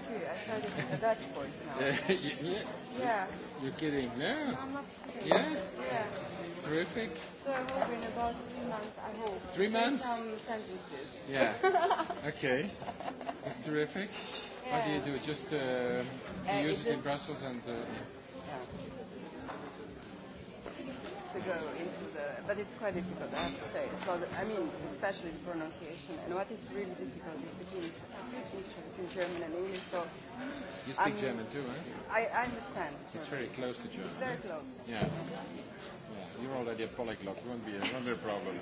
thank you. I heard it in the Dutch voice now. yeah. yeah. You're kidding? No. I'm not kidding. Yeah? Yeah. Terrific. So I hope in about three months, I hope. Three months? Some sentences. Yeah. okay. It's terrific. Yeah. How do you do it? Just uh, you use it in Brussels and... Uh, yeah. yeah. So go into uh, but it's quite difficult, I have to say. As I mean, especially the pronunciation. And what is really difficult is between between German and English. So you speak I'm, German too, right? I, I understand. German. It's very close to German. It's very close. Yeah. yeah. You're already a polyglot. It won't be a, won't be a problem.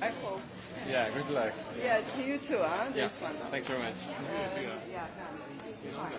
I hope. Yeah. Good luck. Yeah. To you too, huh? Yeah. This one. Thanks very much. Uh, yeah. Fine.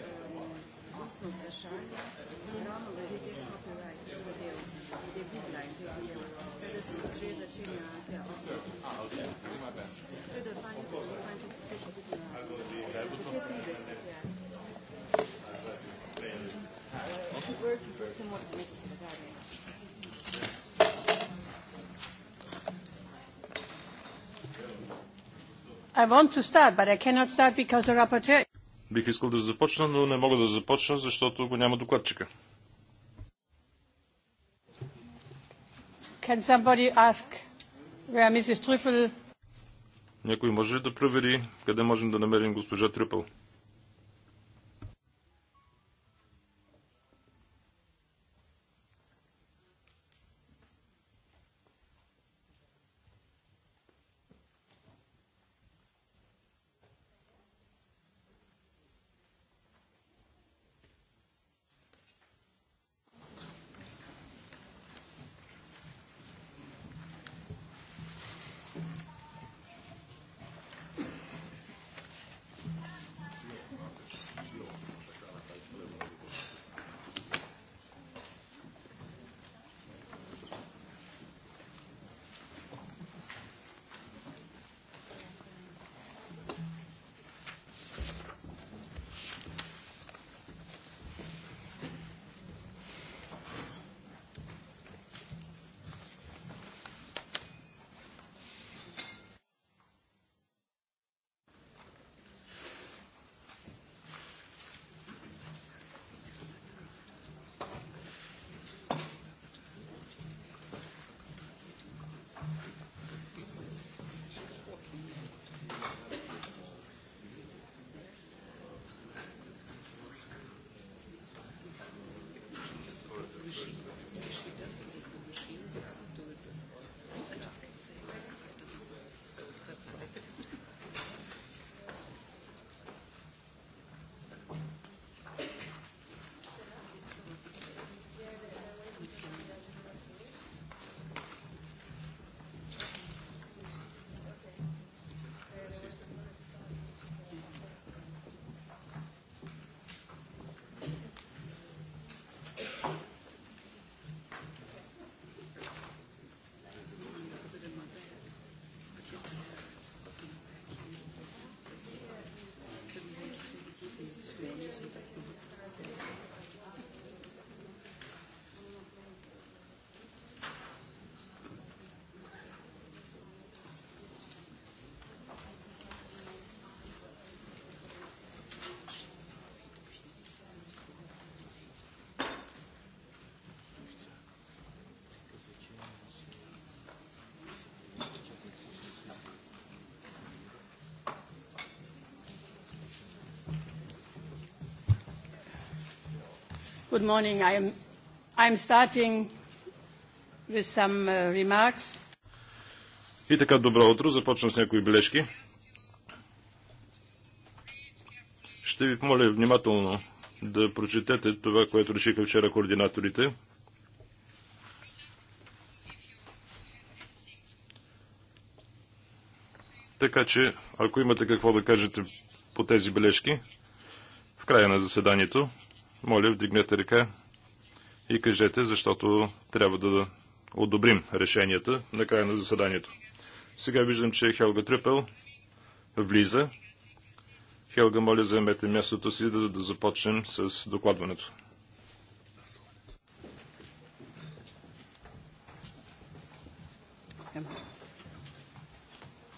I want to start, but I cannot start because the rapporteur. Бих искал да започна, но не мога да започна, защото го няма докладчика. Can somebody ask where Mrs. Някой може ли да провери къде можем да намерим госпожа Трюпел? Good morning. I'm, I'm starting with some uh, remarks. И така, добро утро. Започвам с някои бележки. Ще ви помоля внимателно да прочетете това, което решиха вчера координаторите. Така че, ако имате какво да кажете по тези бележки, в края на заседанието, моля, вдигнете ръка и кажете, защото трябва да одобрим решенията на края на заседанието. Сега виждам, че Хелга Трюпел влиза. Хелга, моля, заемете мястото си да, да започнем с докладването.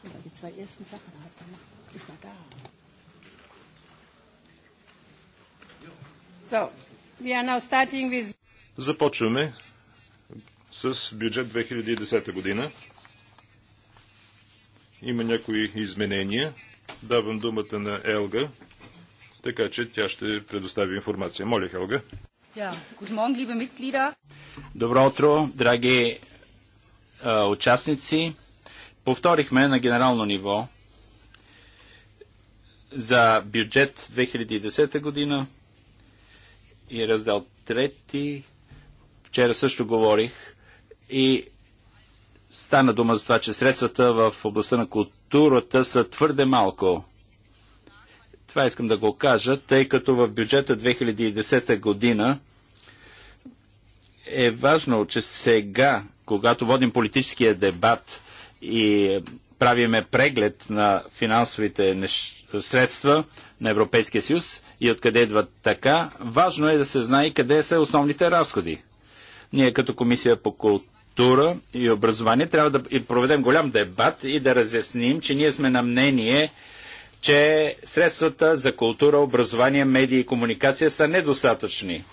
Weil die zwei ersten Sachen hat, dann ist man er da. So, with... Започваме с бюджет 2010 година. Има някои изменения. Давам думата на Елга, така че тя ще предостави информация. Моля, Елга. Добро утро, драги а, участници. Повторихме на генерално ниво за бюджет 2010 година и раздел 3. Вчера също говорих и стана дума за това, че средствата в областта на културата са твърде малко. Това искам да го кажа, тъй като в бюджета 2010 година е важно, че сега, когато водим политическия дебат и правиме преглед на финансовите средства на Европейския съюз, и откъде идват така, важно е да се знае къде са основните разходи. Ние като Комисия по култура и образование трябва да проведем голям дебат и да разясним, че ние сме на мнение, че средствата за култура, образование, медии и комуникация са недостатъчни.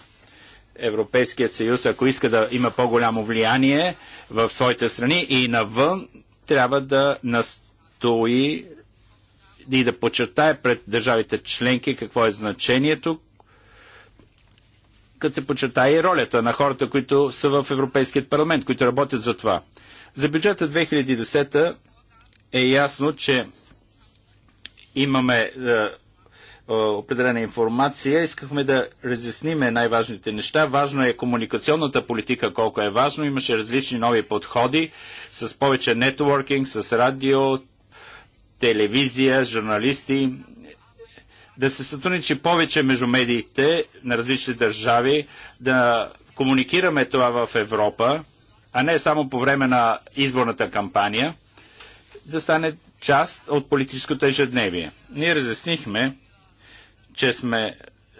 Европейският съюз, ако иска да има по-голямо влияние в своите страни и навън, трябва да настои и да подчертая пред държавите членки какво е значението, като се подчертая и ролята на хората, които са в Европейският парламент, които работят за това. За бюджета 2010 е ясно, че имаме е, е, определена информация. Искахме да разясниме най-важните неща. Важно е комуникационната политика, колко е важно. Имаше различни нови подходи с повече нетворкинг, с радио, телевизия, журналисти, да се сътрудничи повече между медиите на различни държави, да комуникираме това в Европа, а не само по време на изборната кампания, да стане част от политическото ежедневие. Ние разяснихме, че сме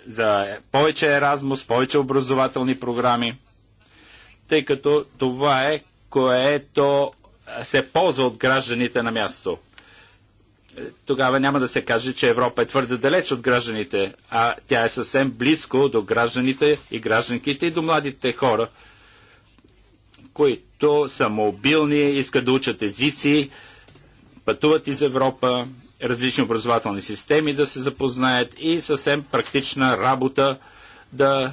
за повече еразмус, повече образователни програми, тъй като това е което се ползва от гражданите на място тогава няма да се каже, че Европа е твърде далеч от гражданите, а тя е съвсем близко до гражданите и гражданките и до младите хора, които са мобилни, искат да учат езици, пътуват из Европа, различни образователни системи да се запознаят и съвсем практична работа да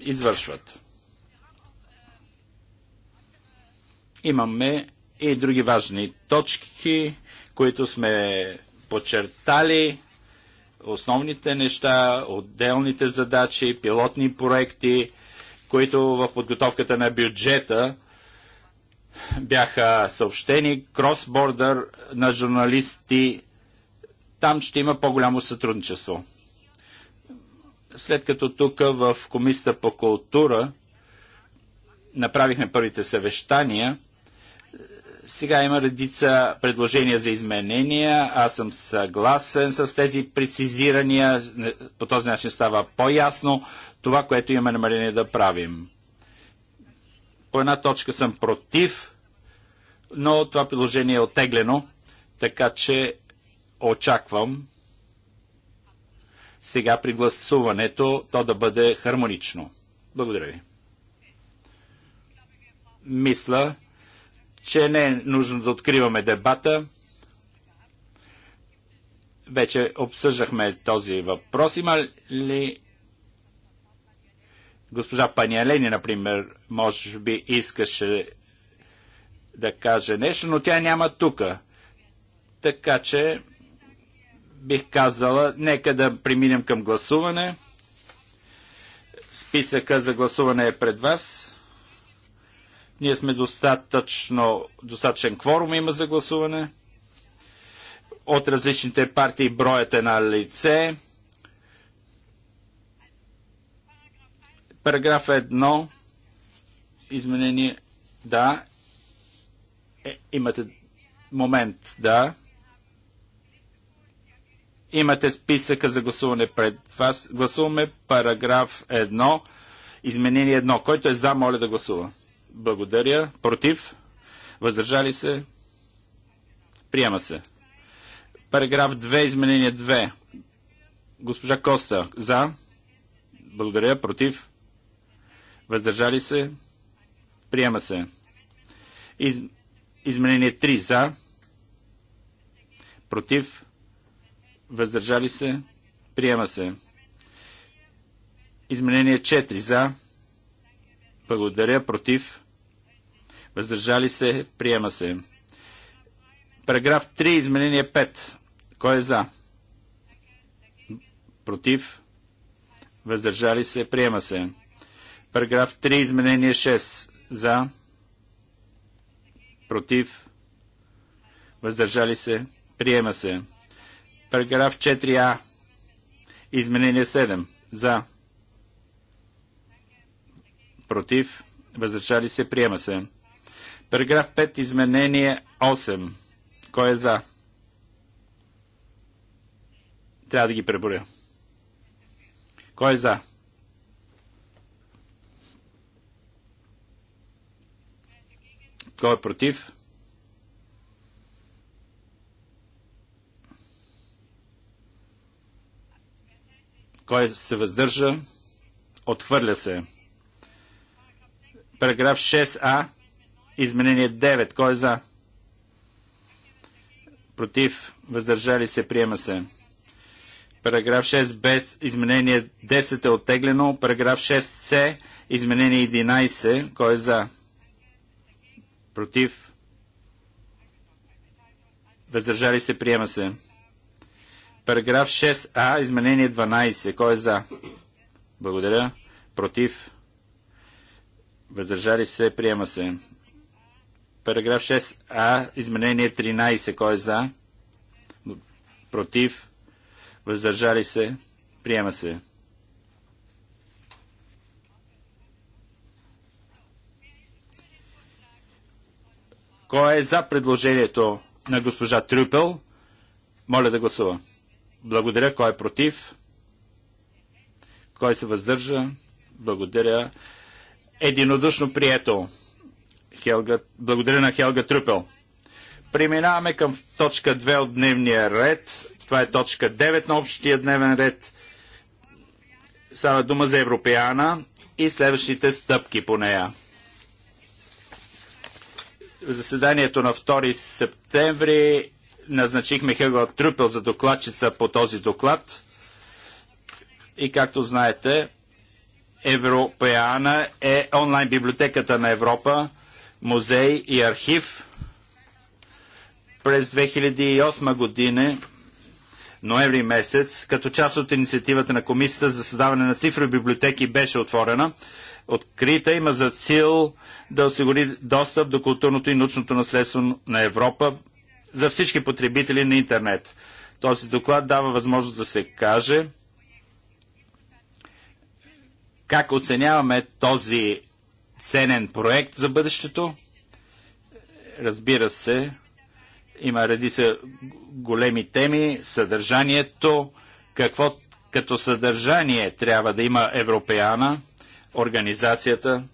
извършват. Имаме и други важни точки които сме подчертали основните неща, отделните задачи, пилотни проекти, които в подготовката на бюджета бяха съобщени кросбордър на журналисти. Там ще има по-голямо сътрудничество. След като тук в Комисията по култура направихме първите съвещания – сега има редица предложения за изменения. Аз съм съгласен с тези прецизирания. По този начин става по-ясно това, което имаме намерение да правим. По една точка съм против, но това предложение е отеглено, така че очаквам сега при гласуването то да бъде хармонично. Благодаря ви. Мисля, че не е нужно да откриваме дебата. Вече обсъждахме този въпрос. Има ли госпожа Панялени, например, може би искаше да каже нещо, но тя няма тук. Така че бих казала, нека да преминем към гласуване. Списъка за гласуване е пред вас. Ние сме достатъчно, достатъчен кворум има за гласуване. От различните партии броят е на лице. Параграф 1. Изменение. Да. Е, имате момент. Да. Имате списъка за гласуване пред вас. Гласуваме параграф 1. Изменение 1. Който е за, моля да гласува. Благодаря. Против? Въздържали се? Приема се. Параграф 2, изменение 2. Госпожа Коста, за. Благодаря. Против? Въздържали се? Приема се. Из... Изменение 3, за. Против? Въздържали се? Приема се. Изменение 4, за. Благодаря. Против? въздържали се, приема се. Параграф 3, изменение 5. Кой е за? Против? Въздържали се, приема се. Параграф 3, изменение 6. За? Против? Въздържали се, приема се. Параграф 4а. Изменение 7. За. Против. Въздържали се. Приема се. Параграф 5, изменение 8. Кой е за? Трябва да ги преборя. Кой е за? Кой е против? Кой се въздържа? Отхвърля се. Параграф 6а. Изменение 9. Кой е за? Против. Въздържали се. Приема се. Параграф 6 без изменение 10 е оттеглено. Параграф 6 С. Изменение 11. Кой е за? Против. Въздържали се. Приема се. Параграф 6а. Изменение 12. Кой е за? Благодаря. Против. Въздържали се. Приема се. Параграф 6а, изменение 13. Кой е за? Против? Въздържали се? Приема се. Кой е за предложението на госпожа Трюпел? Моля да гласува. Благодаря. Кой е против? Кой се въздържа? Благодаря. Единодушно прието. Хелга, благодаря на Хелга Трюпел. Преминаваме към точка 2 от дневния ред. Това е точка 9 на общия дневен ред. Става дума за Европеана и следващите стъпки по нея. В заседанието на 2 септември назначихме Хелга Трюпел за докладчица по този доклад. И както знаете, Европеана е онлайн библиотеката на Европа, музей и архив. През 2008 година, ноември месец, като част от инициативата на Комисията за създаване на цифрови библиотеки беше отворена, открита има за цел да осигури достъп до културното и научното наследство на Европа за всички потребители на интернет. Този доклад дава възможност да се каже как оценяваме този ценен проект за бъдещето. Разбира се, има редица големи теми, съдържанието, какво като съдържание трябва да има Европеана, организацията,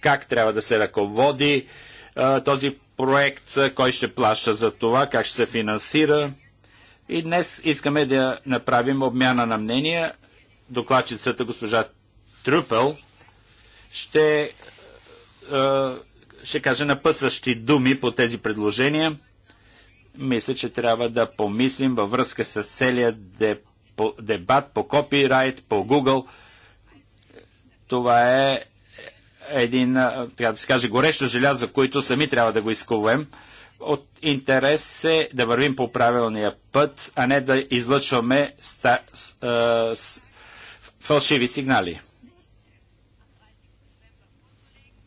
как трябва да се ръководи а, този проект, кой ще плаща за това, как ще се финансира. И днес искаме да направим обмяна на мнения. Докладчицата госпожа Трюпел – ще, е, ще кажа напъсващи думи по тези предложения. Мисля, че трябва да помислим във връзка с целият дебат по копирайт, по Google. Това е един, е, така да се каже, горещо желязо, което сами трябва да го изкувем. От интерес е да вървим по правилния път, а не да излъчваме ста, с, е, с, фалшиви сигнали.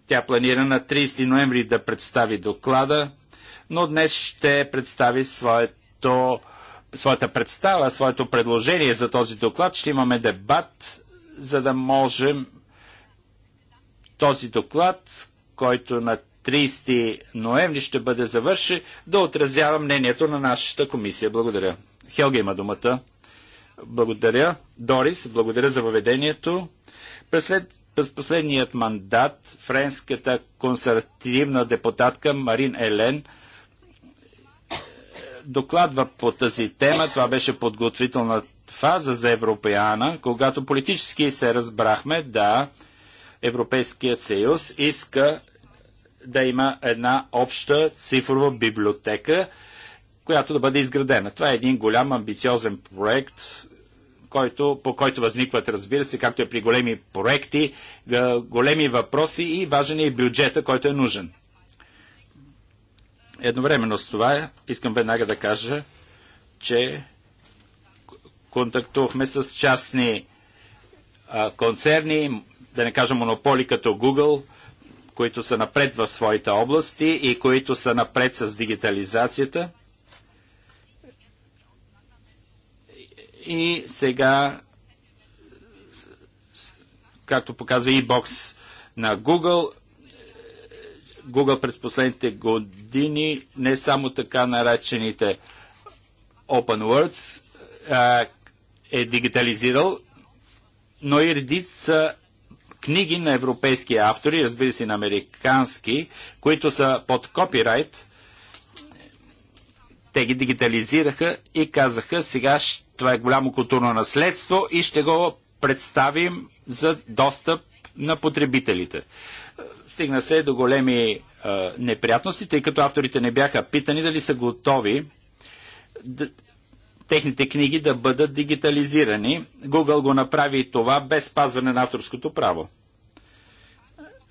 Тя планира на 30 ноември да представи доклада, но днес ще представи своето, своята представа, своето предложение за този доклад. Ще имаме дебат, за да можем този доклад, който на 30 ноември ще бъде завършен, да отразява мнението на нашата комисия. Благодаря. Хелга има думата. Благодаря. Дорис, благодаря за въведението. През след през последният мандат френската консервативна депутатка Марин Елен е, докладва по тази тема. Това беше подготвителна фаза за Европеяна, когато политически се разбрахме да Европейският съюз иска да има една обща цифрова библиотека, която да бъде изградена. Това е един голям амбициозен проект, който, по който възникват, разбира се, както е при големи проекти, е, големи въпроси и важен е бюджета, който е нужен. Едновременно с това искам веднага да кажа, че контактувахме с частни а, концерни, да не кажа монополи като Google, които са напред в своите области и които са напред с дигитализацията – И сега, както показва и бокс на Google, Google през последните години не само така наречените Open Words а, е дигитализирал, но и редица книги на европейски автори, разбира се, на американски, които са под копирайт, те ги дигитализираха и казаха, сега това е голямо културно наследство и ще го представим за достъп на потребителите. Стигна се до големи а, неприятности, тъй като авторите не бяха питани дали са готови да, техните книги да бъдат дигитализирани. Google го направи и това без спазване на авторското право.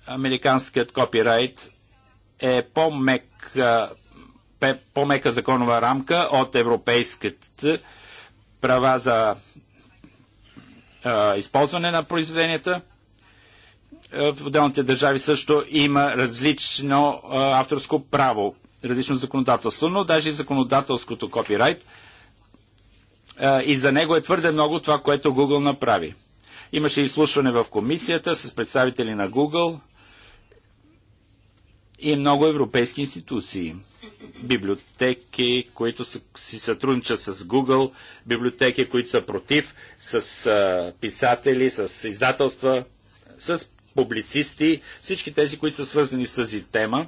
Американският копирайт е по-мек, по-мека законова рамка от европейската права за а, използване на произведенията. В отделните държави също има различно а, авторско право, различно законодателство, но даже и законодателското копирайт а, и за него е твърде много това, което Google направи. Имаше изслушване в комисията с представители на Google – и много европейски институции. Библиотеки, които си сътрудничат с Google, библиотеки, които са против, с писатели, с издателства, с публицисти, всички тези, които са свързани с тази тема.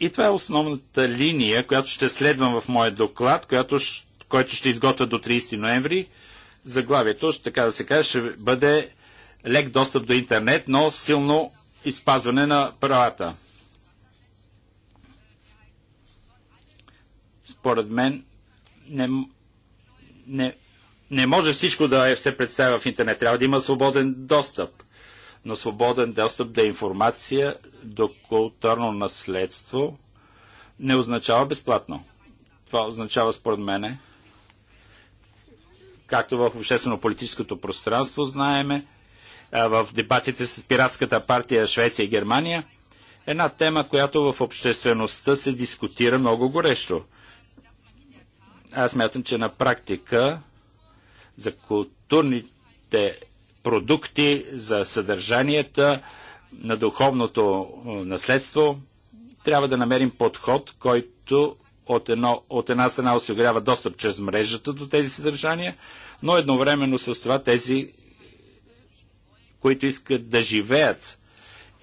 И това е основната линия, която ще следвам в моят доклад, която, който ще изготвя до 30 ноември. Заглавието, така да се каже, ще бъде лек достъп до интернет, но силно и спазване на правата. Според мен не, не, не може всичко да е, се представя в интернет. Трябва да има свободен достъп. Но свободен достъп до информация, до културно наследство не означава безплатно. Това означава, според мене, както в обществено-политическото пространство знаеме, в дебатите с пиратската партия Швеция и Германия. Една тема, която в обществеността се дискутира много горещо. Аз мятам, че на практика за културните продукти, за съдържанията на духовното наследство, трябва да намерим подход, който от, едно, от една страна осигурява достъп чрез мрежата до тези съдържания, но едновременно с това тези които искат да живеят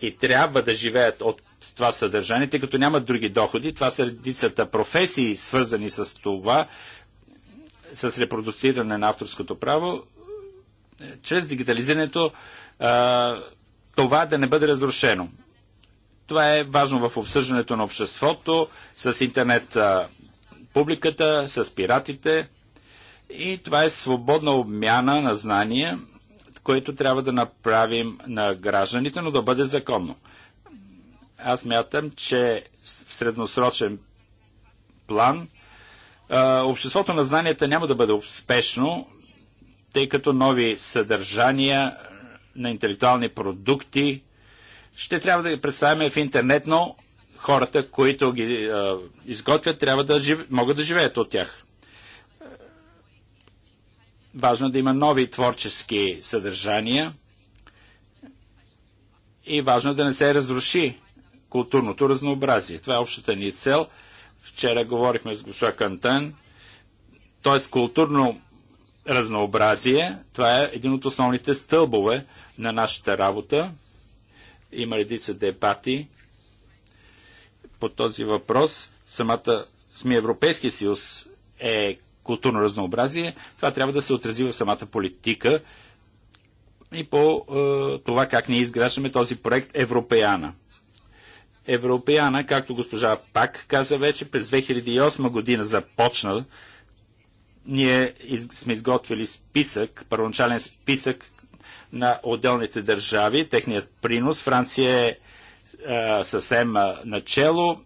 и трябва да живеят от това съдържание, тъй като нямат други доходи. Това са редицата професии, свързани с това, с репродуциране на авторското право. Е, чрез дигитализирането е, това да не бъде разрушено. Това е важно в обсъждането на обществото, с интернет е, публиката, с пиратите. И това е свободна обмяна на знания – което трябва да направим на гражданите, но да бъде законно. Аз мятам, че в средносрочен план обществото на знанията няма да бъде успешно, тъй като нови съдържания на интелектуални продукти ще трябва да ги представяме в интернет, но хората, които ги изготвят, трябва да жив... могат да живеят от тях. Важно да има нови творчески съдържания и важно да не се разруши културното разнообразие. Това е общата ни цел. Вчера говорихме с госпожа Кантен. Т.е. културно разнообразие, това е един от основните стълбове на нашата работа. Има редица дебати по този въпрос. Самата сми Европейски съюз е културно разнообразие, това трябва да се отрази в самата политика и по е, това как ние изграждаме този проект Европеяна. Европеяна, както госпожа Пак каза вече, през 2008 година започна. Ние из, сме изготвили списък, първоначален списък на отделните държави, техният принос. Франция е, е съвсем е, начало,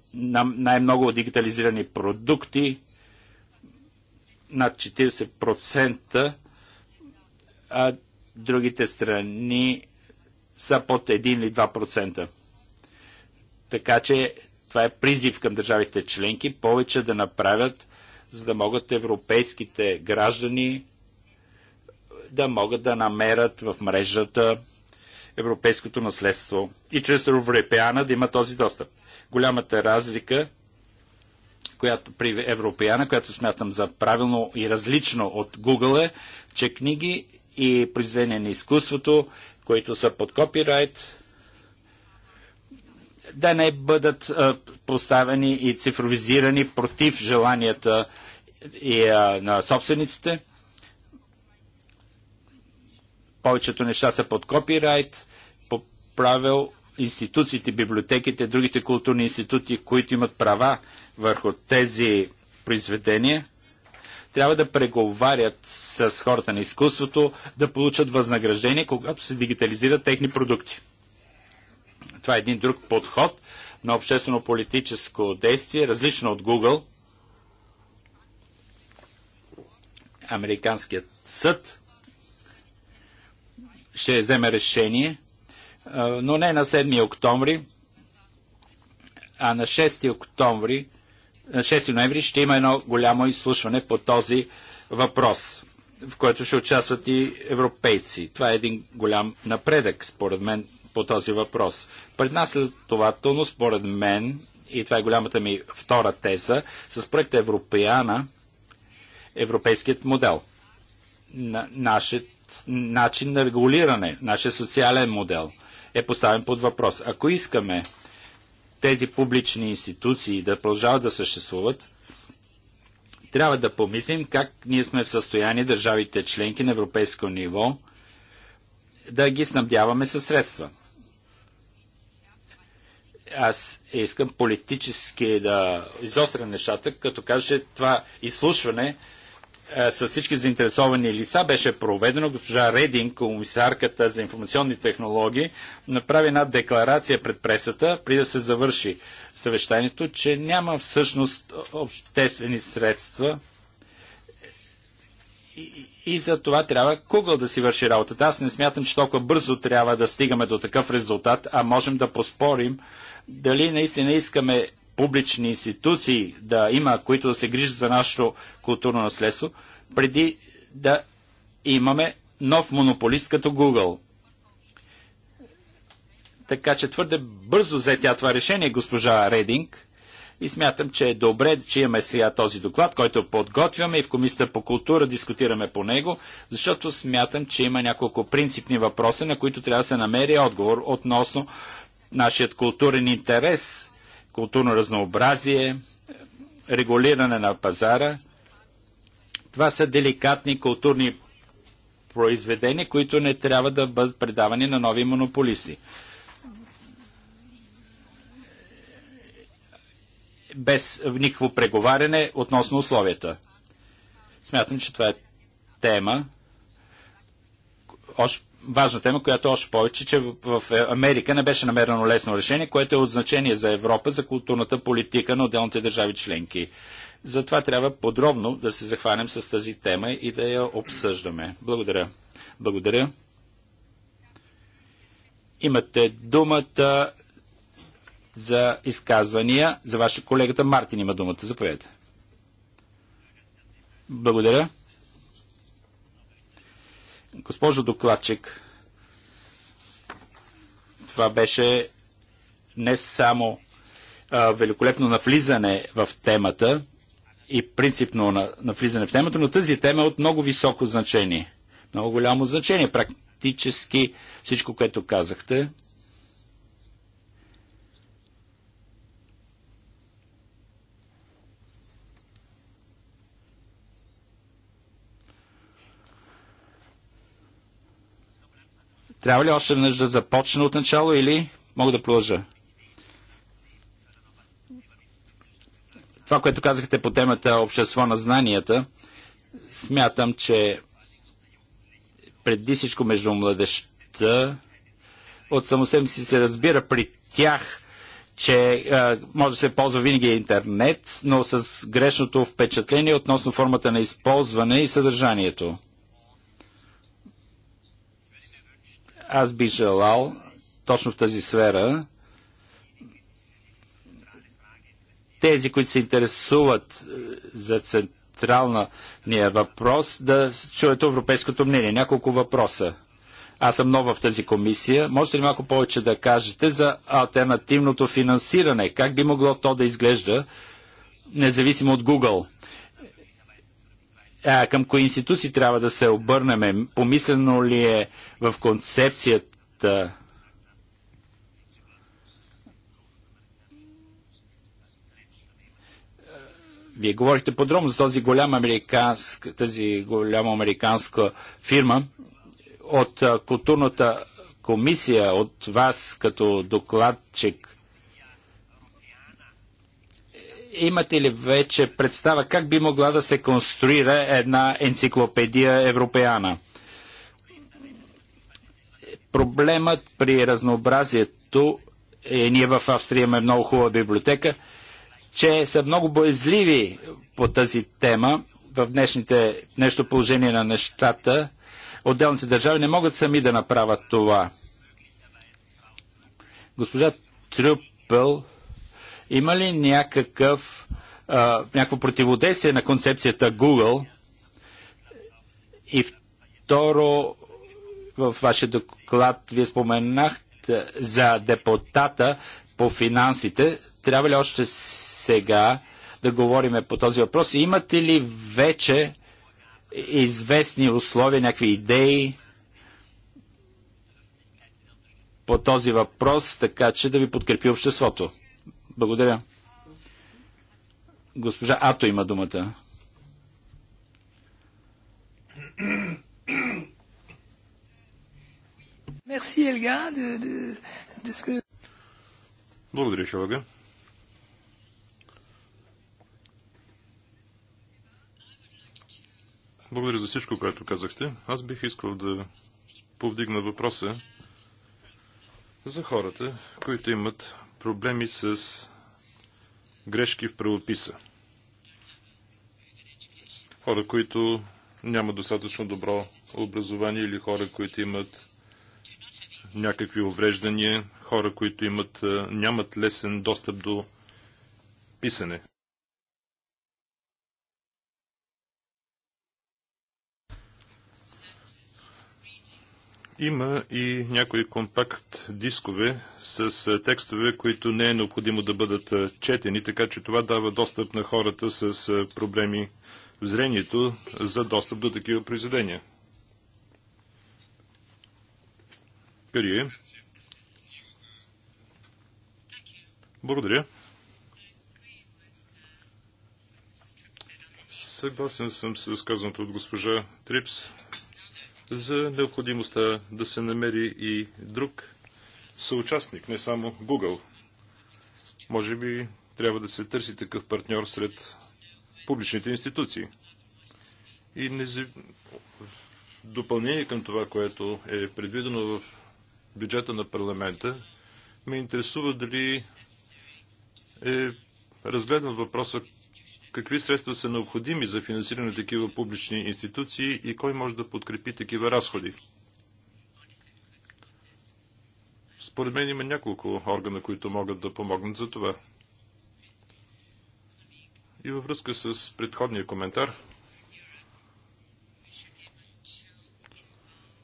най-много дигитализирани продукти, над 40%, а другите страни са под 1 или 2%. Така че това е призив към държавите членки повече да направят, за да могат европейските граждани да могат да намерят в мрежата европейското наследство и чрез европеяна да има този достъп. Голямата разлика която, при Европеяна, която смятам за правилно и различно от Google е, че книги и произведения на изкуството, които са под копирайт, да не бъдат поставени и цифровизирани против желанията и, на собствениците. Повечето неща са под копирайт. По правил институциите, библиотеките, другите културни институти, които имат права върху тези произведения, трябва да преговарят с хората на изкуството, да получат възнаграждение, когато се дигитализират техни продукти. Това е един друг подход на обществено-политическо действие, различно от Google. Американският съд ще вземе решение – но не на 7 октомври, а на 6 октомври, 6 ноември ще има едно голямо изслушване по този въпрос, в което ще участват и европейци. Това е един голям напредък, според мен, по този въпрос. Пред нас но според мен, и това е голямата ми втора теза, с проекта Европеяна, европейският модел, на, нашият начин на регулиране, нашия социален модел – е поставен под въпрос. Ако искаме тези публични институции да продължават да съществуват, трябва да помислим как ние сме в състояние държавите членки на европейско ниво да ги снабдяваме със средства. Аз искам политически да изостря нещата, като кажа, че това изслушване е, с всички заинтересовани лица беше проведено. Госпожа Редин, комисарката за информационни технологии, направи една декларация пред пресата, при да се завърши съвещанието, че няма всъщност обществени средства и, и за това трябва Google да си върши работата. Аз не смятам, че толкова бързо трябва да стигаме до такъв резултат, а можем да поспорим дали наистина искаме публични институции да има, които да се грижат за нашето културно наследство, преди да имаме нов монополист като Google. Така че твърде бързо взе тя това решение, госпожа Рединг. И смятам, че е добре, че имаме сега този доклад, който подготвяме и в Комисията по култура дискутираме по него, защото смятам, че има няколко принципни въпроси, на които трябва да се намери отговор относно нашият културен интерес културно разнообразие, регулиране на пазара. Това са деликатни културни произведения, които не трябва да бъдат предавани на нови монополисти. Без никакво преговаряне относно условията. Смятам, че това е тема, още важна тема, която е още повече, че в Америка не беше намерено лесно решение, което е от значение за Европа, за културната политика на отделните държави членки. Затова трябва подробно да се захванем с тази тема и да я обсъждаме. Благодаря. Благодаря. Имате думата за изказвания. За ваша колегата Мартин има думата. Заповядайте. Благодаря. Госпожо докладчик, това беше не само а, великолепно навлизане в темата и принципно на, навлизане в темата, но тази тема е от много високо значение. Много голямо значение. Практически всичко, което казахте, Трябва ли още веднъж да започна от начало или мога да продължа? Това, което казахте по темата Общество на знанията, смятам, че преди всичко между младеща, от само себе си се разбира при тях, че а, може да се ползва винаги интернет, но с грешното впечатление относно формата на използване и съдържанието. Аз би желал точно в тази сфера тези, които се интересуват е, за централния въпрос, да чуят европейското мнение. Няколко въпроса. Аз съм нова в тази комисия. Можете ли малко повече да кажете за альтернативното финансиране? Как би могло то да изглежда, независимо от Google? а, към кои институции трябва да се обърнем? Помислено ли е в концепцията Вие говорихте подробно за този голям американск, тази голяма американска фирма от културната комисия, от вас като докладчик имате ли вече представа как би могла да се конструира една енциклопедия европеана? Проблемът при разнообразието е, ние в Австрия имаме много хубава библиотека, че са много боязливи по тази тема в днешните, днешното положение на нещата. Отделните държави не могат сами да направят това. Госпожа Трюпел има ли някакъв, а, някакво противодействие на концепцията Google? И второ, в вашия доклад вие споменахте за депутата по финансите. Трябва ли още сега да говорим по този въпрос? Имате ли вече известни условия, някакви идеи по този въпрос, така че да ви подкрепи обществото? Благодаря. Госпожа Ато има думата. Мерси, Елга, Благодаря, Шелага. Благодаря за всичко, което казахте. Аз бих искал да повдигна въпроса за хората, които имат проблеми с грешки в правописа. Хора, които нямат достатъчно добро образование или хора, които имат някакви увреждания, хора, които имат, нямат лесен достъп до писане. Има и някои компакт дискове с текстове, които не е необходимо да бъдат четени, така че това дава достъп на хората с проблеми в зрението за достъп до такива произведения. Карие. Е? Благодаря. Съгласен съм с казаното от госпожа Трипс за необходимостта да се намери и друг съучастник, не само Google. Може би трябва да се търси такъв партньор сред публичните институции. И допълнение към това, което е предвидено в бюджета на парламента, ме интересува дали е разгледан въпроса какви средства са необходими за финансиране на такива публични институции и кой може да подкрепи такива разходи? Според мен има няколко органа, които могат да помогнат за това. И във връзка с предходния коментар,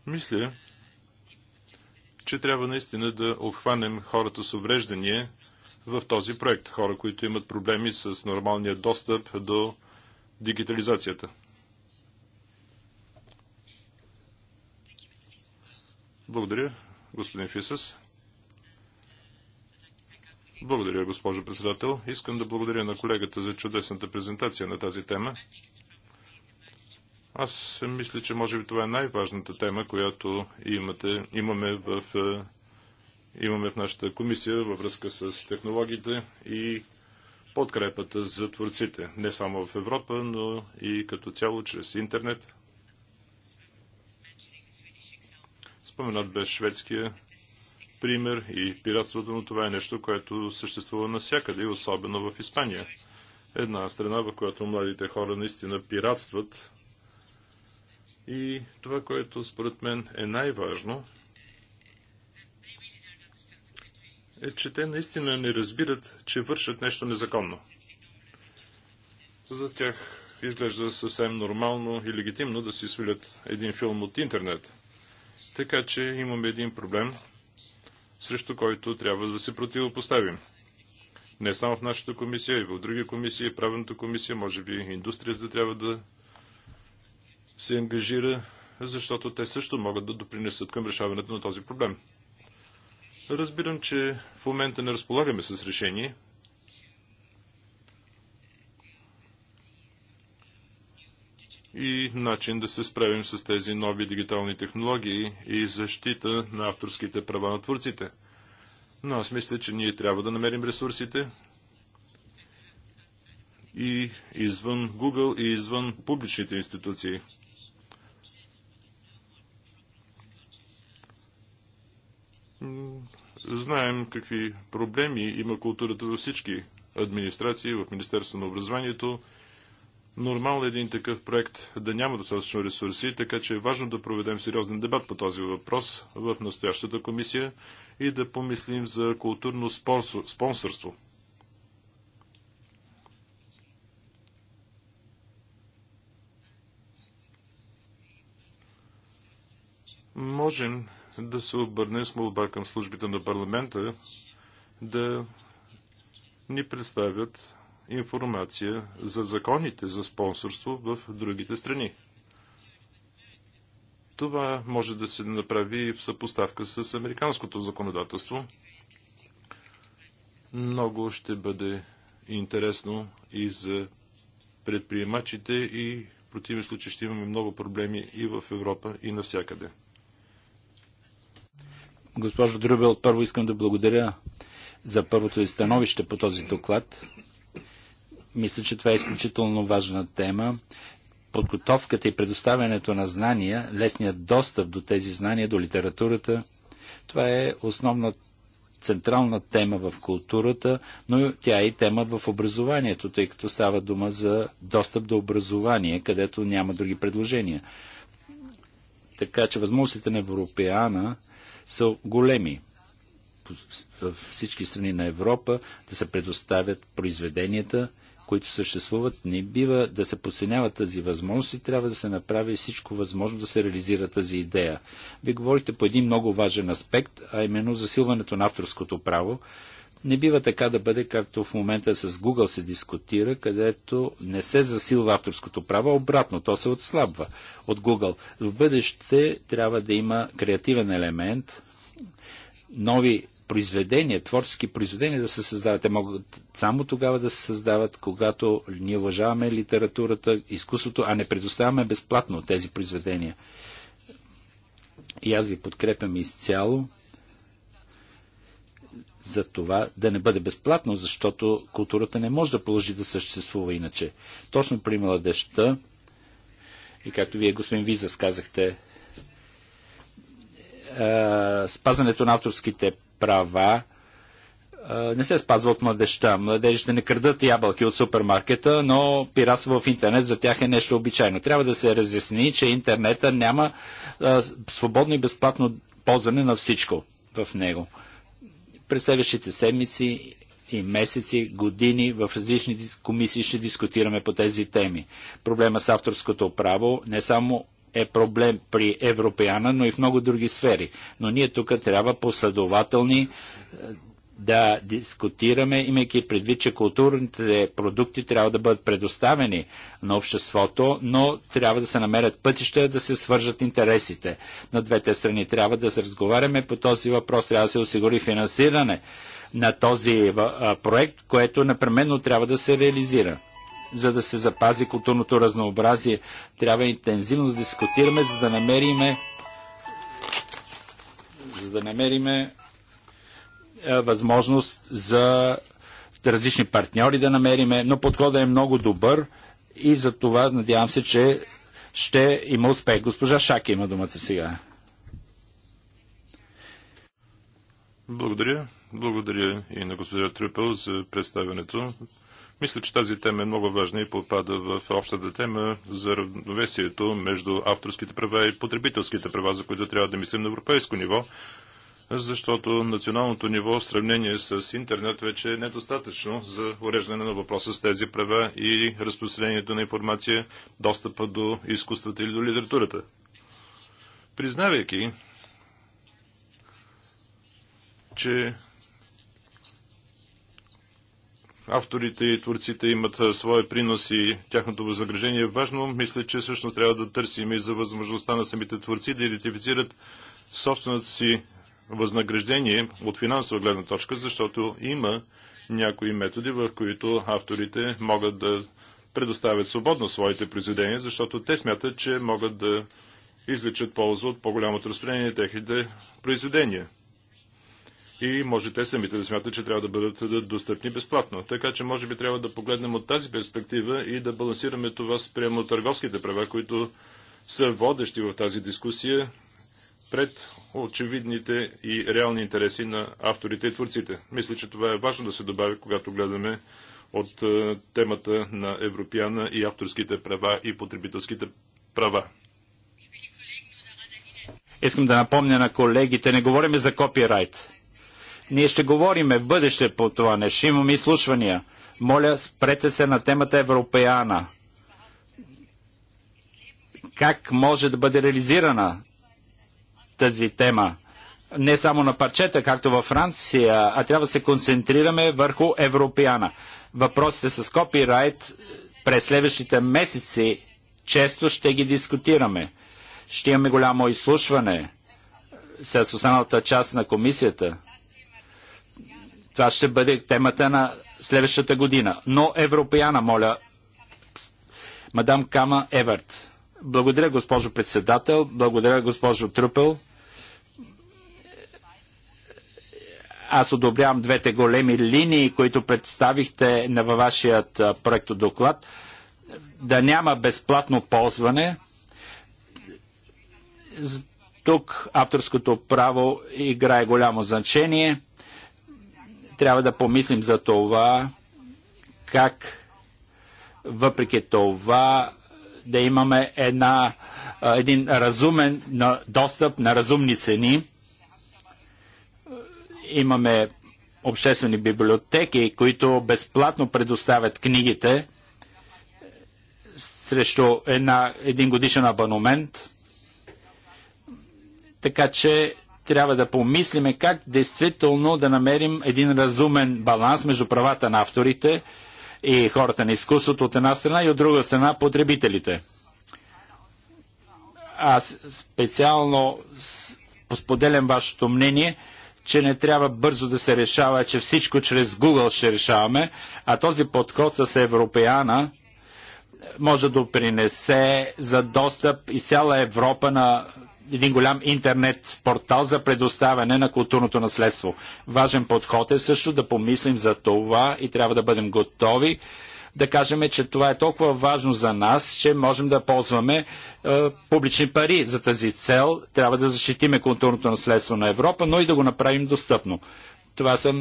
мисля, че трябва наистина да обхванем хората с увреждания в този проект. Хора, които имат проблеми с нормалния достъп до дигитализацията. Благодаря, господин Фисъс. Благодаря, госпожо председател. Искам да благодаря на колегата за чудесната презентация на тази тема. Аз мисля, че може би това е най-важната тема, която имате, имаме в е, имаме в нашата комисия във връзка с технологиите и подкрепата за творците. Не само в Европа, но и като цяло чрез интернет. Споменат бе шведския пример и пиратството, но това е нещо, което съществува навсякъде, особено в Испания. Една страна, в която младите хора наистина пиратстват. И това, което според мен е най-важно – е, че те наистина не разбират, че вършат нещо незаконно. За тях изглежда съвсем нормално и легитимно да си свилят един филм от интернет. Така че имаме един проблем, срещу който трябва да се противопоставим. Не само в нашата комисия, и в други комисии, правната комисия, може би индустрията трябва да се ангажира, защото те също могат да допринесат към решаването на този проблем. Разбирам, че в момента не разполагаме с решение. и начин да се справим с тези нови дигитални технологии и защита на авторските права на творците. Но аз мисля, че ние трябва да намерим ресурсите и извън Google и извън публичните институции. Знаем какви проблеми има културата във всички администрации, в Министерство на образованието. Нормално е един такъв проект да няма достатъчно ресурси, така че е важно да проведем сериозен дебат по този въпрос в настоящата комисия и да помислим за културно спонсорство. Можем да се обърне с молба към службите на парламента да ни представят информация за законите за спонсорство в другите страни. Това може да се направи в съпоставка с американското законодателство. Много ще бъде интересно и за предприемачите и в противен случай ще имаме много проблеми и в Европа, и навсякъде. Госпожо Друбел, първо искам да благодаря за първото ви становище по този доклад. Мисля, че това е изключително важна тема. Подготовката и предоставянето на знания, лесният достъп до тези знания, до литературата, това е основна централна тема в културата, но тя е и тема в образованието, тъй като става дума за достъп до образование, където няма други предложения. Така че възможностите на Европеана са големи в всички страни на Европа да се предоставят произведенията, които съществуват. Не бива да се подценява тази възможност и трябва да се направи всичко възможно да се реализира тази идея. Вие говорите по един много важен аспект, а именно засилването на авторското право не бива така да бъде, както в момента с Google се дискутира, където не се засилва авторското право, обратно, то се отслабва от Google. В бъдеще трябва да има креативен елемент, нови произведения, творчески произведения да се създават. Те могат само тогава да се създават, когато ние уважаваме литературата, изкуството, а не предоставяме безплатно тези произведения. И аз ви подкрепям изцяло за това да не бъде безплатно, защото културата не може да положи да съществува иначе. Точно при младежта, и както вие, господин Виза, казахте, спазването на авторските права не се спазва от младеща. Младежите не крадат ябълки от супермаркета, но пиратство в интернет за тях е нещо обичайно. Трябва да се разясни, че интернета няма свободно и безплатно ползване на всичко в него. През следващите седмици и месеци, години в различни комисии ще дискутираме по тези теми. Проблема с авторското право не само е проблем при Европеяна, но и в много други сфери. Но ние тук трябва последователни да дискутираме, имайки предвид, че културните продукти трябва да бъдат предоставени на обществото, но трябва да се намерят пътища да се свържат интересите на двете страни. Трябва да се разговаряме по този въпрос, трябва да се осигури финансиране на този проект, което непременно трябва да се реализира. За да се запази културното разнообразие, трябва интензивно да дискутираме, за да намериме за да намериме е, възможност за различни партньори да намериме, но подходът е много добър и за това надявам се, че ще има успех. Госпожа Шаки има думата сега. Благодаря. Благодаря и на госпожа Трюпел за представянето. Мисля, че тази тема е много важна и попада в общата тема за равновесието между авторските права и потребителските права, за които трябва да мислим на европейско ниво, защото националното ниво в сравнение с интернет вече е недостатъчно за уреждане на въпроса с тези права и разпространението на информация, достъпа до изкуствата или до литературата. Признавайки, че авторите и творците имат своя принос и тяхното възнаграждение е важно, мисля, че всъщност трябва да търсим и за възможността на самите творци да идентифицират собствената си възнаграждение от финансова гледна точка, защото има някои методи, в които авторите могат да предоставят свободно своите произведения, защото те смятат, че могат да изличат полза от по-голямото разпределение на техните произведения. И може те самите да смятат, че трябва да бъдат достъпни безплатно. Така че може би трябва да погледнем от тази перспектива и да балансираме това спрямо търговските права, които са водещи в тази дискусия пред очевидните и реални интереси на авторите и творците. Мисля, че това е важно да се добави, когато гледаме от е, темата на Европеяна и авторските права и потребителските права. Искам да напомня на колегите, не говорим за копирайт. Ние ще говорим в бъдеще по това не Ще имаме изслушвания. Моля, спрете се на темата Европеяна. Как може да бъде реализирана тази тема. Не само на парчета, както във Франция, а трябва да се концентрираме върху европеяна. Въпросите с копирайт през следващите месеци често ще ги дискутираме. Ще имаме голямо изслушване с останалата част на комисията. Това ще бъде темата на следващата година. Но европеяна, моля, мадам Кама Еверт. Благодаря, госпожо председател. Благодаря, госпожо Трупел. Аз одобрявам двете големи линии, които представихте на във вашият проектодоклад. Да няма безплатно ползване. Тук авторското право играе голямо значение. Трябва да помислим за това, как въпреки това да имаме една, един разумен достъп на разумни цени Имаме обществени библиотеки, които безплатно предоставят книгите срещу една, един годишен абонумент. Така че трябва да помислиме как действително да намерим един разумен баланс между правата на авторите и хората на изкуството от една страна и от друга страна потребителите. Аз специално споделям вашето мнение – че не трябва бързо да се решава, че всичко чрез Google ще решаваме, а този подход с Европеяна може да принесе за достъп и цяла Европа на един голям интернет портал за предоставяне на културното наследство. Важен подход е също да помислим за това и трябва да бъдем готови да кажем, че това е толкова важно за нас, че можем да ползваме е, публични пари за тази цел. Трябва да защитиме културното наследство на Европа, но и да го направим достъпно. Това са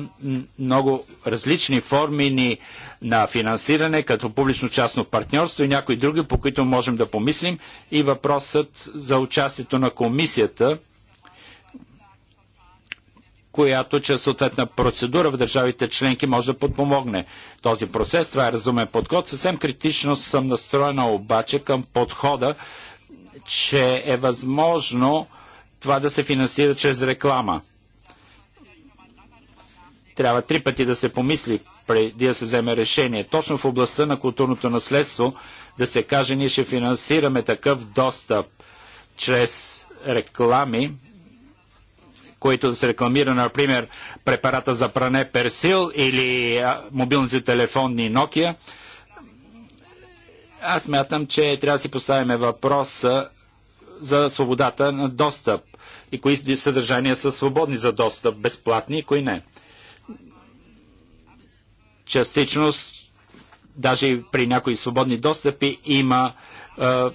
много различни форми на финансиране, като публично-частно партньорство и някои други, по които можем да помислим. И въпросът за участието на комисията – която чрез съответна процедура в държавите членки може да подпомогне този процес. Това е разумен подход. Съвсем критично съм настроена обаче към подхода, че е възможно това да се финансира чрез реклама. Трябва три пъти да се помисли преди да се вземе решение. Точно в областта на културното наследство да се каже, ние ще финансираме такъв достъп чрез реклами, които да се рекламира, например, препарата за пране Персил или мобилните телефонни Nokia. Аз мятам, че трябва да си поставим въпроса за свободата на достъп и кои съдържания са свободни за достъп, безплатни и кои не. Частично, даже и при някои свободни достъпи има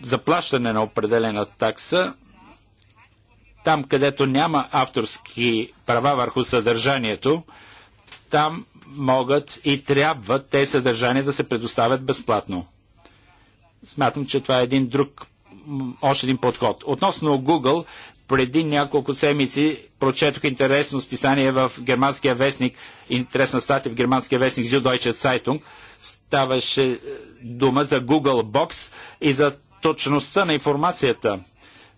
заплащане на определена такса, там, където няма авторски права върху съдържанието, там могат и трябва те съдържания да се предоставят безплатно. Смятам, че това е един друг, още един подход. Относно Google, преди няколко седмици прочетох интересно списание в германския вестник, интересна статия в германския вестник Süddeutsche Zeitung. Ставаше е, дума за Google Box и за точността на информацията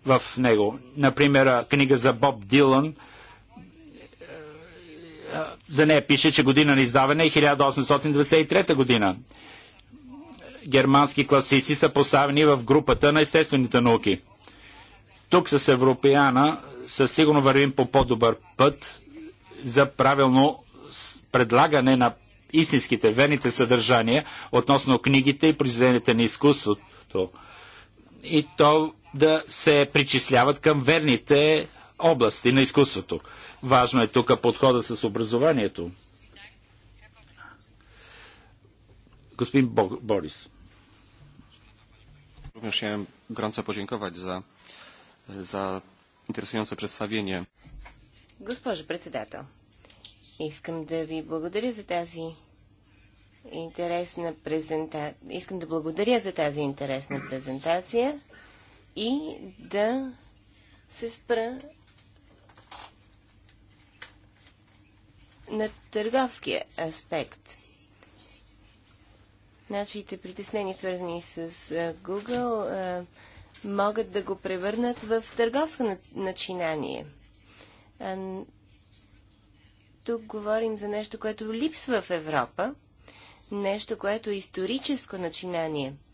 в него. Например, книга за Боб Дилан. За нея пише, че година на издаване е 1893 година. Германски класици са поставени в групата на естествените науки. Тук с Европеяна със сигурно вървим по по-добър път за правилно предлагане на истинските, верните съдържания относно книгите и произведените на изкуството. И то да се причисляват към верните области на изкуството. Важно е тук подхода с образованието. Господин Бог, Борис. Również chciałem gorąco podziękować za, za interesujące przedstawienie. Госпожо председател, искам да ви благодаря за тази интересна презентация. Искам да благодаря за тази интересна презентация и да се спра на търговския аспект. Нашите притеснения, свързани с Google, могат да го превърнат в търговско начинание. Тук говорим за нещо, което липсва в Европа, нещо, което е историческо начинание –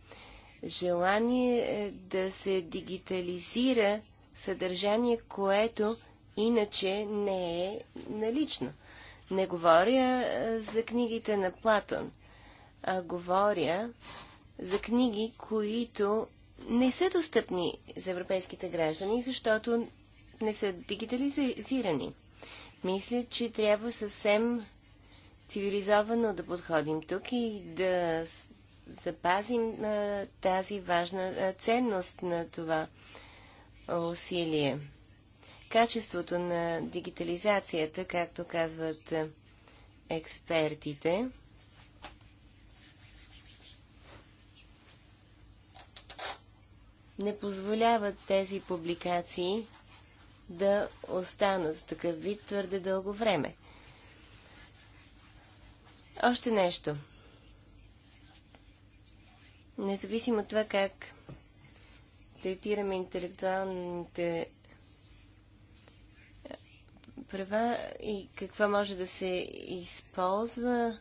желание е, да се дигитализира съдържание, което иначе не е налично. Не говоря е, за книгите на Платон, а говоря за книги, които не са достъпни за европейските граждани, защото не са дигитализирани. Мисля, че трябва съвсем цивилизовано да подходим тук и да запазим а, тази важна а, ценност на това усилие. Качеството на дигитализацията, както казват а, експертите, не позволяват тези публикации да останат в такъв вид твърде дълго време. Още нещо – Независимо от това как третираме интелектуалните е, права и какво може да се използва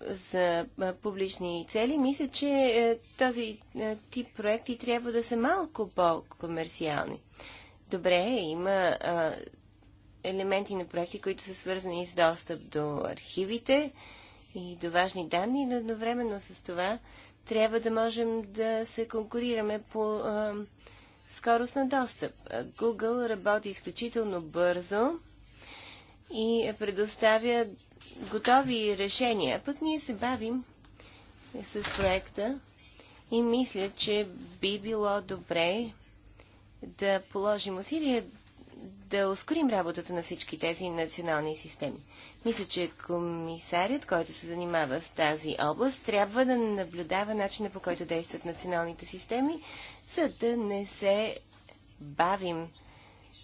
за е, публични цели, мисля, че е, този тип проекти трябва да са малко по-комерциални. Добре, има елементи на проекти, които са свързани с достъп до архивите, и до важни данни, но едновременно с това трябва да можем да се конкурираме по а, скорост на достъп. Google работи изключително бързо и предоставя готови решения. Пък ние се бавим с проекта и мисля, че би било добре да положим усилия да ускорим работата на всички тези национални системи. Мисля, че комисарят, който се занимава с тази област, трябва да наблюдава начина по който действат националните системи, за да не се бавим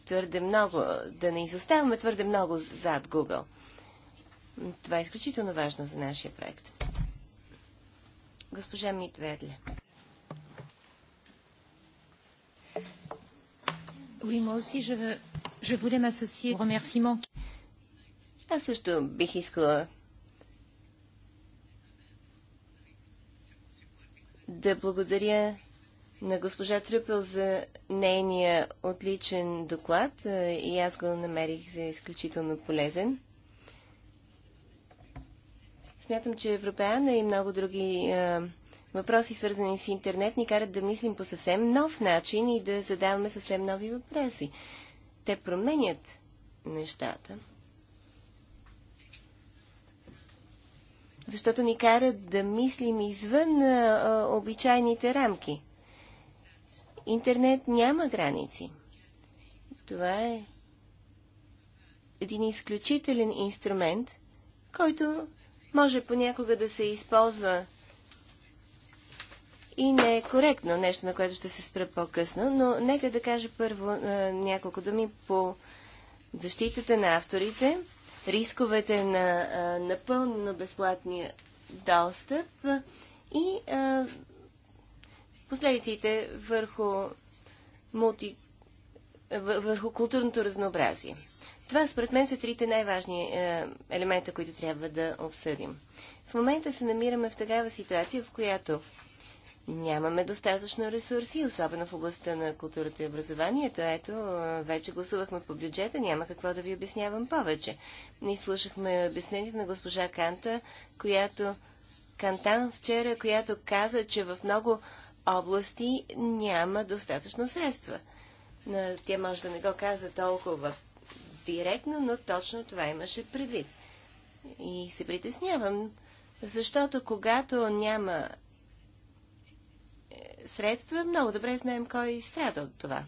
твърде много, да не изоставаме твърде много зад Google. Това е изключително важно за нашия проект. Госпожа Митведле. Oui, moi aussi, je, je voulais m'associer aux remerciements. Аз също бих искала да благодаря на госпожа Трюпел за нейния отличен доклад и аз го намерих за изключително полезен. Смятам, че Европеана и много други а, въпроси, свързани с интернет, ни карат да мислим по съвсем нов начин и да задаваме съвсем нови въпроси. Те променят нещата. Защото ни карат да мислим извън а, обичайните рамки. Интернет няма граници. Това е един изключителен инструмент, който може понякога да се използва и не е коректно, нещо на което ще се спра по-късно, но нека да кажа първо няколко думи по защитата на авторите, рисковете на е, напълно безплатния достъп и последиците върху, мулти, върху културното разнообразие. Това според мен са трите най-важни е, елемента, които трябва да обсъдим. В момента се намираме в такава ситуация, в която нямаме достатъчно ресурси, особено в областта на културата и образованието. Ето, вече гласувахме по бюджета, няма какво да ви обяснявам повече. Ние слушахме обяснението на госпожа Канта, която Кантан вчера, която каза, че в много области няма достатъчно средства. Тя може да не го каза толкова директно, но точно това имаше предвид. И се притеснявам, защото когато няма средства, много добре знаем кой страда от това.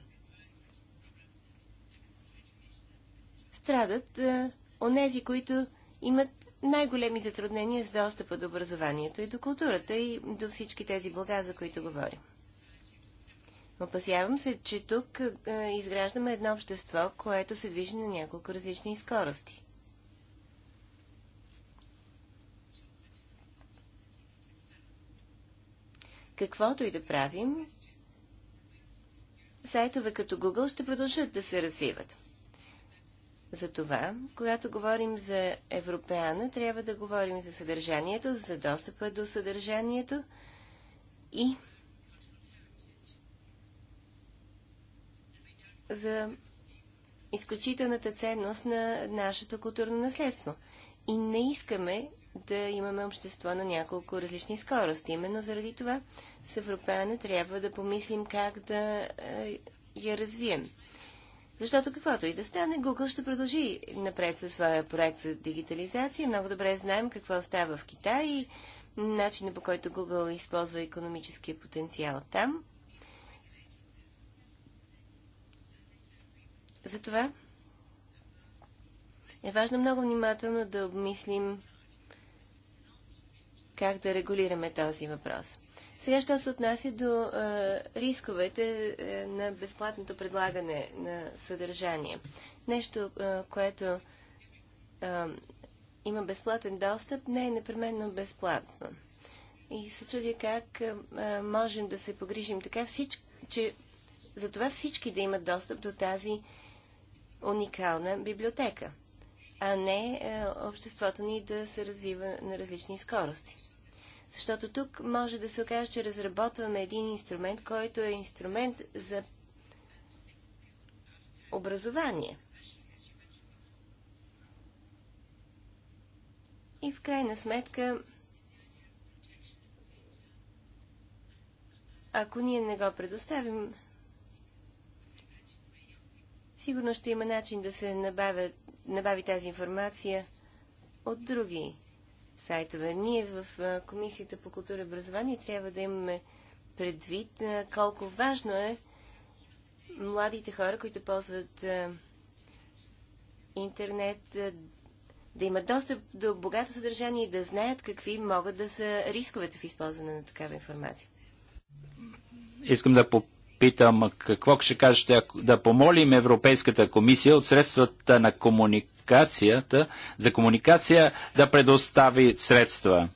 Страдат а, онези, които имат най-големи затруднения с достъпа до образованието и до културата и до всички тези блага, за които говорим. Опасявам се, че тук а, изграждаме едно общество, което се движи на няколко различни скорости. Каквото и да правим, сайтове като Google ще продължат да се развиват. Затова, когато говорим за Европеана, трябва да говорим за съдържанието, за достъпа до съдържанието и за изключителната ценност на нашето културно наследство. И не искаме да имаме общество на няколко различни скорости. Именно заради това с Европеана трябва да помислим как да е, я развием. Защото каквото и да стане, Google ще продължи напред със своя проект за дигитализация. Много добре знаем какво става в Китай и начина по който Google използва економическия потенциал там. Затова е важно много внимателно да обмислим как да регулираме този въпрос. Сега, що се отнася до а, рисковете а, е, на безплатното предлагане на съдържание. Нещо, а, което а, има безплатен достъп, не е непременно безплатно. И се чудя как а, можем да се погрижим така, всич, че за това всички да имат достъп до тази уникална библиотека, а не а, е, обществото ни да се развива на различни скорости. Защото тук може да се окаже, че разработваме един инструмент, който е инструмент за образование. И в крайна сметка, ако ние не го предоставим, сигурно ще има начин да се набави, набави тази информация от други сайтове. Ние в Комисията по култура и образование трябва да имаме предвид колко важно е младите хора, които ползват интернет, да имат достъп до богато съдържание и да знаят какви могат да са рисковете в използване на такава информация. Искам да попитам питам какво ще кажете да помолим Европейската комисия от средствата на комуникацията, за комуникация да предостави средства.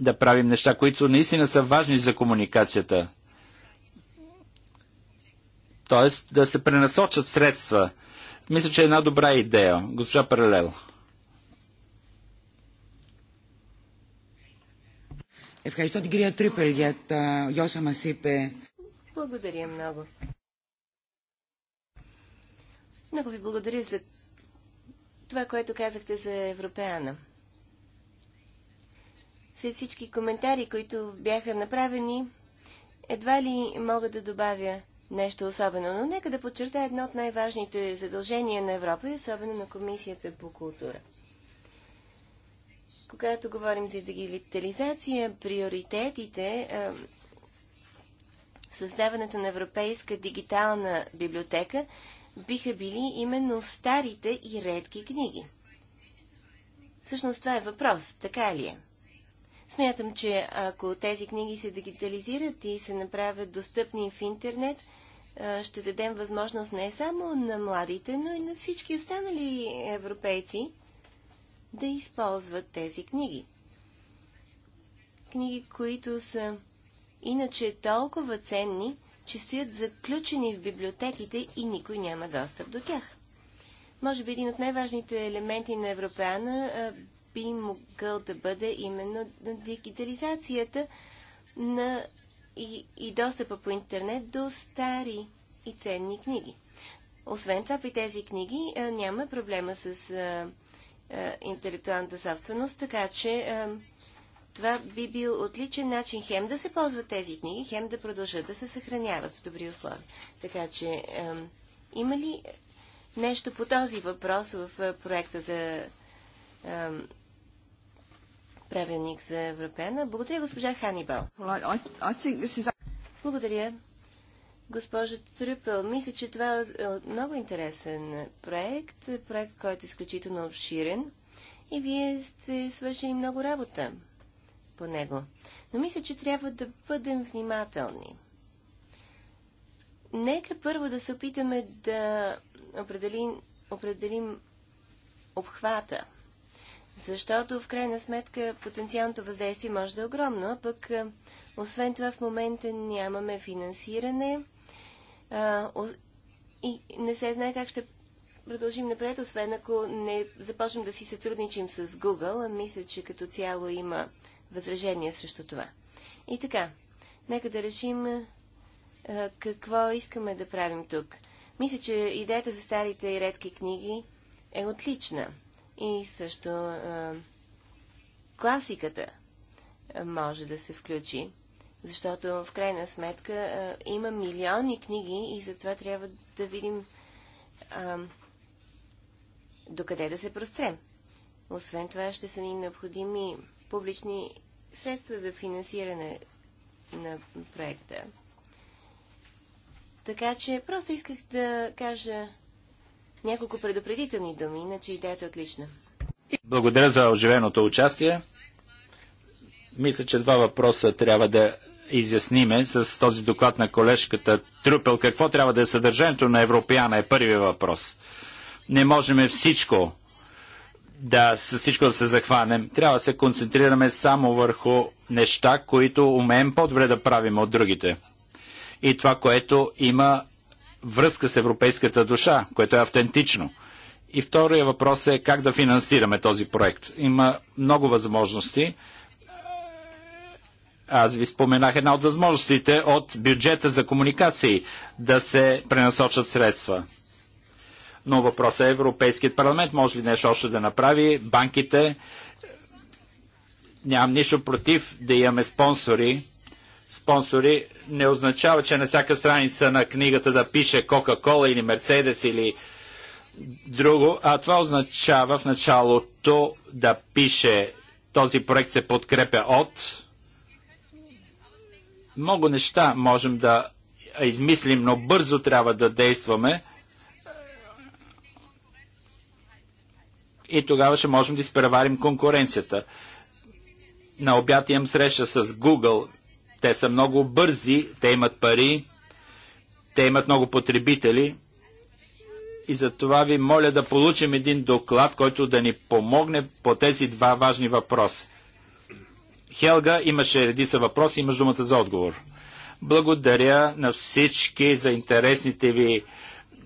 Да правим неща, които наистина са важни за комуникацията. Тоест да се пренасочат средства. Мисля, че е една добра идея. Госпожа Паралел. Ευχαριστώ την κυρία Τρίπελ για, τα, για όσα μας είπε. Благодаря много. Много ви благодаря за това, което казахте за Европеана. След всички коментари, които бяха направени, едва ли мога да добавя нещо особено, но нека да подчертая едно от най-важните задължения на Европа и особено на Комисията по култура – когато говорим за дигитализация, приоритетите е, в създаването на Европейска дигитална библиотека биха били именно старите и редки книги. Всъщност това е въпрос, така ли е? Смятам, че ако тези книги се дигитализират и се направят достъпни в интернет, е, ще дадем възможност не само на младите, но и на всички останали европейци да използват тези книги. Книги, които са иначе толкова ценни, че стоят заключени в библиотеките и никой няма достъп до тях. Може би един от най-важните елементи на Европеана би могъл да бъде именно на дигитализацията на и, и достъпа по интернет до стари и ценни книги. Освен това, при тези книги няма проблема с е, интелектуалната собственост, така че е, това би бил отличен начин хем да се ползват тези книги, хем да продължат да се съхраняват в добри условия. Така че е, има ли нещо по този въпрос в проекта за правилник за Европена? Благодаря, госпожа Ханибал. Благодаря госпожа Трюпел. Мисля, че това е, е много интересен проект, проект, който е изключително обширен и вие сте свършили много работа по него. Но мисля, че трябва да бъдем внимателни. Нека първо да се опитаме да определим, определим обхвата, защото в крайна сметка потенциалното въздействие може да е огромно, а пък е, освен това в момента нямаме финансиране а, и не се знае как ще продължим напред, освен ако не започнем да си сътрудничим с Google, а мисля, че като цяло има възражения срещу това. И така, нека да решим а, какво искаме да правим тук. Мисля, че идеята за старите и редки книги е отлична. И също а, класиката може да се включи. Защото в крайна сметка а, има милиони книги и затова трябва да видим а, докъде да се прострем. Освен това ще са ни необходими публични средства за финансиране на проекта. Така че просто исках да кажа няколко предупредителни думи, иначе идеята е отлична. Благодаря за оживеното участие. Мисля, че два въпроса трябва да изясниме с този доклад на колежката Трупел какво трябва да е съдържанието на Европеяна е първият въпрос. Не можем всичко да, с всичко да се захванем. Трябва да се концентрираме само върху неща, които умеем по-добре да правим от другите. И това, което има връзка с европейската душа, което е автентично. И втория въпрос е как да финансираме този проект. Има много възможности аз ви споменах една от възможностите от бюджета за комуникации да се пренасочат средства. Но въпросът е Европейският парламент може ли нещо още да направи, банките. Нямам нищо против да имаме спонсори. Спонсори не означава, че на всяка страница на книгата да пише Кока-Кола или Мерседес или друго, а това означава в началото да пише този проект се подкрепя от много неща можем да измислим, но бързо трябва да действаме. И тогава ще можем да изпреварим конкуренцията. На обяд имам среща с Google. Те са много бързи, те имат пари, те имат много потребители. И за това ви моля да получим един доклад, който да ни помогне по тези два важни въпроса. Хелга имаше редица въпроси, имаш думата за отговор. Благодаря на всички за интересните ви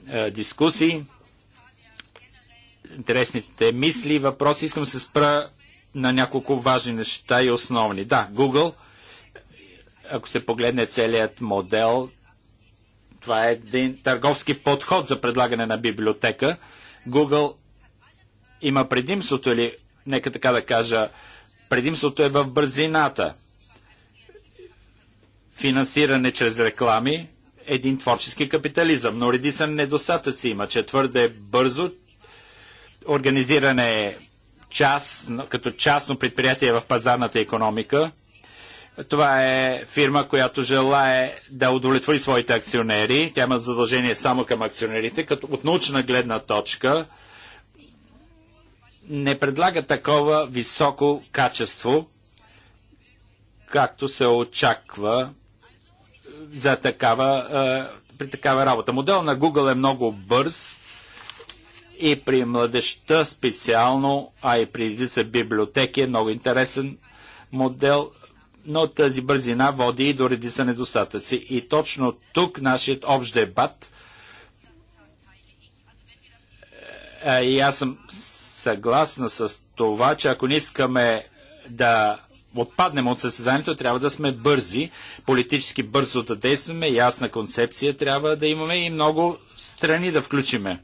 е, дискусии, интересните мисли и въпроси. Искам да се спра на няколко важни неща и основни. Да, Google, ако се погледне целият модел, това е един търговски подход за предлагане на библиотека. Google има предимството или, нека така да кажа, Предимството е в бързината. Финансиране чрез реклами, един творчески капитализъм, но са недостатъци има, че твърде бързо организиране е част, като частно предприятие в пазарната економика. Това е фирма, която желае да удовлетвори своите акционери. Тя има задължение само към акционерите. Като от научна гледна точка не предлага такова високо качество, както се очаква за такава, при такава работа. Модел на Google е много бърз и при младеща специално, а и при лица библиотеки е много интересен модел, но тази бързина води и до редица недостатъци. И точно тук нашият общ дебат Е, и аз съм съгласна с това, че ако не искаме да отпаднем от състезанието, трябва да сме бързи, политически бързо да действаме, ясна концепция трябва да имаме и много страни да включиме.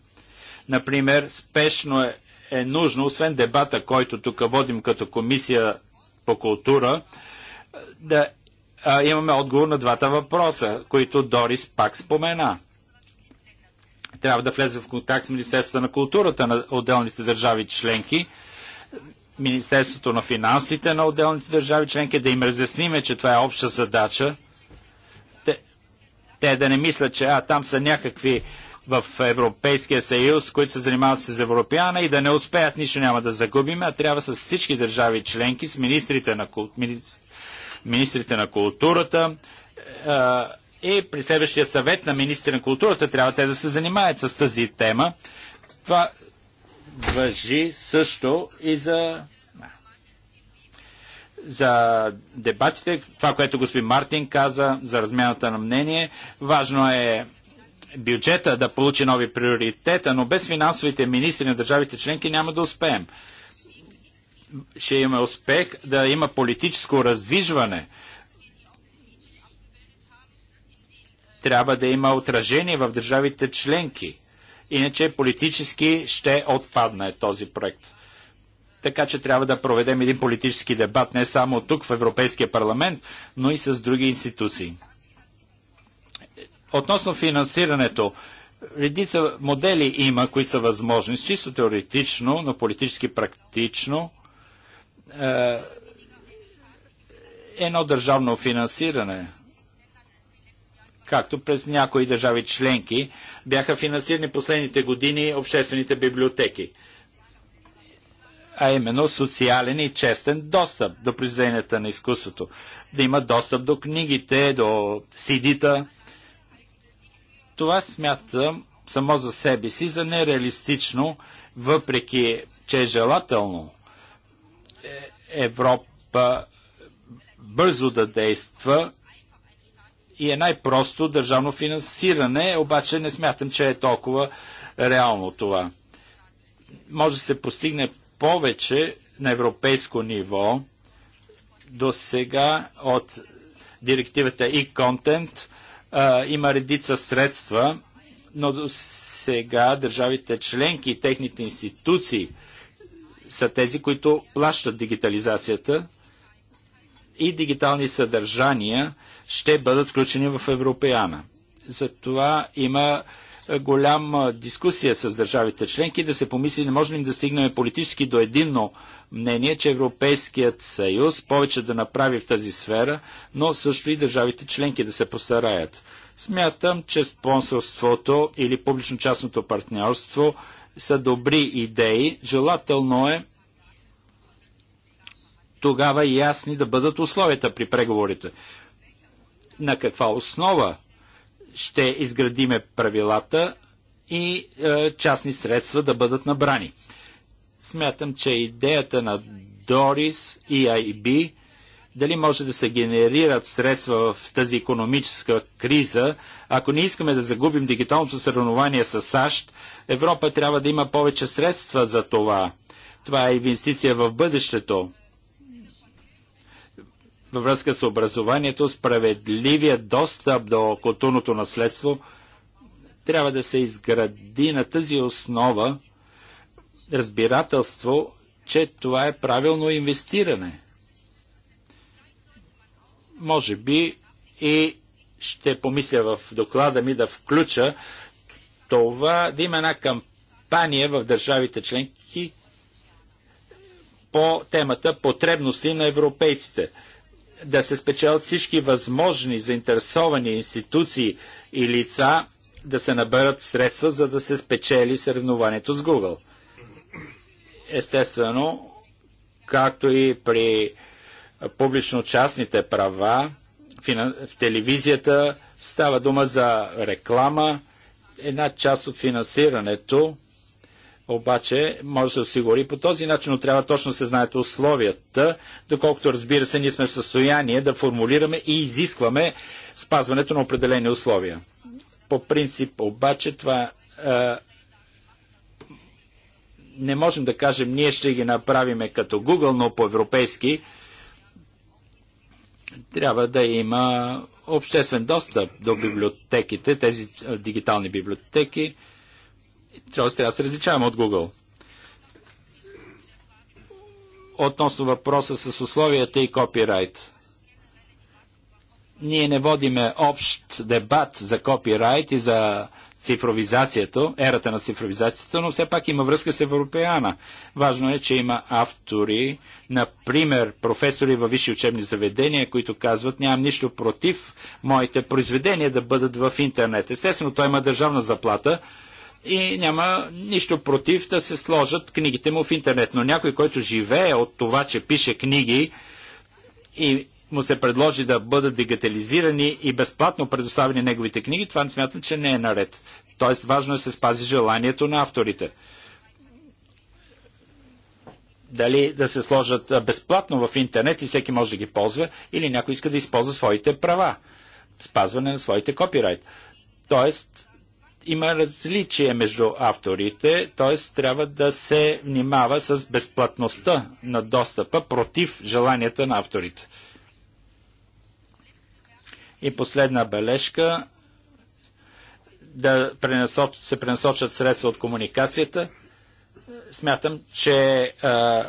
Например, спешно е, е нужно, освен дебата, който тук водим като комисия по култура, да а, имаме отговор на двата въпроса, които Дорис пак спомена трябва да влезе в контакт с Министерството на културата на отделните държави членки, Министерството на финансите на отделните държави членки, да им разясниме, че това е обща задача. Те, те да не мислят, че а, там са някакви в Европейския съюз, които се занимават с европеяна и да не успеят, нищо няма да загубим, а трябва с всички държави членки, с министрите на, министрите на културата, и при следващия съвет на министри на културата трябва те да се занимаят с тази тема. Това въжи също и за за дебатите, това, което господин Мартин каза, за размяната на мнение. Важно е бюджета да получи нови приоритета, но без финансовите министри на държавите членки няма да успеем. Ще има успех да има политическо раздвижване трябва да има отражение в държавите членки. Иначе политически ще отпадне този проект. Така че трябва да проведем един политически дебат не само тук в Европейския парламент, но и с други институции. Относно финансирането, редица модели има, които са възможни, чисто теоретично, но политически практично. Е, едно държавно финансиране – както през някои държави членки бяха финансирани последните години обществените библиотеки, а именно социален и честен достъп до произведенията на изкуството, да има достъп до книгите, до сидита. Това смятам само за себе си за нереалистично, въпреки че е желателно е, Европа бързо да действа и е най-просто държавно финансиране, обаче не смятам, че е толкова реално това. Може да се постигне повече на европейско ниво до сега от директивата и e контент има редица средства, но до сега държавите членки и техните институции са тези, които плащат дигитализацията и дигитални съдържания ще бъдат включени в Европеяна. Затова има е, голяма дискусия с държавите членки да се помисли, не можем ли да стигнем политически до единно мнение, че Европейският съюз повече да направи в тази сфера, но също и държавите членки да се постараят. Смятам, че спонсорството или публично-частното партньорство са добри идеи. Желателно е тогава ясни да бъдат условията при преговорите. На каква основа ще изградиме правилата и е, частни средства да бъдат набрани. Смятам, че идеята на Дорис и IB дали може да се генерират средства в тази економическа криза, ако не искаме да загубим дигиталното съревнование с САЩ, Европа трябва да има повече средства за това. Това е инвестиция в бъдещето във връзка с образованието, справедливия достъп до културното наследство трябва да се изгради на тази основа разбирателство, че това е правилно инвестиране. Може би и ще помисля в доклада ми да включа това да има една кампания в държавите членки по темата потребности на европейците – да се спечелят всички възможни заинтересовани институции и лица да се наберат средства, за да се спечели съревнованието с Google. Естествено, както и при публично-частните права, в телевизията става дума за реклама. Една част от финансирането обаче може да се осигури по този начин, но трябва точно да се знаят условията, доколкото разбира се, ние сме в състояние да формулираме и изискваме спазването на определени условия. По принцип обаче това а, не можем да кажем, ние ще ги направиме като Google, но по-европейски трябва да има обществен достъп до библиотеките, тези дигитални библиотеки. Тоест, трябва да се различаваме от Google. Относно въпроса с условията и копирайт. Ние не водиме общ дебат за копирайт и за цифровизацията, ерата на цифровизацията, но все пак има връзка с Европеана. Важно е, че има автори, например, професори във висши учебни заведения, които казват, нямам нищо против моите произведения да бъдат в интернет. Естествено, той има държавна заплата, и няма нищо против да се сложат книгите му в интернет. Но някой, който живее от това, че пише книги и му се предложи да бъдат дигитализирани и безплатно предоставени неговите книги, това не смятам, че не е наред. Тоест, важно е да се спази желанието на авторите. Дали да се сложат безплатно в интернет и всеки може да ги ползва, или някой иска да използва своите права. Спазване на своите копирайт. Тоест, има различие между авторите, т.е. трябва да се внимава с безплатността на достъпа против желанията на авторите. И последна бележка да се пренасочат средства от комуникацията. Смятам, че а,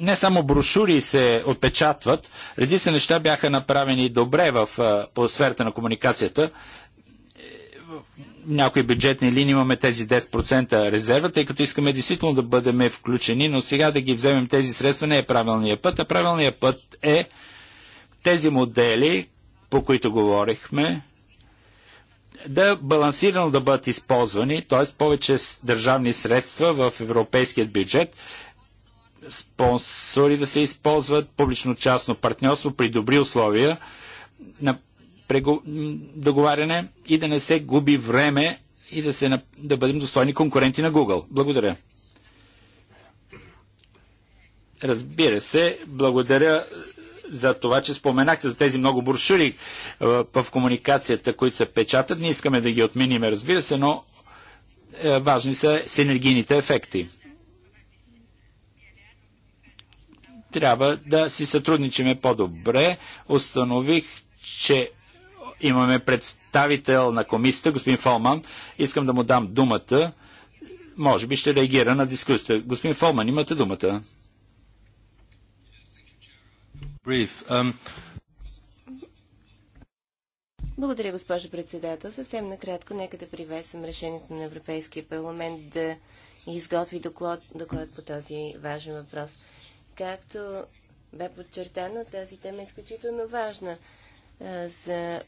не само брошури се отпечатват, редица неща бяха направени добре в, по сферата на комуникацията, някои бюджетни линии имаме тези 10% резерва, тъй като искаме действително да бъдем включени, но сега да ги вземем тези средства не е правилният път, а правилният път е тези модели, по които говорихме, да балансирано да бъдат използвани, т.е. повече държавни средства в европейският бюджет, спонсори да се използват, публично-частно партньорство при добри условия, на договаряне и да не се губи време и да, се, да бъдем достойни конкуренти на Google. Благодаря. Разбира се, благодаря е, за това, че споменахте за тези много буршури е, в комуникацията, които се печатат. Не искаме да ги отменим, разбира се, но е, важни са синергийните ефекти. Трябва да си сътрудничиме по-добре. Установих, че Имаме представител на комисията, господин Фолман. Искам да му дам думата. Може би ще реагира на дискусията. Господин Фолман, имате думата. Благодаря, госпожо председател. Съвсем накратко, нека да приветствам решението на Европейския парламент да изготви доклад, доклад по този важен въпрос. Както бе подчертано, тази тема е изключително важна за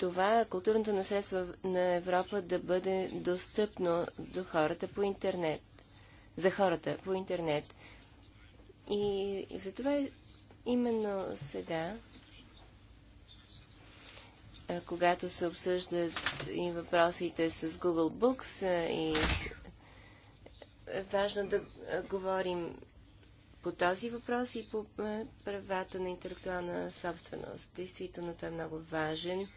това културното наследство на Европа да бъде достъпно до хората по интернет. За хората по интернет. И затова именно сега, когато се обсъждат и въпросите с Google Books, и е важно да говорим по този въпрос и по правата на интелектуална собственост. Действително той е много важен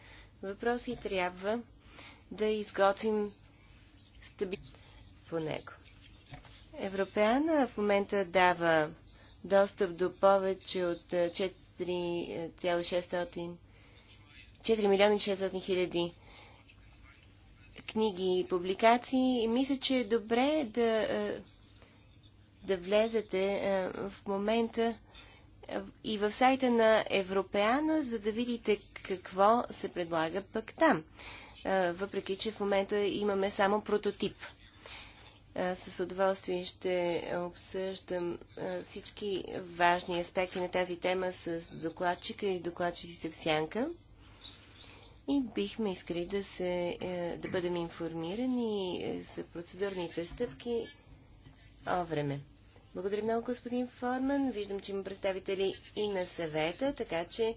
Въпроси и трябва да изготвим стабилност по него. Европеана в момента дава достъп до повече от 4 милиона 600 хиляди книги и публикации. И мисля, че е добре да, е, да влезете е, в момента и в сайта на Европеана, за да видите какво се предлага пък там. Въпреки, че в момента имаме само прототип. С удоволствие ще обсъждам всички важни аспекти на тази тема с докладчика и докладчици се в сянка. И бихме искали да, се, е, да бъдем информирани за процедурните стъпки о време. Благодаря много, господин Форман. Виждам, че има представители и на съвета, така че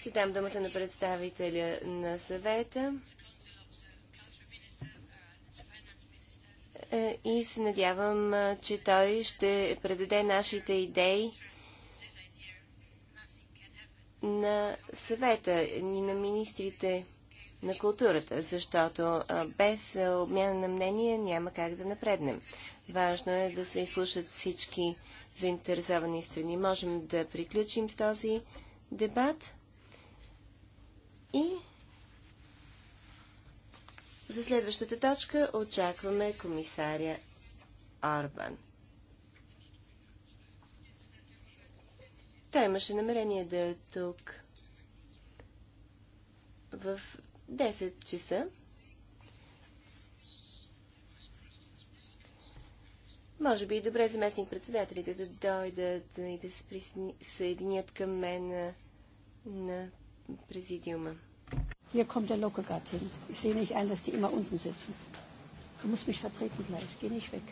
ще дам думата на представителя на съвета. Е, и се надявам, че той ще предаде нашите идеи на съвета и на министрите на културата, защото без обмяна на мнение няма как да напреднем. Важно е да се изслушат всички заинтересовани страни. Можем да приключим с този дебат и за следващата точка очакваме комисаря Орбан. Той имаше намерение да е тук в 10 часа. Може би и добре заместник председателите да дойдат и да се присъединят към мен на, на президиума. Hier kommt der Lokogat hin. Ich sehe nicht ein, dass die immer unten sitzen. Du musst mich vertreten gleich. Geh nicht weg.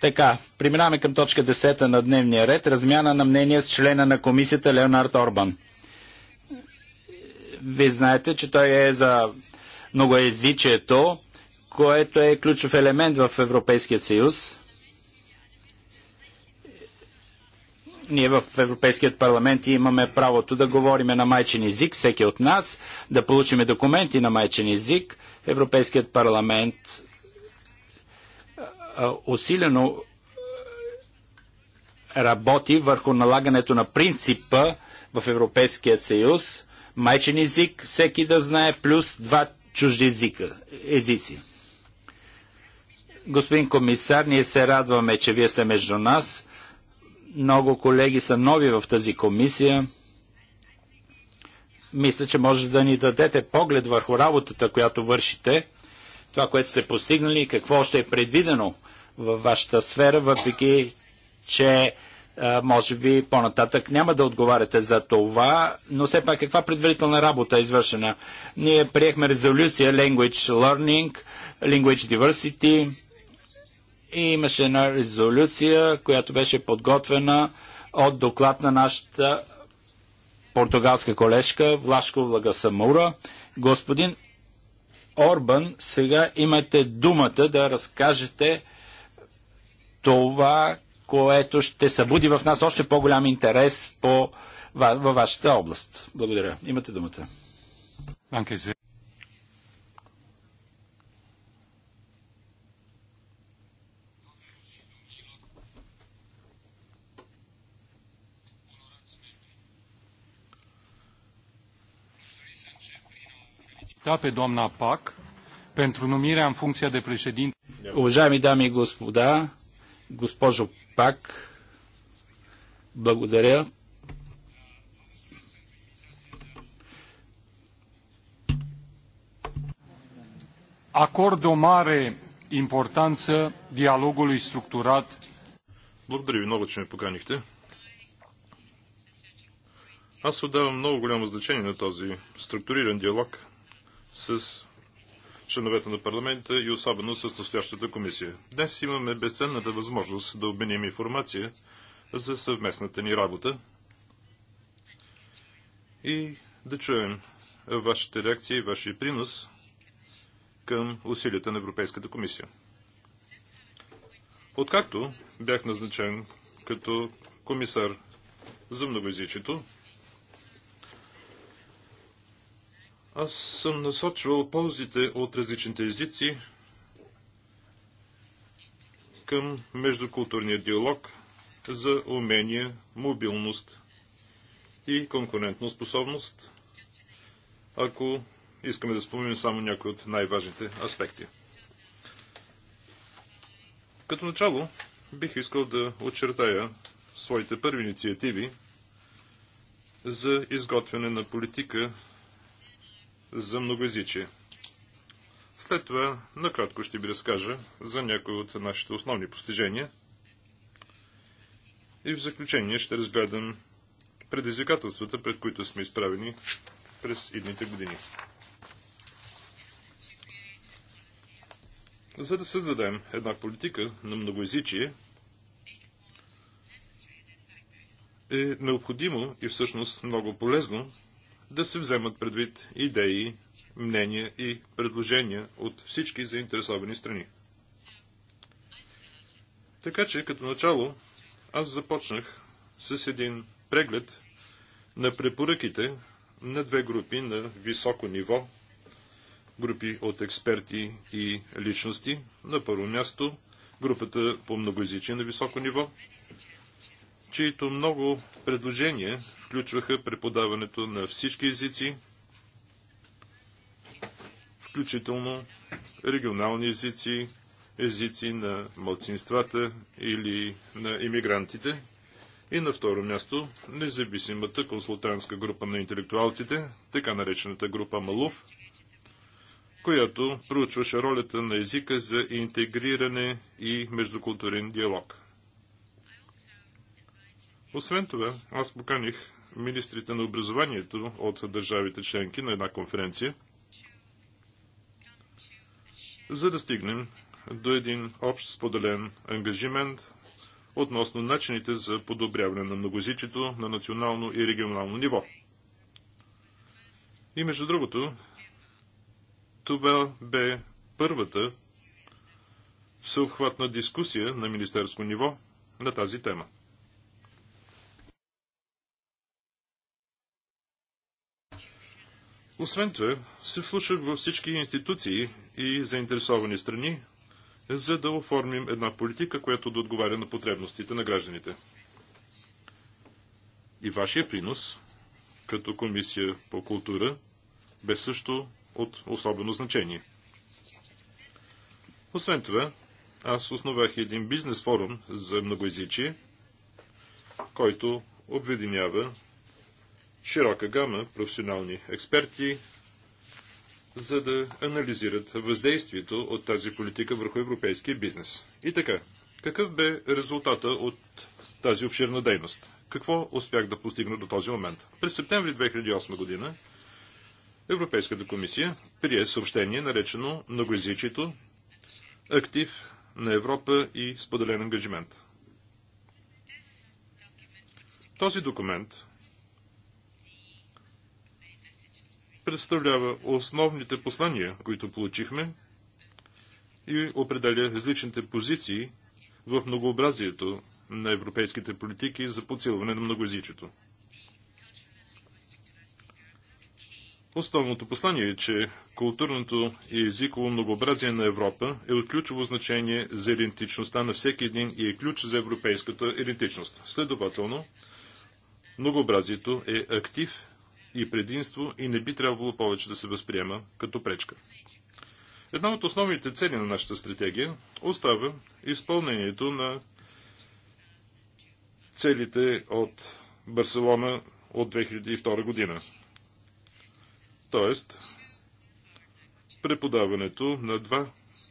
Така, преминаваме към точка 10 на дневния ред. Размяна на мнение с члена на комисията Леонард Орбан. Вие знаете, че той е за многоязичието, което е ключов елемент в Европейския съюз. ние в Европейският парламент имаме правото да говориме на майчен език, всеки от нас, да получиме документи на майчен език. Европейският парламент усилено работи върху налагането на принципа в Европейския съюз майчен език, всеки да знае, плюс два чужди езика, езици. Господин комисар, ние се радваме, че вие сте между нас. Много колеги са нови в тази комисия. Мисля, че може да ни дадете поглед върху работата, която вършите, това, което сте постигнали и какво още е предвидено – във вашата сфера, въпреки че може би по-нататък няма да отговаряте за това, но все пак каква предварителна работа е извършена? Ние приехме резолюция Language Learning, Language Diversity и имаше една резолюция, която беше подготвена от доклад на нашата португалска колежка Влашко Влагасамура. Господин Орбан, сега имате думата да разкажете това, което ще събуди в нас още по-голям интерес по, във вашата област. Благодаря. Имате думата. pe doamna Pac pentru numirea în funcția Уважаеми дами и господа, Госпожо Пак, благодаря. Acord маре импортанца importanță и структурат. Благодаря ви много, че ме поканихте. Аз отдавам много голямо значение на този структуриран диалог с членовете на парламента и особено с настоящата комисия. Днес имаме безценната възможност да обменим информация за съвместната ни работа и да чуем вашите реакции и вашия принос към усилията на Европейската комисия. Откакто бях назначен като комисар за многоязичието, Аз съм насочвал ползите от различните езици към междукултурния диалог за умения, мобилност и конкурентна способност, ако искаме да спомним само някои от най-важните аспекти. Като начало бих искал да очертая своите първи инициативи за изготвяне на политика за многоязичие. След това накратко ще ви разкажа за някои от нашите основни постижения и в заключение ще разгледам предизвикателствата, пред които сме изправени през идните години. За да създадем една политика на многоязичие, е необходимо и всъщност много полезно да се вземат предвид идеи, мнения и предложения от всички заинтересовани страни. Така че, като начало, аз започнах с един преглед на препоръките на две групи на високо ниво, групи от експерти и личности. На първо място групата по многоязичие на високо ниво, чието много предложения включваха преподаването на всички езици, включително регионални езици, езици на младсинствата или на иммигрантите. И на второ място, независимата консултантска група на интелектуалците, така наречената група Малув, която проучваше ролята на езика за интегриране и междукултурен диалог. Освен това, аз поканих министрите на образованието от държавите членки на една конференция, за да стигнем до един общ споделен ангажимент относно начините за подобряване на многозичието на национално и регионално ниво. И между другото, това бе първата всеобхватна дискусия на министерско ниво на тази тема. Освен това, се вслушах във всички институции и заинтересовани страни, за да оформим една политика, която да отговаря на потребностите на гражданите. И вашия принос, като комисия по култура, бе също от особено значение. Освен това, аз основах един бизнес форум за многоязичие, който обединява широка гама професионални експерти, за да анализират въздействието от тази политика върху европейския бизнес. И така, какъв бе резултата от тази обширна дейност? Какво успях да постигна до този момент? През септември 2008 година Европейската комисия прие съобщение, наречено многоязичието актив на Европа и споделен ангажимент. Този документ представлява основните послания, които получихме и определя различните позиции в многообразието на европейските политики за подсилване на многоязичието. Основното послание е, че културното и езиково многообразие на Европа е от ключово значение за идентичността на всеки един и е ключ за европейската идентичност. Следователно, многообразието е актив и предимство и не би трябвало повече да се възприема като пречка. Една от основните цели на нашата стратегия остава изпълнението на целите от Барселона от 2002 година. Тоест, преподаването на два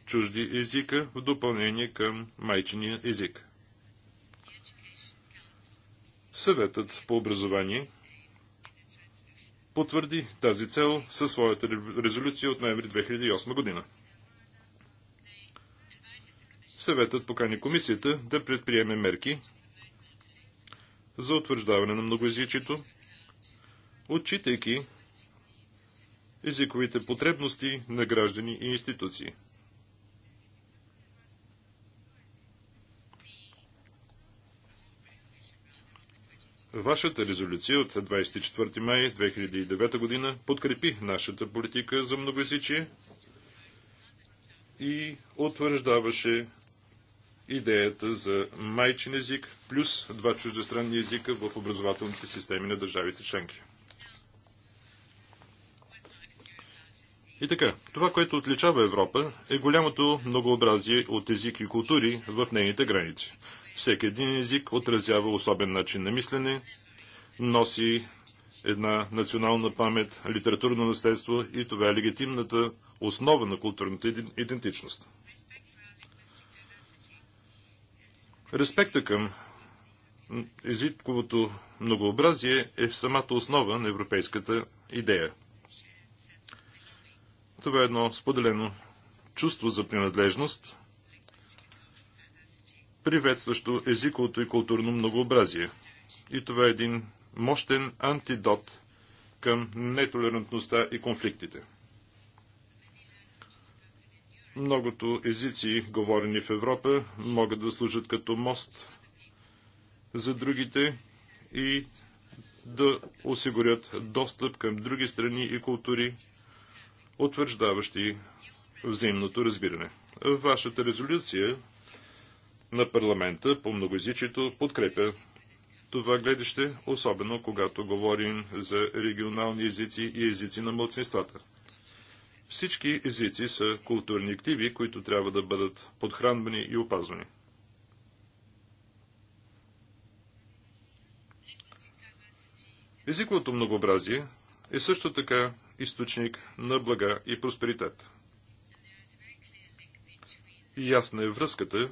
чужди езика в допълнение към майчиния език. Съветът по образование потвърди тази цел със своята резолюция от ноември 2008 година. Съветът покани комисията да предприеме мерки за утвърждаване на многоязичието, отчитайки езиковите потребности на граждани и институции – Вашата резолюция от 24 май 2009 година подкрепи нашата политика за многоязичие и утвърждаваше идеята за майчин език плюс два чуждестранни езика в образователните системи на държавите членки. И така, това, което отличава Европа, е голямото многообразие от език и култури в нейните граници. Всеки един език отразява особен начин на мислене, носи една национална памет, литературно наследство и това е легитимната основа на културната идентичност. Респекта към езиковото многообразие е в самата основа на европейската идея. Това е едно споделено чувство за принадлежност, приветстващо езиковото и културно многообразие. И това е един мощен антидот към нетолерантността и конфликтите. Многото езици, говорени в Европа, могат да служат като мост за другите и да осигурят достъп към други страни и култури, утвърждаващи взаимното разбиране. Вашата резолюция на парламента по многоязичието подкрепя това гледаще, особено когато говорим за регионални езици и езици на младсинствата. Всички езици са културни активи, които трябва да бъдат подхранвани и опазвани. Езиковото многообразие е също така източник на блага и просперитет. И ясна е връзката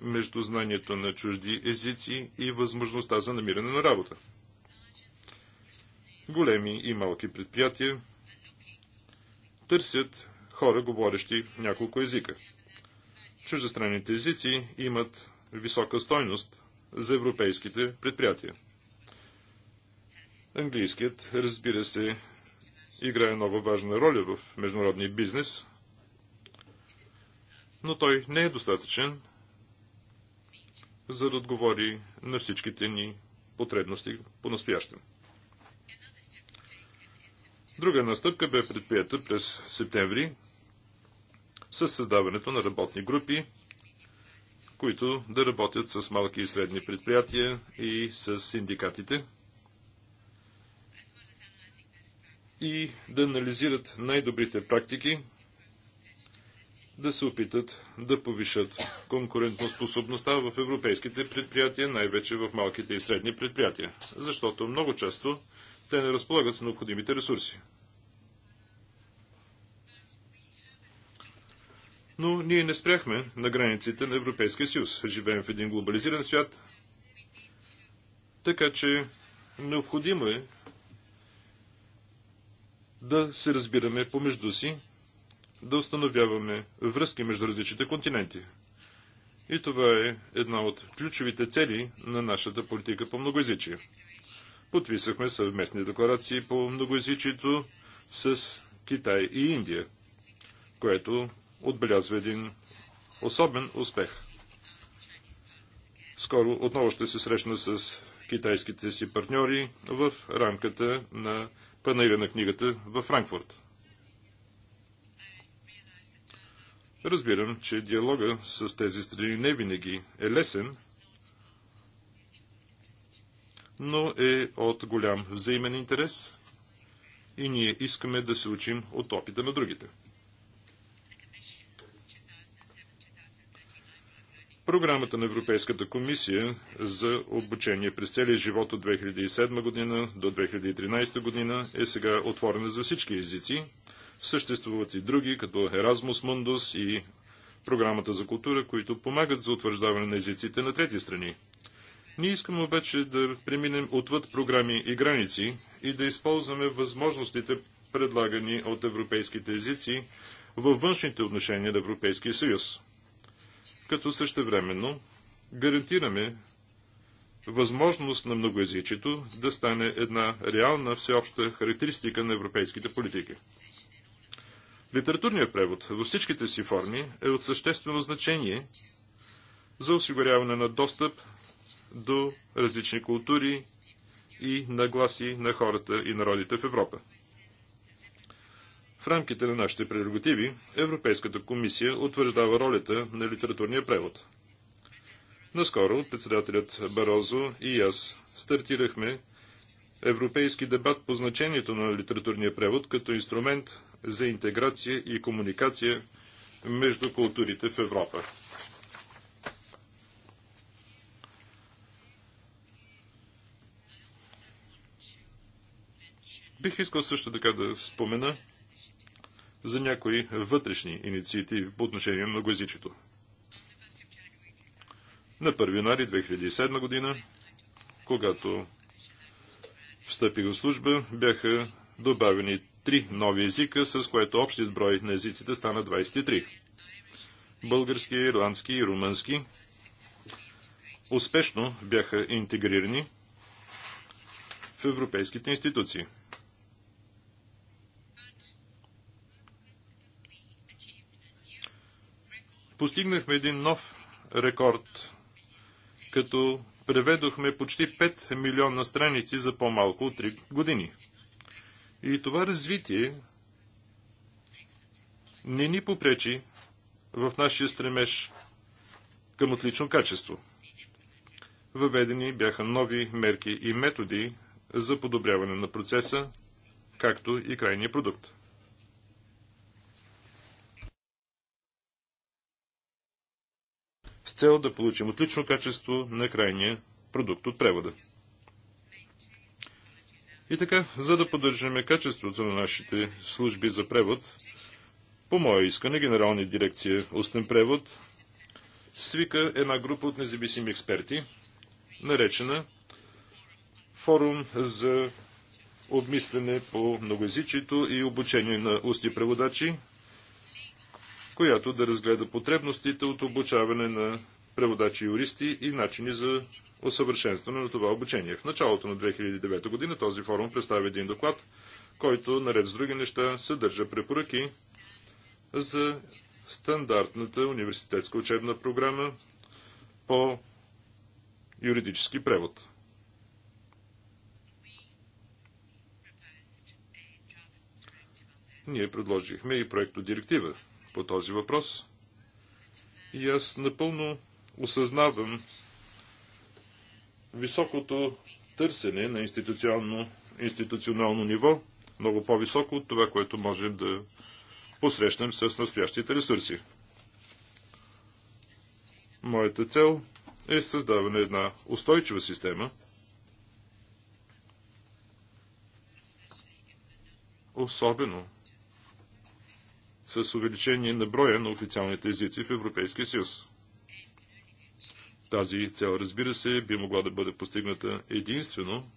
между знанието на чужди езици и възможността за намиране на работа. Големи и малки предприятия търсят хора, говорещи няколко езика. Чуждестранните езици имат висока стойност за европейските предприятия. Английският, разбира се, играе много важна роля в международния бизнес, но той не е достатъчен, за да отговори на всичките ни потребности по-настоящем. Друга настъпка бе предприята през септември с създаването на работни групи, които да работят с малки и средни предприятия и с синдикатите и да анализират най-добрите практики да се опитат да повишат конкурентоспособността в европейските предприятия, най-вече в малките и средни предприятия, защото много често те не разполагат с необходимите ресурси. Но ние не спряхме на границите на Европейския съюз. Живеем в един глобализиран свят, така че необходимо е да се разбираме помежду си да установяваме връзки между различните континенти. И това е една от ключовите цели на нашата политика по многоязичие. Подписахме съвместни декларации по многоязичието с Китай и Индия, което отбелязва един особен успех. Скоро отново ще се срещна с китайските си партньори в рамката на панаира на книгата във Франкфурт. Разбирам, че диалога с тези страни не винаги е лесен, но е от голям взаимен интерес и ние искаме да се учим от опита на другите. Програмата на Европейската комисия за обучение през целия живот от 2007 година до 2013 година е сега отворена за всички езици, Съществуват и други, като Erasmus Mundus и програмата за култура, които помагат за утвърждаване на езиците на трети страни. Ние искаме обаче да преминем отвъд програми и граници и да използваме възможностите, предлагани от европейските езици във външните отношения на Европейския съюз. Като същевременно гарантираме възможност на многоязичието да стане една реална всеобща характеристика на европейските политики. Литературният превод във всичките си форми е от съществено значение за осигуряване на достъп до различни култури и нагласи на хората и народите в Европа. В рамките на нашите прерогативи Европейската комисия утвърждава ролята на литературния превод. Наскоро председателят Барозо и аз стартирахме европейски дебат по значението на литературния превод като инструмент за интеграция и комуникация между културите в Европа. Бих искал също така да спомена за някои вътрешни инициативи по отношение на многоязичието. На 1 януари 2007 година, когато встъпих в служба, бяха добавени три нови езика, с което общият брой на езиците стана 23. Български, ирландски и румънски успешно бяха интегрирани в европейските институции. Постигнахме един нов рекорд, като преведохме почти 5 милиона страници за по-малко от 3 години – и това развитие не ни попречи в нашия стремеж към отлично качество. Въведени бяха нови мерки и методи за подобряване на процеса, както и крайния продукт. С цел да получим отлично качество на крайния продукт от превода. И така, за да поддържаме качеството на нашите служби за превод, по мое искане, Генерална дирекция Устен превод свика една група от независими експерти, наречена Форум за обмислене по многоязичието и обучение на устни преводачи, която да разгледа потребностите от обучаване на преводачи-юристи и начини за усъвършенстване на това обучение. В началото на 2009 година този форум представи един доклад, който наред с други неща съдържа препоръки за стандартната университетска учебна програма по юридически превод. Ние предложихме и проекто директива по този въпрос. И аз напълно осъзнавам високото търсене на институционално, институционално ниво, много по-високо от това, което можем да посрещнем с настоящите ресурси. Моята цел е създаване една устойчива система, особено с увеличение на броя на официалните езици в Европейския съюз. Тази цел, разбира се, би могла да бъде постигната единствено,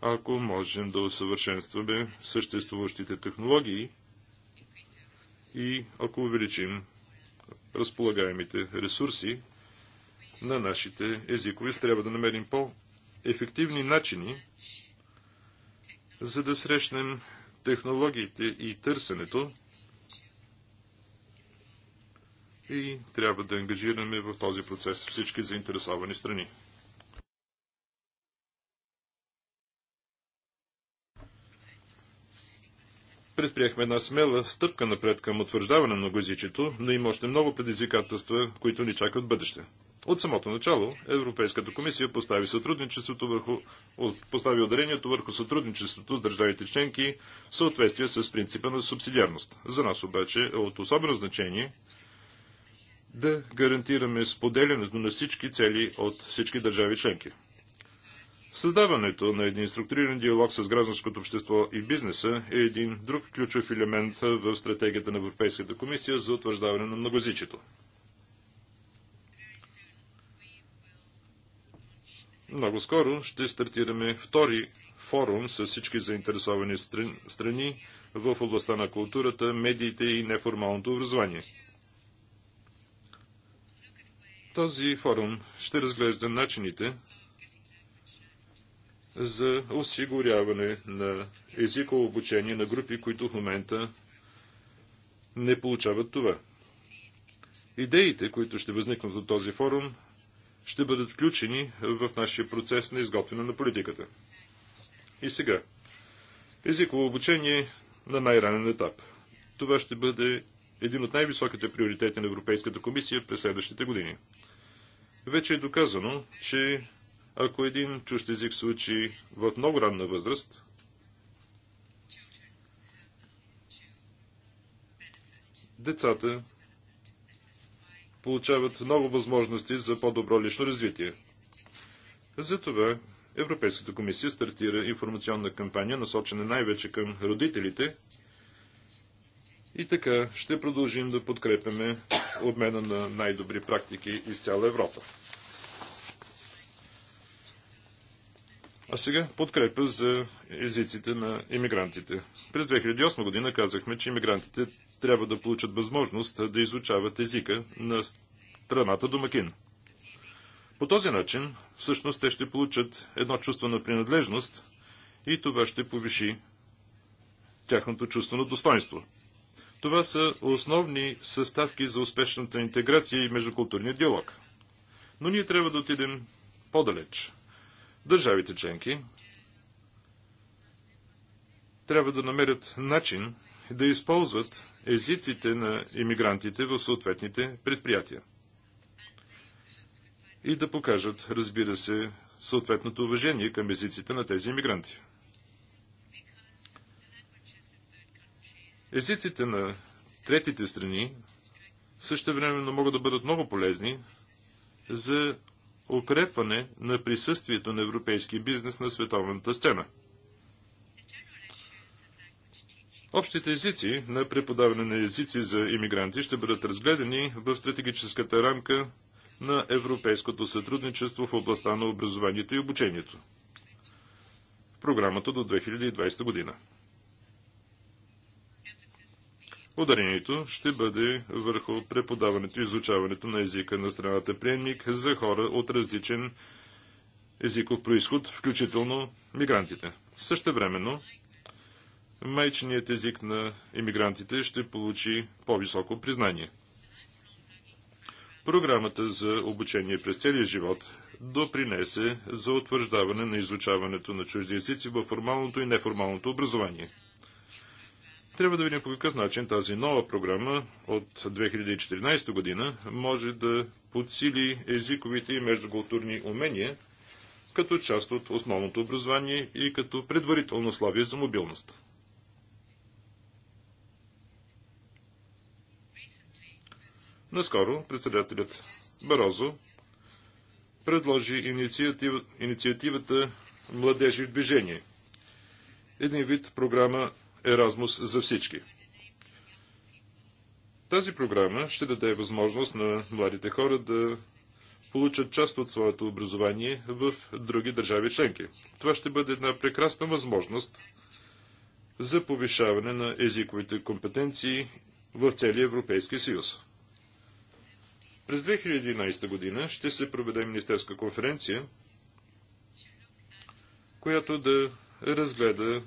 ако можем да усъвършенстваме съществуващите технологии и ако увеличим разполагаемите ресурси на нашите езикови, трябва да намерим по-ефективни начини, за да срещнем технологиите и търсенето, и трябва да ангажираме в този процес всички заинтересовани страни. Предприехме една смела стъпка напред към утвърждаване на многоязичието, но има още много предизвикателства, които ни чакат бъдеще. От самото начало Европейската комисия постави, сътрудничеството върху, постави ударението върху сътрудничеството с държавите членки в съответствие с принципа на субсидиарност. За нас обаче е от особено значение да гарантираме споделянето на всички цели от всички държави членки. Създаването на един структуриран диалог с гражданското общество и бизнеса е един друг ключов елемент в стратегията на Европейската комисия за утвърждаване на многозичието. Много скоро ще стартираме втори форум с всички заинтересовани страни в областта на културата, медиите и неформалното образование – този форум ще разглежда начините за осигуряване на езиково обучение на групи, които в момента не получават това. Идеите, които ще възникнат от този форум, ще бъдат включени в нашия процес на изготвяне на политиката. И сега. Езиково обучение на най-ранен етап. Това ще бъде един от най-високите приоритети на Европейската комисия през следващите години. Вече е доказано, че ако един чужд език се учи в много ранна възраст, децата получават много възможности за по-добро лично развитие. Затова Европейската комисия стартира информационна кампания, насочена най-вече към родителите. И така ще продължим да подкрепяме обмена на най-добри практики из цяла Европа. А сега подкрепа за езиците на иммигрантите. През 2008 година казахме, че иммигрантите трябва да получат възможност да изучават езика на страната домакин. По този начин, всъщност, те ще получат едно чувство на принадлежност и това ще повиши тяхното чувство на достоинство. Това са основни съставки за успешната интеграция и междукултурния диалог. Но ние трябва да отидем по-далеч. Държавите членки трябва да намерят начин да използват езиците на иммигрантите в съответните предприятия. И да покажат, разбира се, съответното уважение към езиците на тези иммигранти. Езиците на третите страни също времено могат да бъдат много полезни за укрепване на присъствието на европейския бизнес на световната сцена. Общите езици на преподаване на езици за иммигранти ще бъдат разгледани в стратегическата рамка на европейското сътрудничество в областта на образованието и обучението. Програмата до 2020 година. Ударението ще бъде върху преподаването и изучаването на езика на страната приемник за хора от различен езиков происход, включително мигрантите. Също времено, майчният език на иммигрантите ще получи по-високо признание. Програмата за обучение през целия живот допринесе за утвърждаване на изучаването на чужди езици във формалното и неформалното образование – трябва да видим по какъв начин тази нова програма от 2014 година може да подсили езиковите и междукултурни умения като част от основното образование и като предварително славие за мобилност. Наскоро председателят Барозо предложи инициатив, инициативата Младежи в движение. Един вид програма Еразмус за всички. Тази програма ще даде възможност на младите хора да получат част от своето образование в други държави членки. Това ще бъде една прекрасна възможност за повишаване на езиковите компетенции в целия Европейски съюз. През 2011 година ще се проведе министерска конференция, която да разгледа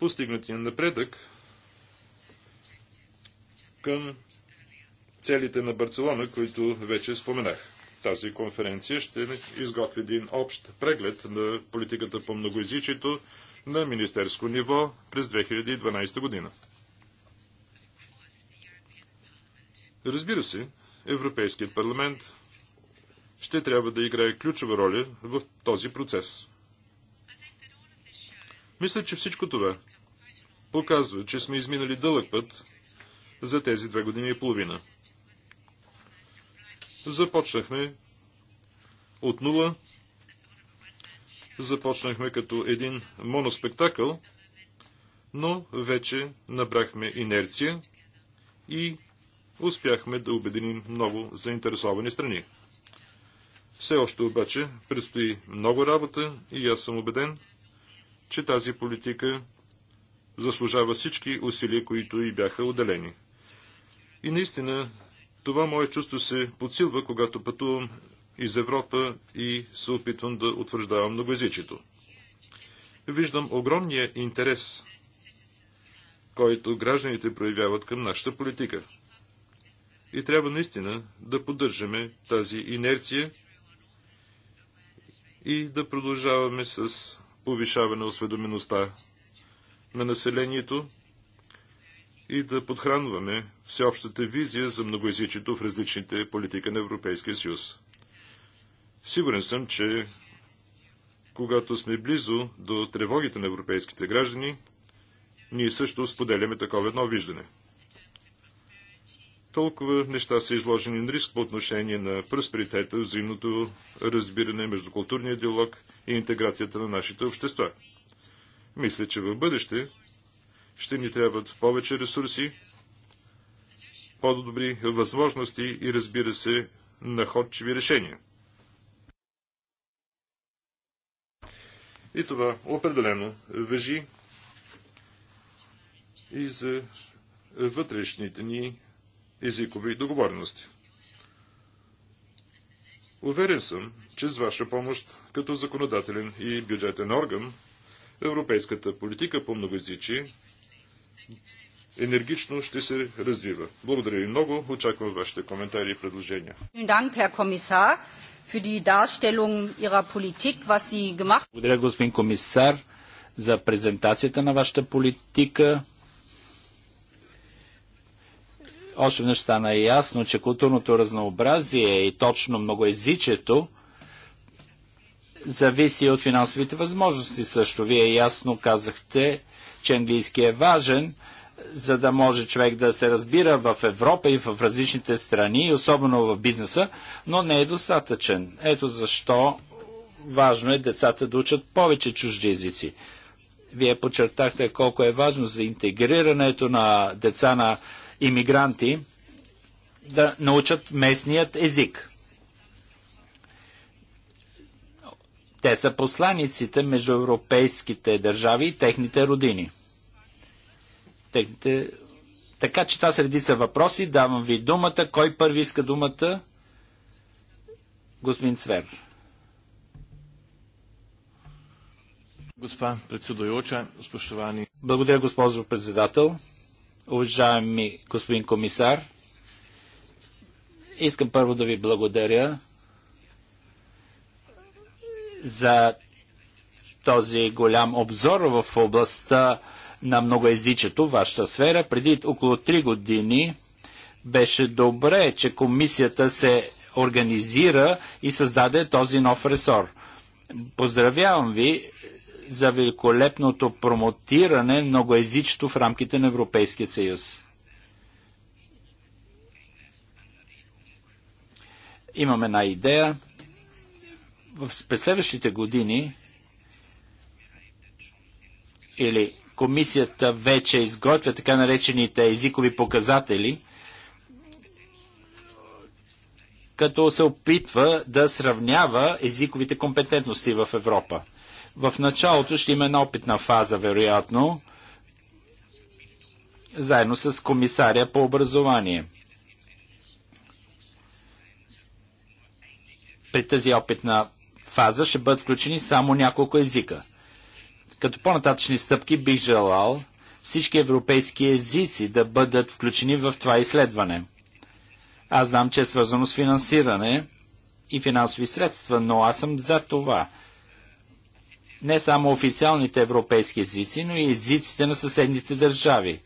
постигнатия напредък към целите на Барселона, които вече споменах. Тази конференция ще изготви един общ преглед на политиката по многоязичието на министерско ниво през 2012 година. Разбира се, Европейският парламент ще трябва да играе ключова роля в този процес. Мисля, че всичко това показва, че сме изминали дълъг път за тези две години и половина. Започнахме от нула. Започнахме като един моноспектакъл, но вече набрахме инерция и успяхме да обединим много заинтересовани страни. Все още обаче предстои много работа и аз съм убеден, че тази политика заслужава всички усилия, които и бяха отделени. И наистина, това мое чувство се подсилва, когато пътувам из Европа и се опитвам да утвърждавам многоязичието. Виждам огромния интерес, който гражданите проявяват към нашата политика. И трябва наистина да поддържаме тази инерция и да продължаваме с повишаване осведомеността на населението и да подхранваме всеобщата визия за многоязичието в различните политики на Европейския съюз. Сигурен съм, че когато сме близо до тревогите на европейските граждани, ние също споделяме такова едно виждане. Толкова неща са изложени на риск по отношение на просперитета, взаимното разбиране, междукултурния диалог, и интеграцията на нашите общества. Мисля, че в бъдеще ще ни трябват повече ресурси, по-добри възможности и, разбира се, находчиви решения. И това определено въжи и за вътрешните ни езикови договорености. Уверен съм, че с ваша помощ като законодателен и бюджетен орган, европейската политика по многоязичие енергично ще се развива. Благодаря ви много. Очаквам вашите коментари и предложения. Благодаря, господин комисар, за презентацията на вашата политика. Още веднъж стана ясно, че културното разнообразие и точно многоезичието зависи от финансовите възможности също. Вие ясно казахте, че английски е важен, за да може човек да се разбира в Европа и в различните страни, особено в бизнеса, но не е достатъчен. Ето защо важно е децата да учат повече чужди езици. Вие подчертахте колко е важно за интегрирането на деца на иммигранти да научат местният език. Те са посланиците между европейските държави и техните родини. Техните... Така че тази редица въпроси. Давам ви думата. Кой първи иска думата? Господин Цвер. Госпа председуюча, спощувани. Благодаря, госпожо председател. Уважаеми господин комисар, искам първо да ви благодаря за този голям обзор в областта на многоязичето, вашата сфера. Преди около 3 години беше добре, че комисията се организира и създаде този нов ресор. Поздравявам ви за великолепното промотиране многоязичето в рамките на Европейския съюз. Имаме една идея. В през следващите години или комисията вече изготвя така наречените езикови показатели, като се опитва да сравнява езиковите компетентности в Европа. В началото ще има една опитна фаза, вероятно, заедно с комисаря по образование. При тази опитна фаза ще бъдат включени само няколко езика. Като по-нататъчни стъпки бих желал всички европейски езици да бъдат включени в това изследване. Аз знам, че е свързано с финансиране и финансови средства, но аз съм за това не само официалните европейски езици, но и езиците на съседните държави.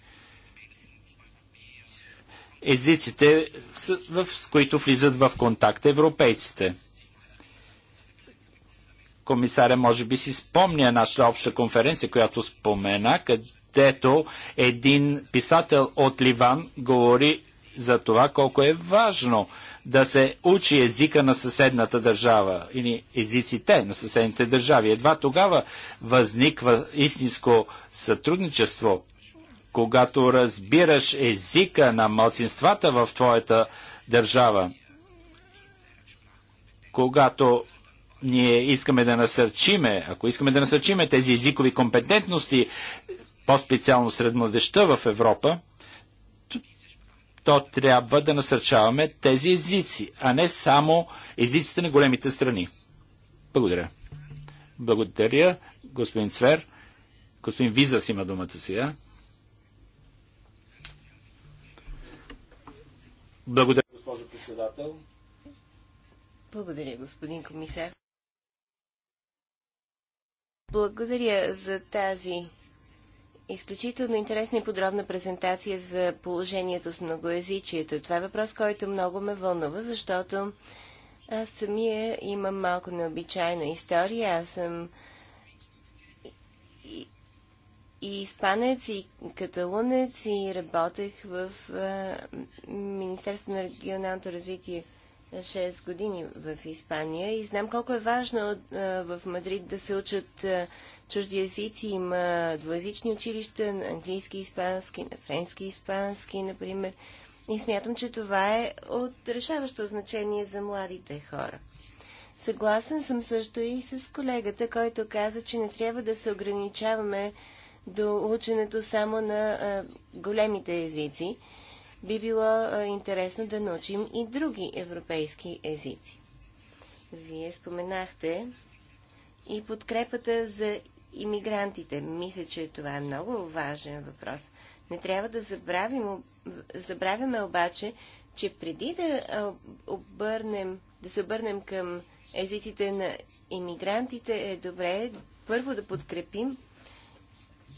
Езиците, с които влизат в контакт европейците. Комисаря може би си спомня нашата обща конференция, която спомена, където един писател от Ливан говори за това колко е важно да се учи езика на съседната държава или езиците на съседните държави. Едва тогава възниква истинско сътрудничество, когато разбираш езика на малцинствата в твоята държава. Когато ние искаме да насърчиме, ако искаме да насърчиме тези езикови компетентности, по-специално сред младеща в Европа, то трябва да насърчаваме тези езици, а не само езиците на големите страни. Благодаря. Благодаря, господин Цвер. Господин Визас има думата сега. Благодаря, госпожо председател. Благодаря, господин комисар. Благодаря за тази изключително интересна и подробна презентация за положението с многоязичието. Това е въпрос, който много ме вълнува, защото аз самия имам малко необичайна история. Аз съм и, испанец, и каталунец, и работех в Министерство на регионалното развитие 6 години в Испания и знам колко е важно в Мадрид да се учат чужди езици. Има двоязични училища на английски, испански, на френски, испански, например. И смятам, че това е от решаващо значение за младите хора. Съгласен съм също и с колегата, който каза, че не трябва да се ограничаваме до ученето само на а, големите езици. Би било а, интересно да научим и други европейски езици. Вие споменахте и подкрепата за иммигрантите. Мисля, че това е много важен въпрос. Не трябва да забравим, забравяме обаче, че преди да, обърнем, да се обърнем към езиците на иммигрантите, е добре първо да подкрепим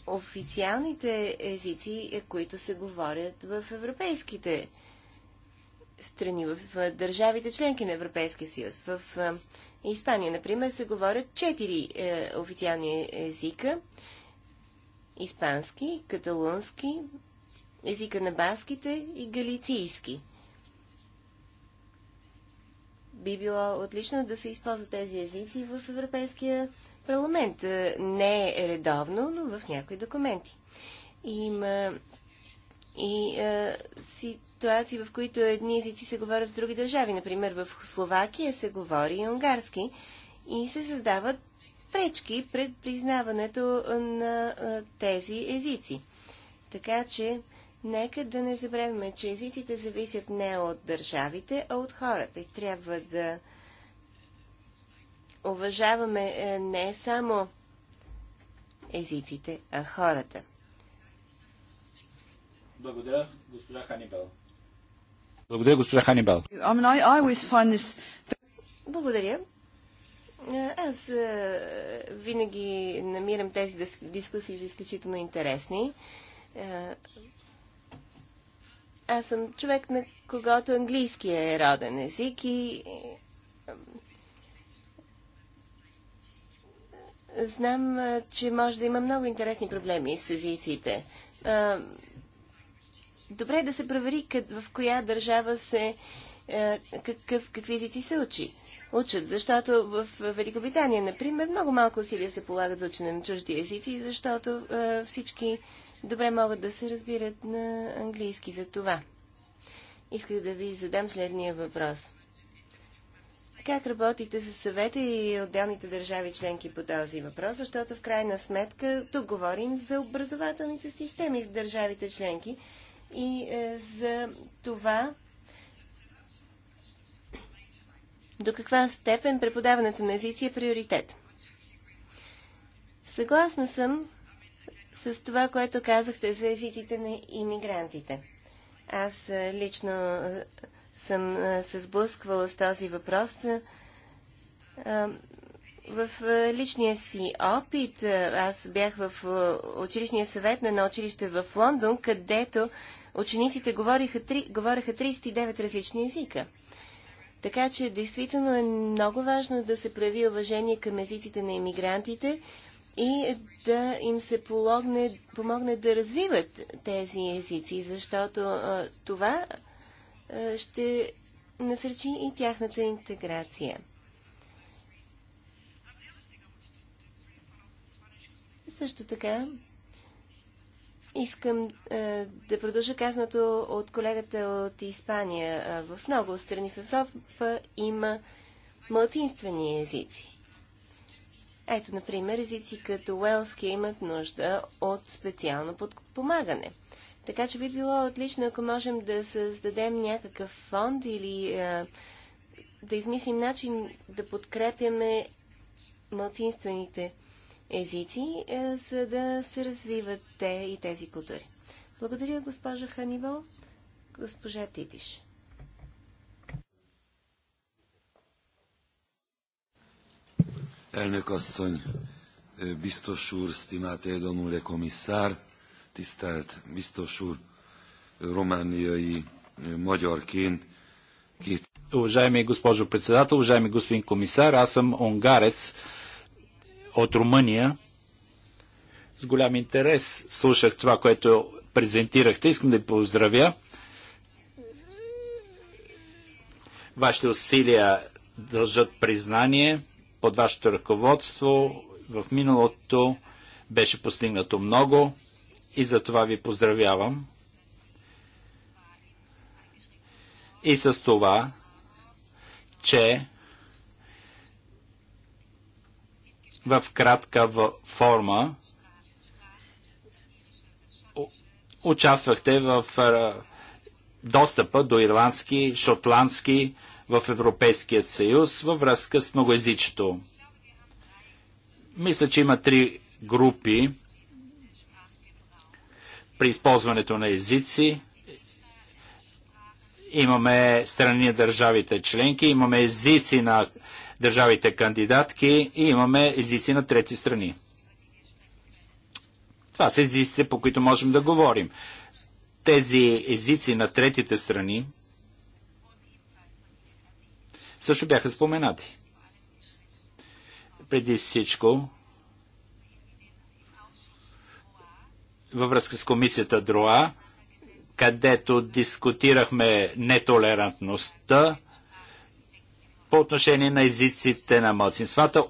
официалните езици, е, които се говорят в европейските страни, в държавите членки на Европейския съюз. В Испания, например, се говорят четири е, официални езика. Испански, каталунски, езика на баските и галицийски. Би било отлично да се използват тези езици в Европейския парламент. Е, не е редовно, но в някои документи. Има и е, си, ситуации, в които едни езици се говорят в други държави. Например, в Словакия се говори и унгарски и се създават пречки пред признаването на тези езици. Така че, нека да не забравяме, че езиците зависят не от държавите, а от хората. И трябва да уважаваме е, не само езиците, а хората. Благодаря, госпожа Ханибел. Благодаря, госпожа Ханибал. Благодаря. Аз винаги намирам тези дискусии за изключително интересни. Аз съм човек, на когато английски е роден език и знам, че може да има много интересни проблеми с езиците добре е да се провери къд, в коя държава се е, какъв, какви езици се учи. Учат, защото в Великобритания, например, много малко усилия се полагат за учене на чужди езици, защото е, всички добре могат да се разбират на английски за това. Исках да ви задам следния въпрос. Как работите с съвета и отделните държави членки по този въпрос, защото в крайна сметка тук говорим за образователните системи в държавите членки, и е, за това до каква степен преподаването на езици е приоритет. Съгласна съм с това, което казахте за езиците на иммигрантите. Аз е, лично е, съм се сблъсквала с този въпрос в е, личния си опит, е, аз бях в е, училищния съвет на едно училище в Лондон, където учениците говориха, говориха 39 различни езика. Така че, действително е много важно да се прояви уважение към езиците на иммигрантите и да им се помогне, помогне да развиват тези езици, защото а, това а, ще насърчи и тяхната интеграция. Също така искам е, да продължа казаното от колегата от Испания. Е, в много страни в Европа има малцинствени езици. Ето, например, езици като уелски имат нужда от специално подпомагане. Така че би било отлично, ако можем да създадем някакъв фонд или е, да измислим начин да подкрепяме малцинствените езици езици, е, за да се развиват те и тези култури. Благодаря, госпожа Ханибал. Госпожа Титиш. Elnök asszony, Бистошур, е, úr, Stimáté Domule komisszár, tisztelt Бистошур, úr, и e, magyarként Уважаеми госпожо председател, уважаеми господин комисар, аз съм унгарец от Румъния. С голям интерес слушах това, което презентирахте. Искам да ви поздравя. Вашите усилия дължат признание под вашето ръководство. В миналото беше постигнато много и за това ви поздравявам. И с това, че в кратка форма участвахте в достъпа до ирландски, шотландски в Европейския съюз във връзка с многоязичето. Мисля, че има три групи при използването на езици. Имаме страни на държавите членки, имаме езици на държавите кандидатки и имаме езици на трети страни. Това са езиците, по които можем да говорим. Тези езици на третите страни също бяха споменати. Преди всичко, във връзка с комисията ДРОА, където дискутирахме нетолерантността, по отношение на езиците на младсинствата.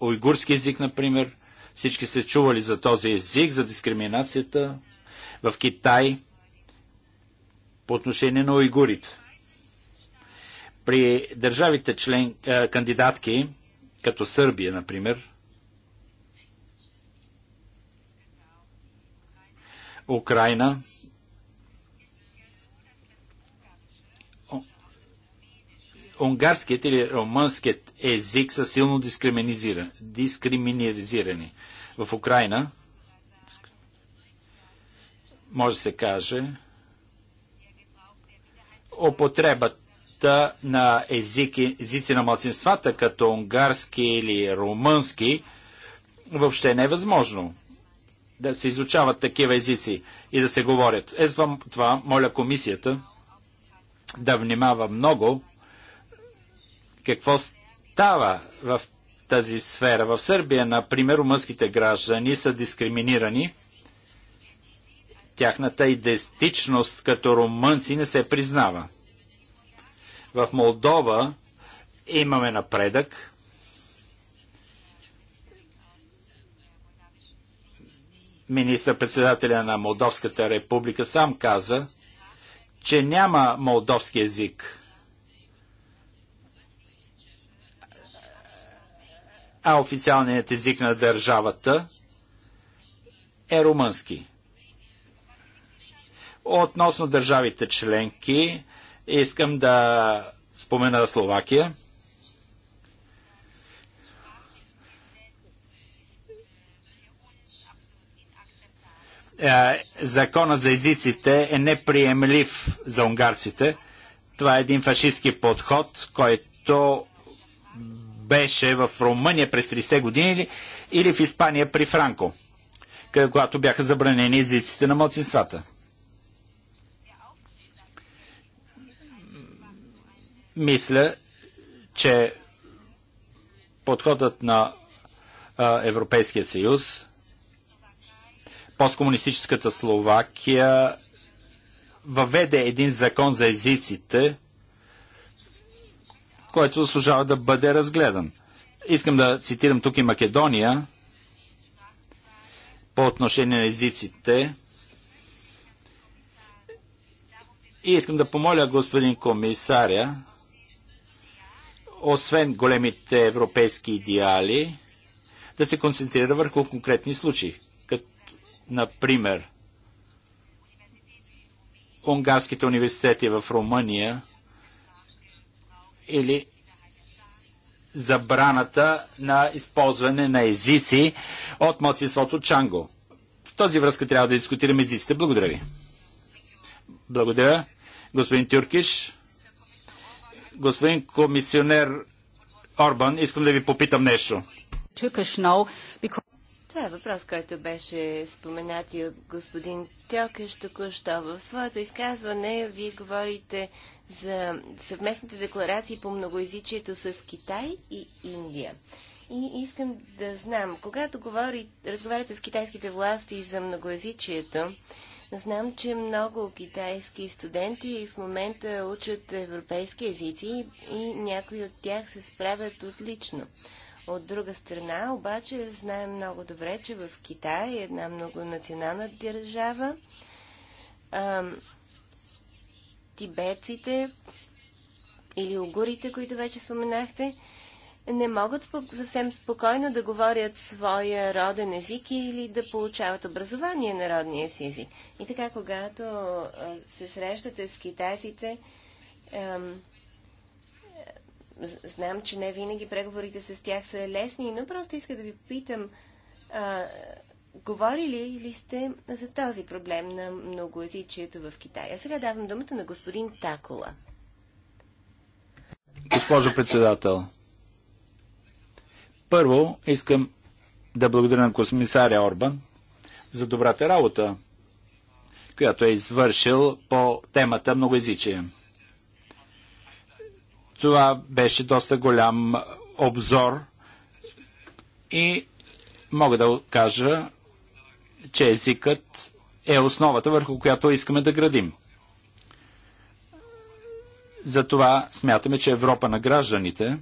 Уйгурски език, например, всички сте чували за този език, за дискриминацията в Китай по отношение на уйгурите. При държавите член, е, кандидатки, като Сърбия, например, Украина, унгарският или румънският език са силно дискриминирани. В Украина, може да се каже, употребата на език, езици на младсинствата, като унгарски или румънски, въобще не е възможно да се изучават такива езици и да се говорят. Ез това моля комисията да внимава много какво става в тази сфера. В Сърбия, например, румънските граждани са дискриминирани. Тяхната идентичност като румънци не се признава. В Молдова имаме напредък. Министър-председателя на Молдовската република сам каза, че няма молдовски език а официалният език на държавата е румънски. Относно държавите членки, искам да спомена Словакия. Е, закона за езиците е неприемлив за унгарците. Това е един фашистски подход, който беше в Румъния през 30-те години или в Испания при Франко, когато бяха забранени езиците на младсинствата. Мисля, че подходът на а, Европейския съюз, посткомунистическата Словакия въведе един закон за езиците, който заслужава да бъде разгледан. Искам да цитирам тук и Македония по отношение на езиците. И искам да помоля господин комисаря, освен големите европейски идеали, да се концентрира върху конкретни случаи. Като, например, унгарските университети в Румъния или забраната на използване на езици от младсинството Чанго. В този връзка трябва да дискутираме езиците. Благодаря ви. Благодаря. Господин Тюркиш, господин комисионер Орбан, искам да ви попитам нещо. Това е въпрос, който беше споменат и от господин Тюркиш току-що. В своето изказване вие говорите за съвместните декларации по многоязичието с Китай и Индия. И искам да знам, когато говори, разговаряте с китайските власти за многоязичието, знам, че много китайски студенти в момента учат европейски езици и някои от тях се справят отлично. От друга страна, обаче, знаем много добре, че в Китай е една многонационална държава. Ам, тибетците или угурите, които вече споменахте, не могат съвсем спокойно да говорят своя роден език или да получават образование на родния си език. И така, когато се срещате с китайците, ем, знам, че не винаги преговорите с тях са лесни, но просто иска да ви питам, Говорили ли сте за този проблем на многоязичието в Китая? Сега давам думата на господин Такола. Госпожо председател, първо искам да благодаря на комисаря Орбан за добрата работа, която е извършил по темата многоязичие. Това беше доста голям обзор и мога да кажа, че езикът е основата, върху която искаме да градим. Затова смятаме, че Европа на гражданите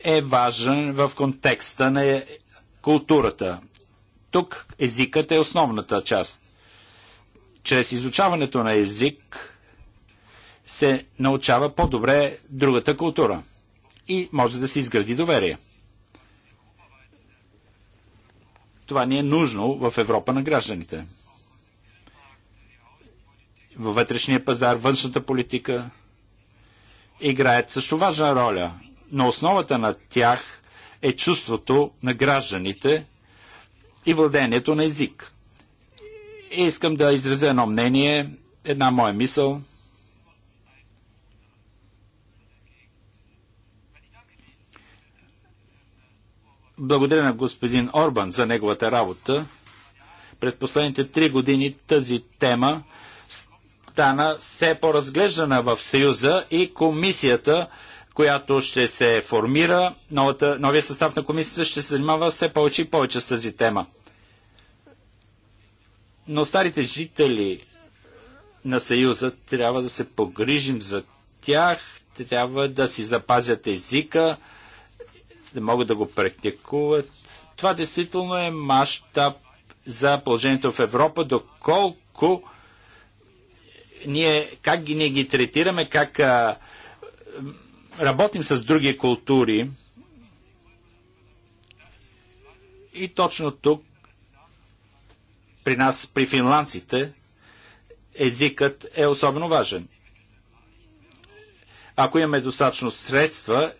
е важен в контекста на културата. Тук езикът е основната част. Чрез изучаването на език се научава по-добре другата култура и може да се изгради доверие. Това ни е нужно в Европа на гражданите. Във вътрешния пазар, външната политика играят също важна роля. но основата на тях е чувството на гражданите и владението на език. И искам да изразя едно мнение, една моя мисъл – Благодаря на господин Орбан за неговата работа. Пред последните три години тази тема стана все по-разглеждана в Съюза и комисията, която ще се формира, новата, новия състав на комисията ще се занимава все повече и повече с тази тема. Но старите жители на Съюза трябва да се погрижим за тях, трябва да си запазят езика, да могат да го практикуват. Това действително е мащаб за положението в Европа, доколко ние, как ги, ние ги третираме, как а, работим с други култури. И точно тук, при нас, при финландците, езикът е особено важен. Ако имаме достатъчно средства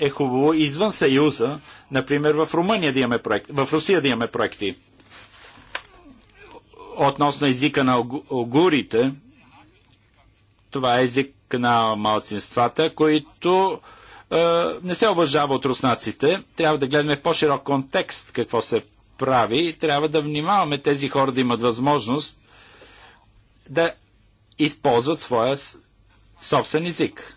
е хубаво извън Съюза, например в Румъния да имаме проекти, в Русия да имаме проекти. Относно езика на огурите, това е език на малцинствата, които е, не се уважава от руснаците. Трябва да гледаме в по-широк контекст какво се прави. Трябва да внимаваме тези хора да имат възможност да използват своя собствен език.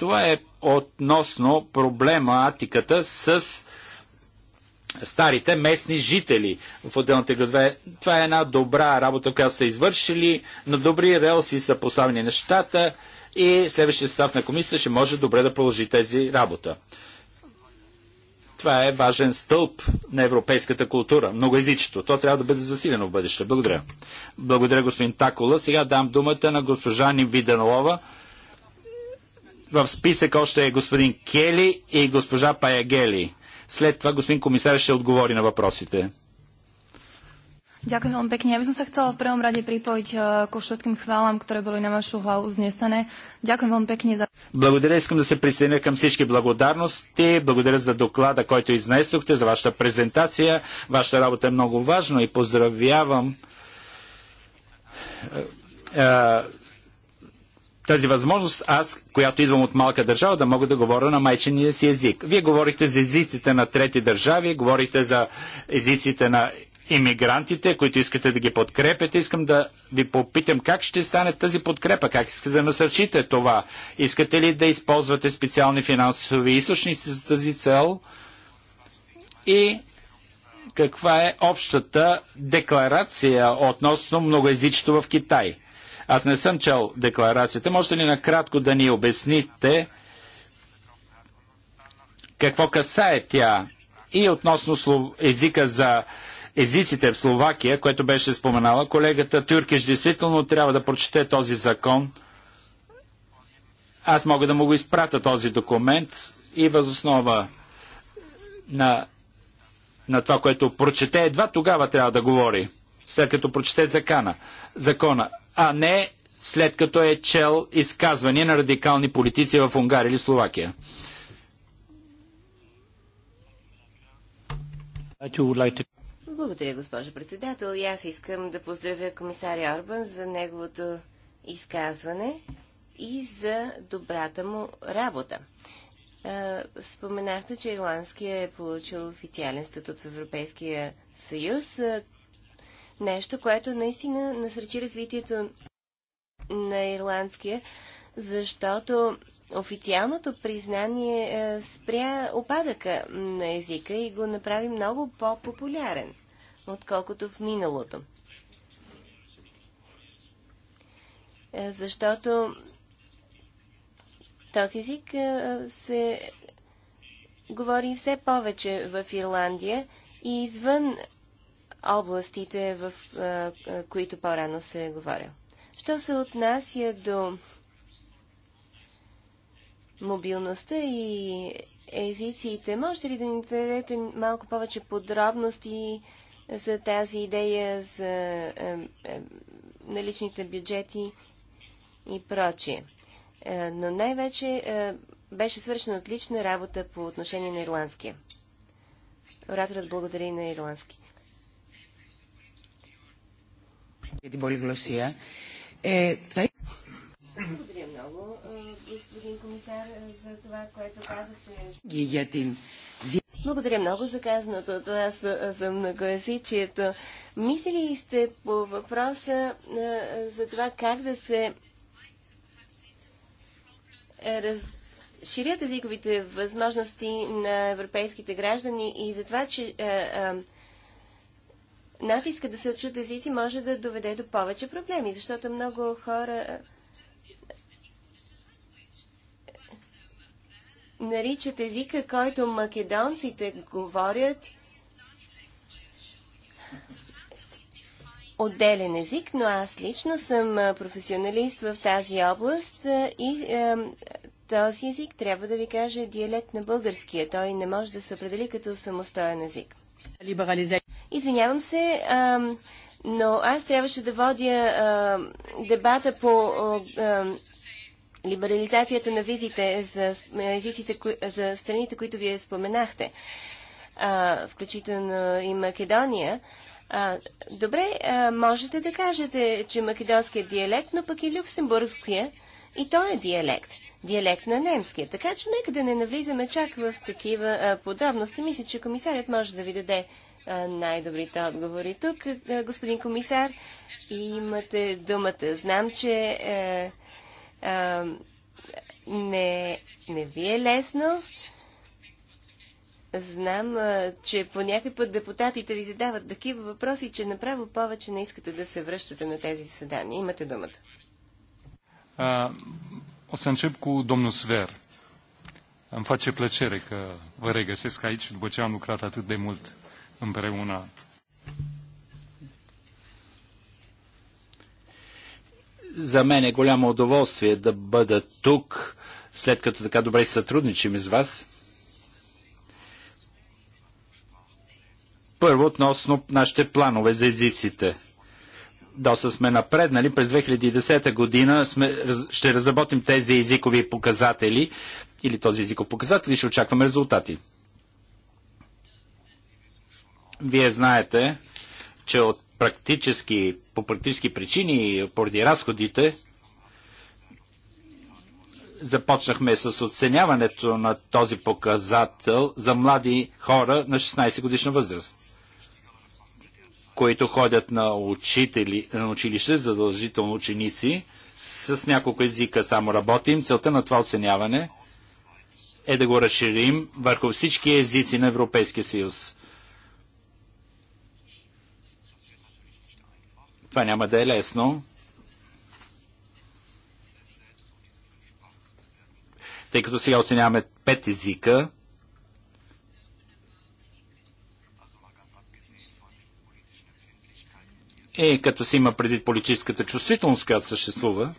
Това е относно проблематиката с старите местни жители в отделните градове. Това е една добра работа, която са извършили. На добри релси са поставени нещата и следващия състав на комисията ще може добре да продължи тези работа. Това е важен стълб на европейската култура. Многоязичието. То трябва да бъде засилено в бъдеще. Благодаря. Благодаря, господин Такола. Сега дам думата на госпожа Нивиданова в списък още е господин Кели и госпожа Паягели. След това господин комисар ще отговори на въпросите. Ďakujem veľmi pekne. Ja by som sa chcela v prvom rade pripojiť ku všetkým chválam, ktoré boli na vašu hlavu znesené. Ďakujem veľmi pekne za... Благодаря, искам да се присъединя към всички благодарности. Благодаря за доклада, който изнесохте, за вашата презентация. Вашата работа е много важна и поздравявам тази възможност аз, която идвам от малка държава, да мога да говоря на майчения си език. Вие говорите за езиците на трети държави, говорите за езиците на иммигрантите, които искате да ги подкрепите. Искам да ви попитам как ще стане тази подкрепа, как искате да насърчите това. Искате ли да използвате специални финансови източници за тази цел? И каква е общата декларация относно многоязичието в Китай? Аз не съм чел декларацията. Можете ли накратко да ни обясните какво касае тя и относно езика за езиците в Словакия, което беше споменала колегата Тюркиш, действително трябва да прочете този закон. Аз мога да му го изпратя този документ и възоснова на, на това, което прочете, едва тогава трябва да говори, след като прочете закана, закона а не след като е чел изказвания на радикални политици в Унгария или Словакия. Благодаря, госпожо председател. И аз искам да поздравя комисаря Орбан за неговото изказване и за добрата му работа. Споменахте, че Ирландския е получил официален статут в Европейския съюз нещо, което наистина насречи развитието на ирландския, защото официалното признание е, спря опадъка на езика и го направи много по-популярен, отколкото в миналото. Е, защото този език е, се говори все повече в Ирландия и извън областите, в които по-рано се е говорил. Що се отнася до мобилността и езиците, можете ли да ни дадете малко повече подробности за тази идея, за наличните бюджети и прочие? но най-вече беше свършена отлична работа по отношение на ирландския. Ораторът благодари на ирландски. Благодаря много, е, господин комисар, за това, което казахте. Благодаря много за казаното от вас за многоязичието. Мислили ли сте по въпроса е, за това как да се е, разширят езиковите възможности на европейските граждани и за това, че а, а, натиска да се учат езици може да доведе до повече проблеми, защото много хора е, наричат езика, който македонците говорят отделен език, но аз лично съм е, професионалист в тази област е, и този език трябва да ви кажа диалект на българския. Той не може да се определи като самостоен език. Извинявам се, но аз трябваше да водя дебата по либерализацията на визите за, езиците, за страните, които вие споменахте, включително и Македония. А, добре, а, можете да кажете, че македонският диалект, но пък и люксембургския, и той е диалект диалект на немския. Така че нека да не навлизаме чак в такива подробности. Мисля, че комисарят може да ви даде най-добрите отговори. Тук, господин комисар, имате думата. Знам, че е, е, не, не ви е лесно. Знам, а, че по някой път депутатите ви задават такива въпроси, че направо повече не искате да се връщате на тези съдания. Имате думата. O să încep cu domnul Sver. Îmi face plăcere că vă regăsesc aici după ce am lucrat atât de mult împreună. За мен е голямо удоволствие да бъда тук, след като така добре сътрудничим с вас. Първо, относно нашите планове за езиците – доста сме напреднали. През 2010 година сме, ще разработим тези езикови показатели или този езиков показател и ще очакваме резултати. Вие знаете, че от практически, по практически причини, поради разходите, започнахме с оценяването на този показател за млади хора на 16 годишна възраст които ходят на, учители, на училище, задължително ученици, с няколко езика само работим. Целта на това оценяване е да го разширим върху всички езици на Европейския съюз. Това няма да е лесно, тъй като сега оценяваме пет езика е като се има предвид политическата чувствителност, която съществува,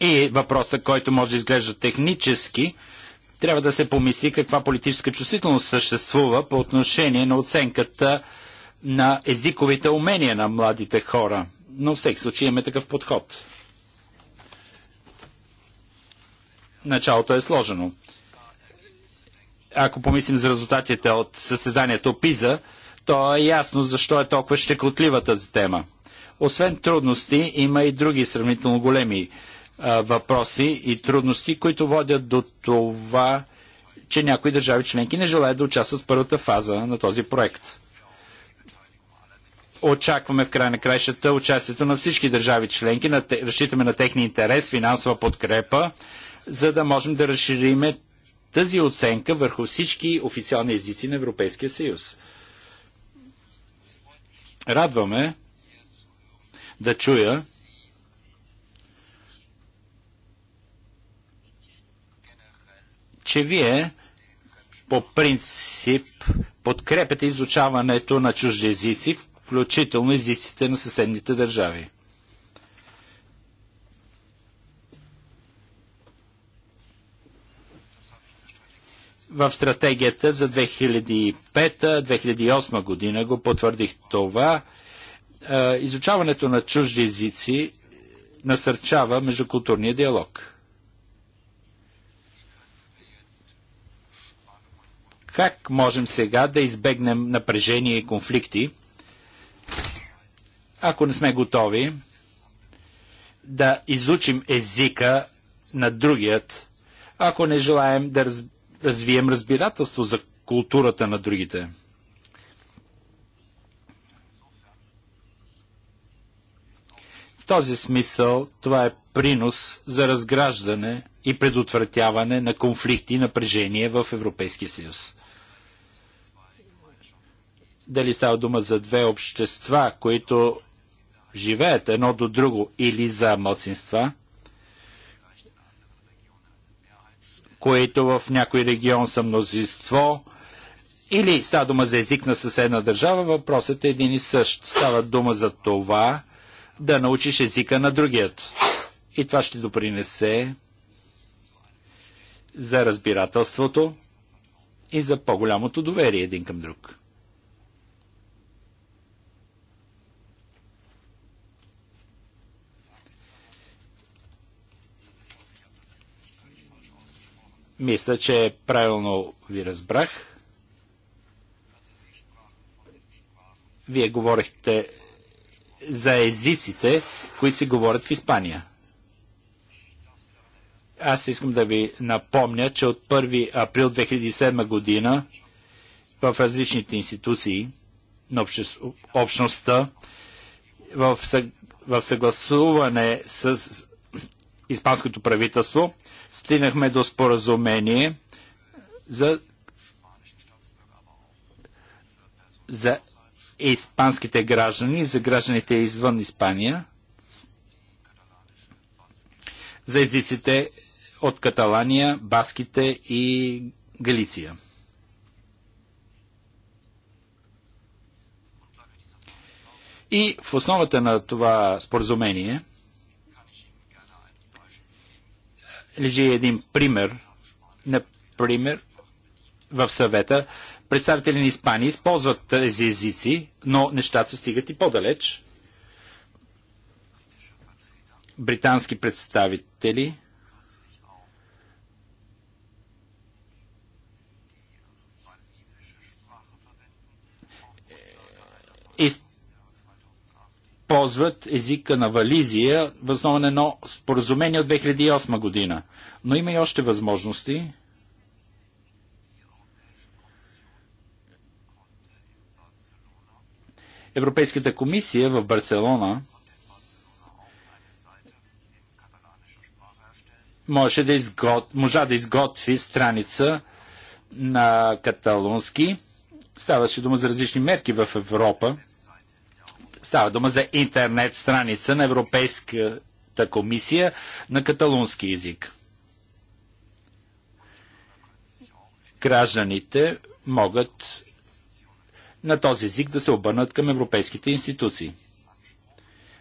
и въпроса, който може да изглежда технически, трябва да се помисли каква политическа чувствителност съществува по отношение на оценката на езиковите умения на младите хора. Но в всеки случай имаме такъв подход. Началото е сложено ако помислим за резултатите от състезанието ПИЗА, то е ясно защо е толкова щекотлива тази тема. Освен трудности, има и други сравнително големи а, въпроси и трудности, които водят до това, че някои държави членки не желаят да участват в първата фаза на този проект. Очакваме в край на краищата участието на всички държави членки, на те, разчитаме на техния интерес, финансова подкрепа, за да можем да разшириме тази оценка върху всички официални езици на Европейския съюз. Радваме да чуя, че вие по принцип подкрепяте изучаването на чужди езици, включително езиците на съседните държави. в стратегията за 2005-2008 година го потвърдих това. изучаването на чужди езици насърчава междукултурния диалог. Как можем сега да избегнем напрежение и конфликти, ако не сме готови да изучим езика на другият, ако не желаем да разберем развием разбирателство за културата на другите. В този смисъл това е принос за разграждане и предотвратяване на конфликти и напрежение в Европейския съюз. Дали става дума за две общества, които живеят едно до друго или за младсинства – които в някой регион са мнозинство, или става дума за език на съседна държава, въпросът е един и същ. Става дума за това да научиш езика на другият. И това ще допринесе за разбирателството и за по-голямото доверие един към друг. Мисля, че правилно ви разбрах. Вие говорихте за езиците, които се говорят в Испания. Аз искам да ви напомня, че от 1 април 2007 година в различните институции на общността в съгласуване с испанското правителство, стигнахме до споразумение за, за испанските граждани, за гражданите извън Испания, за езиците от Каталания, Баските и Галиция. И в основата на това споразумение – лежи един пример. Например, в съвета представители на Испания използват тези езици, но нещата се стигат и по-далеч. Британски представители използват езика на Вализия възоснова едно споразумение от 2008 година. Но има и още възможности. Европейската комисия в Барселона може да изгот... можа да изготви страница на каталунски. Ставаше дума за различни мерки в Европа. Става дума за интернет страница на Европейската комисия на каталунски язик. Гражданите могат на този език да се обърнат към европейските институции.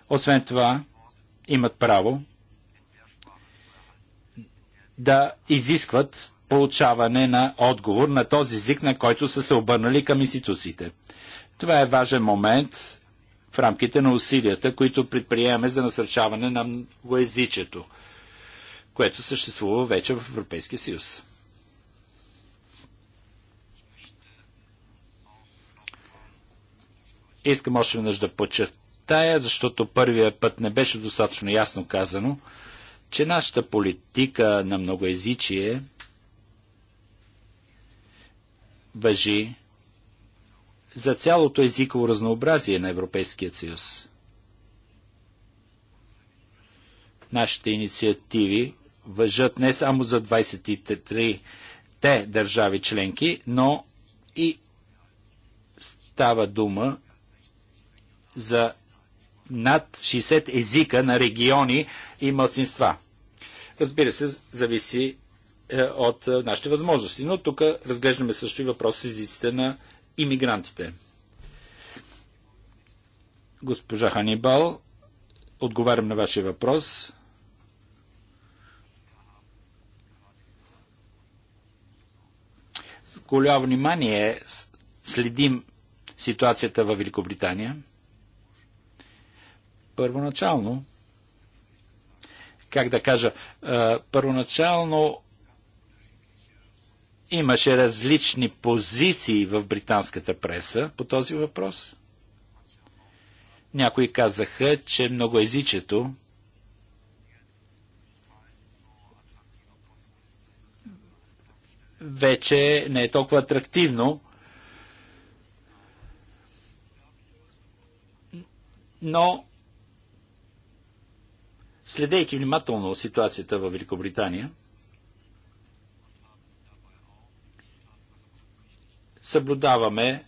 Освен това, имат право да изискват получаване на отговор на този език, на който са се обърнали към институциите. Това е важен момент в рамките на усилията, които предприемаме за насърчаване на многоязичието, което съществува вече в Европейския съюз. Искам още веднъж да подчертая, защото първия път не беше достатъчно ясно казано, че нашата политика на многоязичие въжи за цялото езиково разнообразие на Европейския съюз. Нашите инициативи въжат не само за 23-те държави членки, но и става дума за над 60 езика на региони и мълцинства. Разбира се, зависи е, от е, нашите възможности. Но тук разглеждаме също и въпрос с езиците на иммигрантите. Госпожа Ханибал, отговарям на вашия въпрос. С голямо внимание следим ситуацията в Великобритания. Първоначално, как да кажа, първоначално Имаше различни позиции в британската преса по този въпрос. Някои казаха, че многоязичето вече не е толкова атрактивно, но следейки внимателно ситуацията в Великобритания, съблюдаваме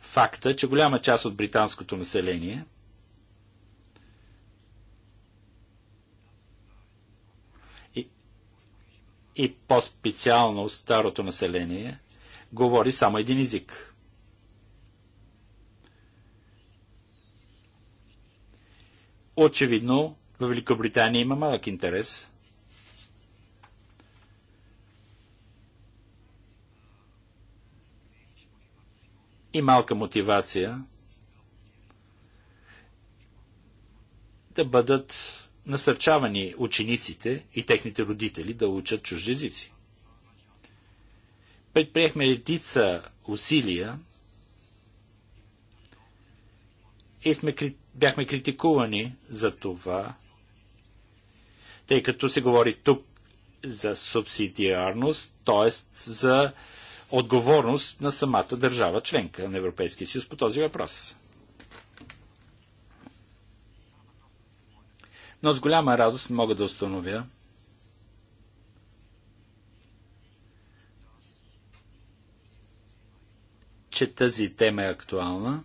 факта, че голяма част от британското население и, и по-специално старото население говори само един език. Очевидно, в Великобритания има малък интерес – и малка мотивация да бъдат насърчавани учениците и техните родители да учат чужди езици. Предприехме редица усилия и сме, бяхме критикувани за това, тъй като се говори тук за субсидиарност, т.е. за отговорност на самата държава членка на Европейския съюз по този въпрос. Но с голяма радост мога да установя, че тази тема е актуална.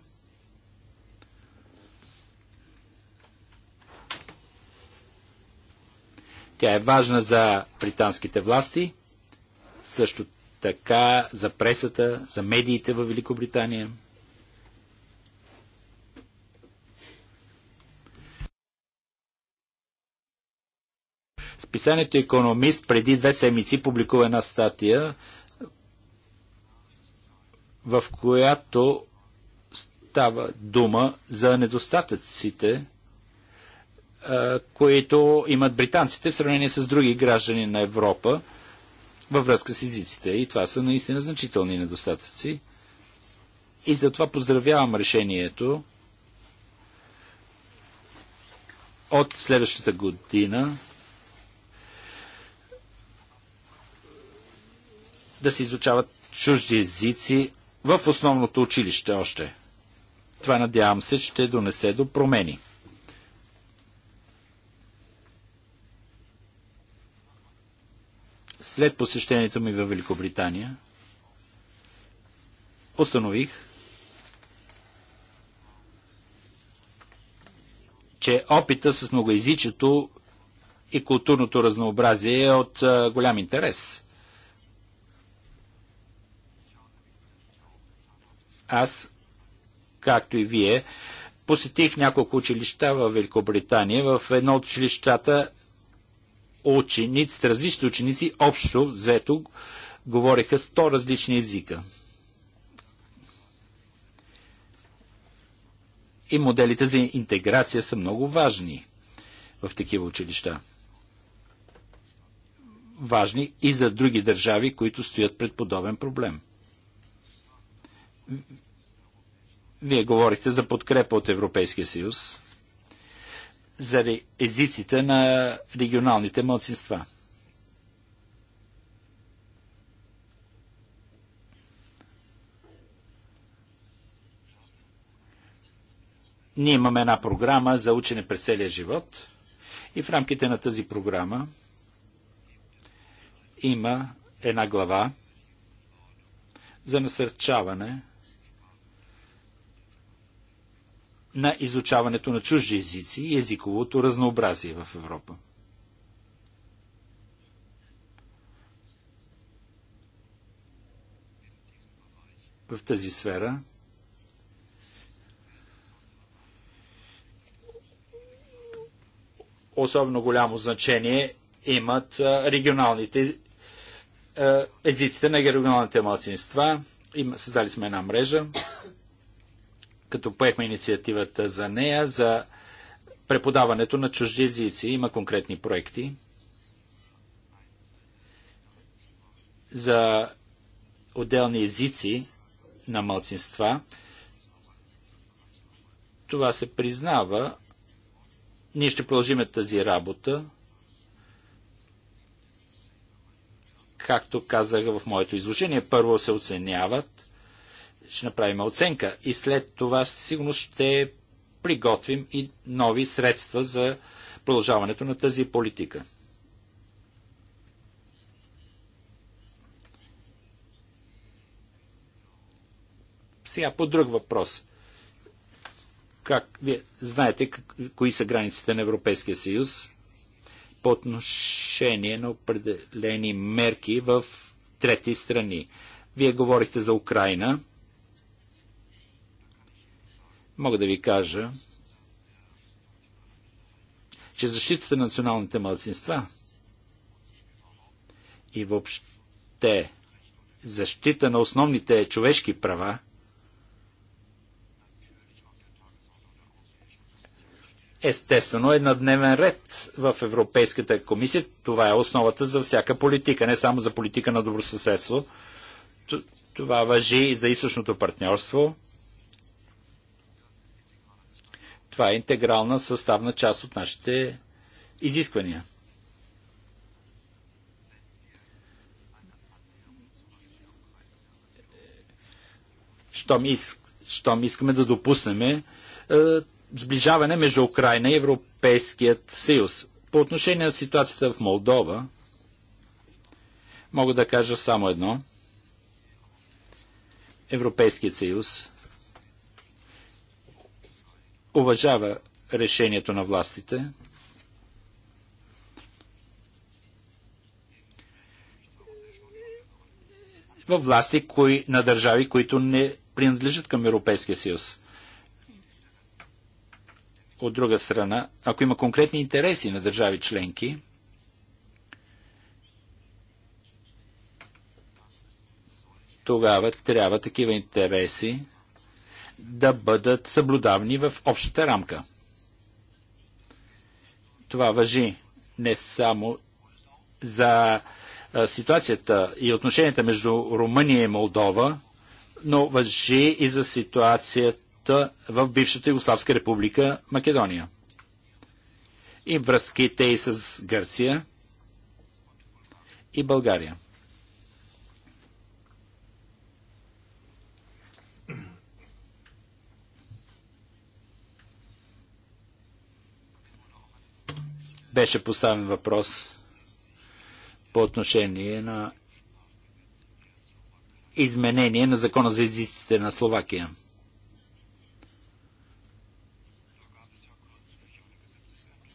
Тя е важна за британските власти, също така за пресата, за медиите в Великобритания. Списанието Економист преди две седмици публикува една статия, в която става дума за недостатъците, които имат британците в сравнение с други граждани на Европа във връзка с езиците. И това са наистина значителни недостатъци. И затова поздравявам решението от следващата година да се изучават чужди езици в основното училище още. Това надявам се ще донесе до промени. след посещението ми в Великобритания, установих, че опита с многоязичието и културното разнообразие е от голям интерес. Аз, както и вие, посетих няколко училища в Великобритания. В едно от училищата учениците, различните ученици, общо взето, говореха 100 различни езика. И моделите за интеграция са много важни в такива училища. Важни и за други държави, които стоят пред подобен проблем. Вие говорихте за подкрепа от Европейския съюз за езиците на регионалните мълцинства. Ние имаме една програма за учене през целия живот и в рамките на тази програма има една глава за насърчаване на изучаването на чужди езици и езиковото разнообразие в Европа. В тази сфера особено голямо значение имат регионалните езиците на регионалните малцинства. Създали сме една мрежа като поехме инициативата за нея, за преподаването на чужди езици. Има конкретни проекти за отделни езици на малцинства. Това се признава. Ние ще продължиме тази работа. Както казах в моето изложение, първо се оценяват ще направим оценка и след това сигурно ще приготвим и нови средства за продължаването на тази политика. Сега по друг въпрос. Как вие знаете кои са границите на Европейския съюз по отношение на определени мерки в трети страни? Вие говорихте за Украина мога да ви кажа, че защитата на националните младсинства и въобще защита на основните човешки права естествено е на дневен ред в Европейската комисия. Това е основата за всяка политика, не само за политика на добросъседство. Това въжи и за източното партньорство – това е интегрална съставна част от нашите изисквания. Щом, иск, щом искаме да допуснеме е, сближаване между Украина и Европейският съюз. По отношение на ситуацията в Молдова, мога да кажа само едно. Европейският съюз уважава решението на властите. във власти кои, на държави, които не принадлежат към Европейския съюз. От друга страна, ако има конкретни интереси на държави членки, тогава трябва такива интереси да бъдат съблюдавани в общата рамка. Това въжи не само за ситуацията и отношенията между Румъния и Молдова, но въжи и за ситуацията в бившата Югославска република Македония. И връзките и с Гърция и България. беше поставен въпрос по отношение на изменение на закона за езиците на Словакия.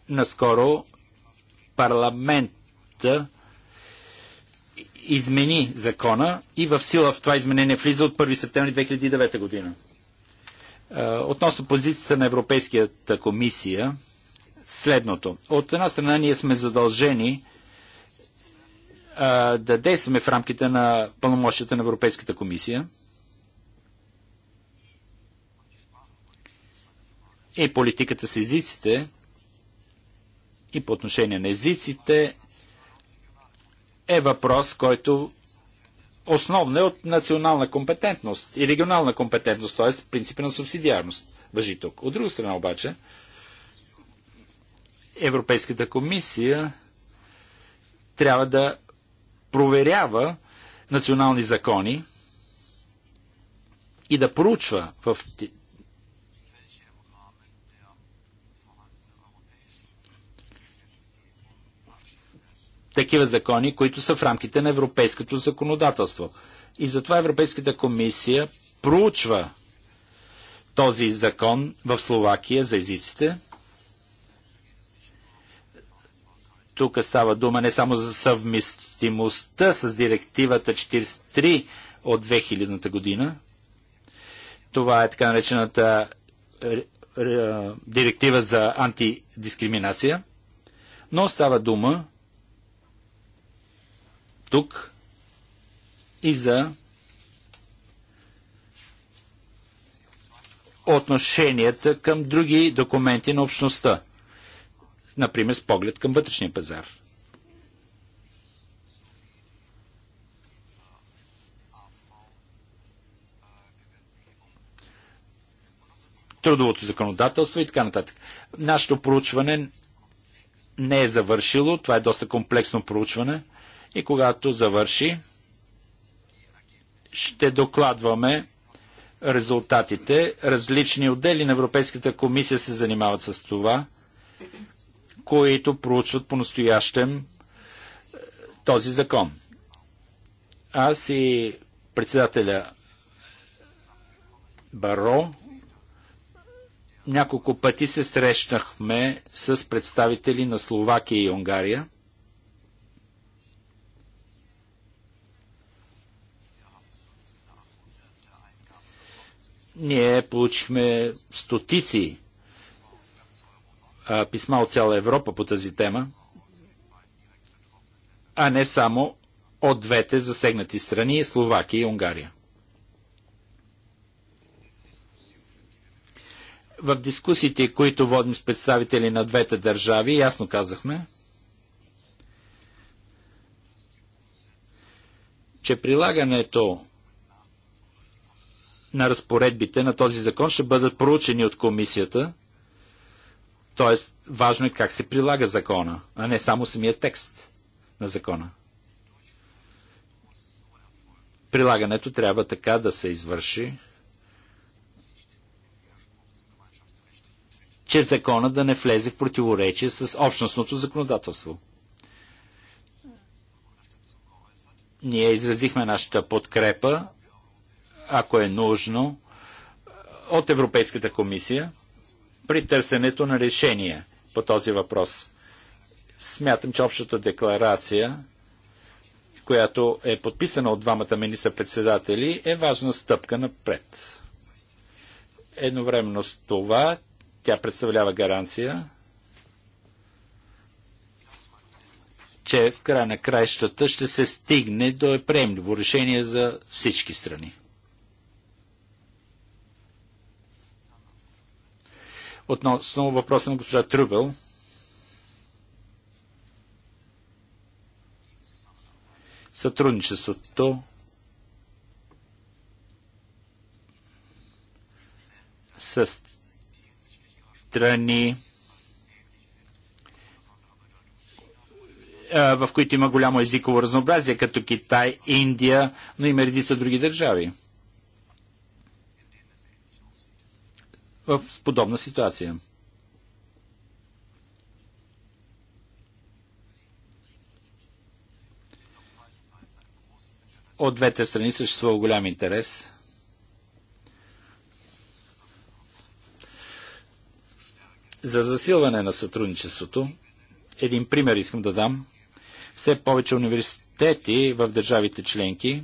Наскоро парламента измени закона и в сила в това изменение влиза от 1 септември 2009 година. Е, относно позицията на Европейската комисия, следното. От една страна ние сме задължени да действаме в рамките на пълномощията на Европейската комисия и политиката с езиците и по отношение на езиците е въпрос, който основно е от национална компетентност и регионална компетентност, т.е. принципи на субсидиарност въжи тук. От друга страна обаче, Европейската комисия трябва да проверява национални закони и да проучва в такива закони, които са в рамките на европейското законодателство. И затова Европейската комисия проучва този закон в Словакия за езиците – Тук става дума не само за съвместимостта с директивата 43 от 2000 година. Това е така наречената е, е, директива за антидискриминация. Но става дума тук и за отношенията към други документи на общността например с поглед към вътрешния пазар. трудовото законодателство и така нататък. Нашето проучване не е завършило, това е доста комплексно проучване и когато завърши, ще докладваме резултатите. Различни отдели на Европейската комисия се занимават с това които проучват по-настоящем е, този закон. Аз и председателя Баро няколко пъти се срещнахме с представители на Словакия и Унгария. Ние получихме стотици писма от цяла Европа по тази тема, а не само от двете засегнати страни Словакия и Унгария. В дискусиите, които водим с представители на двете държави, ясно казахме, че прилагането на разпоредбите на този закон ще бъдат проучени от комисията – Тоест, важно е как се прилага закона, а не само самия текст на закона. Прилагането трябва така да се извърши, че закона да не влезе в противоречие с общностното законодателство. Ние изразихме нашата подкрепа, ако е нужно, от Европейската комисия – при търсенето на решение по този въпрос. Смятам, че общата декларация, която е подписана от двамата министър-председатели, е важна стъпка напред. Едновременно с това тя представлява гаранция, че в края на краищата ще се стигне до е приемливо решение за всички страни. Относно въпроса на госпожа Трубел, сътрудничеството с страни, в които има голямо езиково разнообразие, като Китай, Индия, но има редица други държави – в подобна ситуация. От двете страни съществува голям интерес. За засилване на сътрудничеството, един пример искам да дам. Все повече университети в държавите членки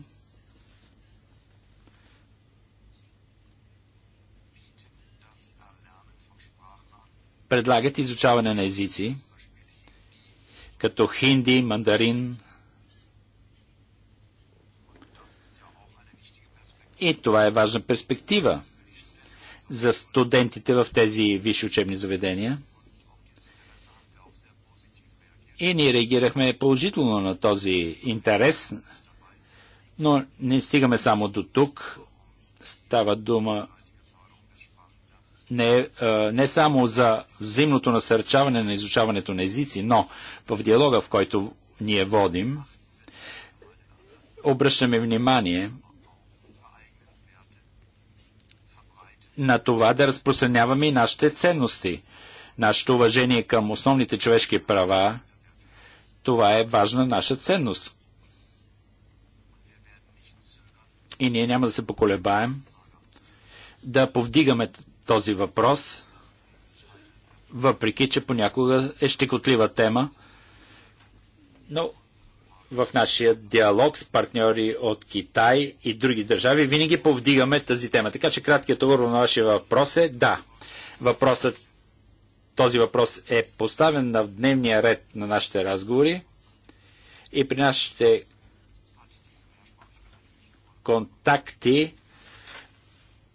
предлагат изучаване на езици, като хинди, мандарин. И това е важна перспектива за студентите в тези висши учебни заведения. И ние реагирахме положително на този интерес, но не стигаме само до тук. Става дума не, не само за взаимното насърчаване на изучаването на езици, но в диалога, в който ние водим, обръщаме внимание на това да разпространяваме и нашите ценности, нашето уважение към основните човешки права. Това е важна наша ценност. И ние няма да се поколебаем да повдигаме този въпрос, въпреки че понякога е щекотлива тема, но в нашия диалог с партньори от Китай и други държави винаги повдигаме тази тема. Така че краткият отговор на вашия въпрос е да. Въпросът, този въпрос е поставен на дневния ред на нашите разговори и при нашите контакти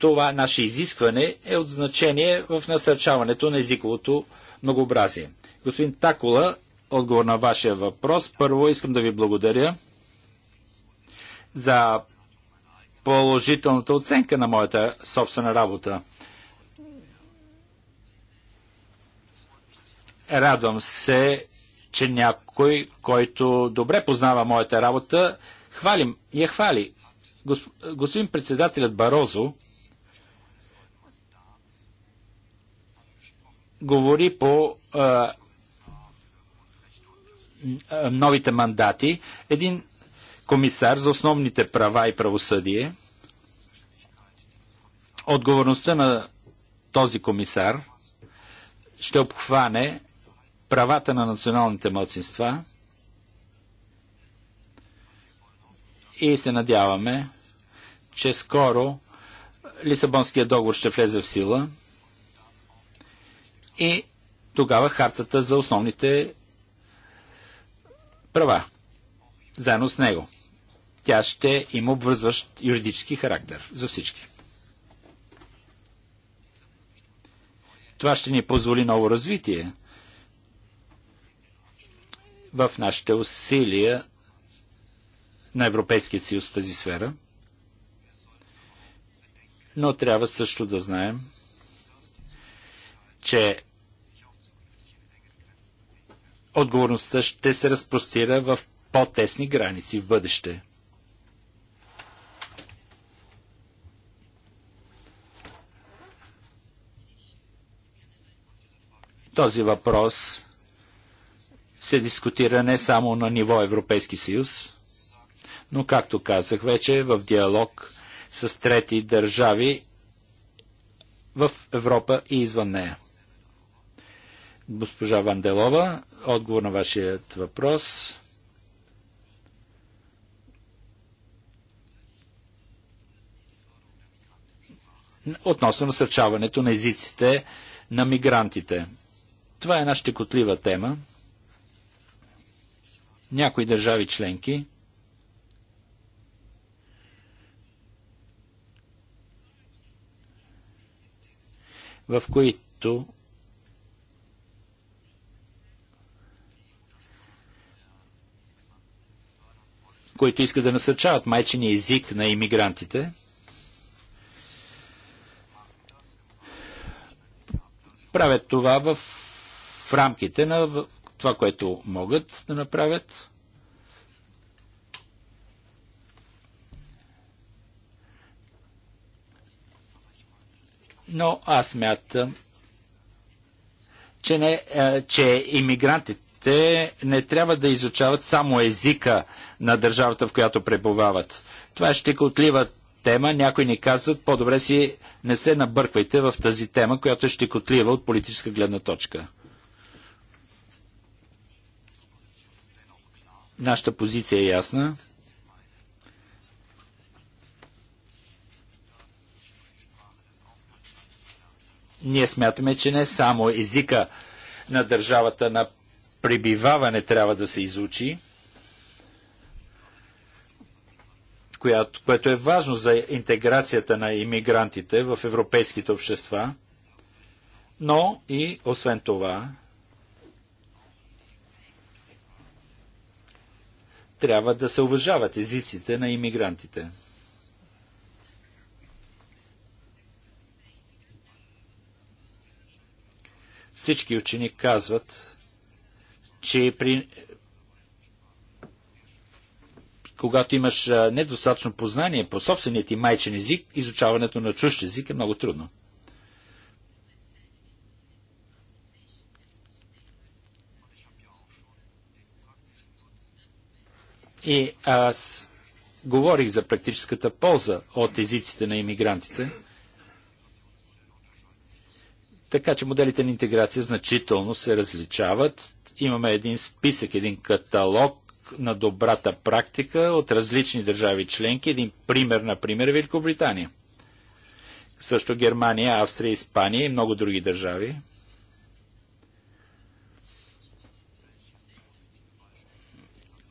това наше изискване е от значение в насърчаването на езиковото многообразие. Господин Такола, отговор на вашия въпрос. Първо искам да ви благодаря за положителната оценка на моята собствена работа. Радвам се, че някой, който добре познава моята работа, хвалим, я хвали. Господин председателят Барозо говори по а, новите мандати. Един комисар за основните права и правосъдие. Отговорността на този комисар ще обхване правата на националните младсинства и се надяваме, че скоро Лисабонският договор ще влезе в сила – и тогава хартата за основните права. Заедно с него. Тя ще има обвързващ юридически характер за всички. Това ще ни позволи ново развитие в нашите усилия на Европейския съюз в тази сфера. Но трябва също да знаем, че отговорността ще се разпростира в по-тесни граници в бъдеще. Този въпрос се дискутира не само на ниво Европейски съюз, но както казах вече в диалог с трети държави в Европа и извън нея. Госпожа Ванделова отговор на вашият въпрос. Относно насърчаването на езиците на мигрантите. Това е една щекотлива тема. Някои държави членки в които които искат да насърчават майчиния език на иммигрантите. Правят това в, в рамките на това, което могат да направят. Но аз мятам, че, не, е, че иммигрантите не трябва да изучават само езика на държавата, в която пребувават. Това е щекотлива тема. Някои ни казват, по-добре си не се набърквайте в тази тема, която е щекотлива от политическа гледна точка. Нашата позиция е ясна. Ние смятаме, че не само езика на държавата на пребиваване трябва да се изучи, която, което е важно за интеграцията на иммигрантите в европейските общества, но и освен това трябва да се уважават езиците на иммигрантите. Всички учени казват, че при когато имаш недостатъчно познание по собствения ти майчен език, изучаването на чужд език е много трудно. И аз говорих за практическата полза от езиците на иммигрантите, така че моделите на интеграция значително се различават. Имаме един списък, един каталог на добрата практика от различни държави членки. Един пример, например, е Великобритания. Също Германия, Австрия, Испания и много други държави.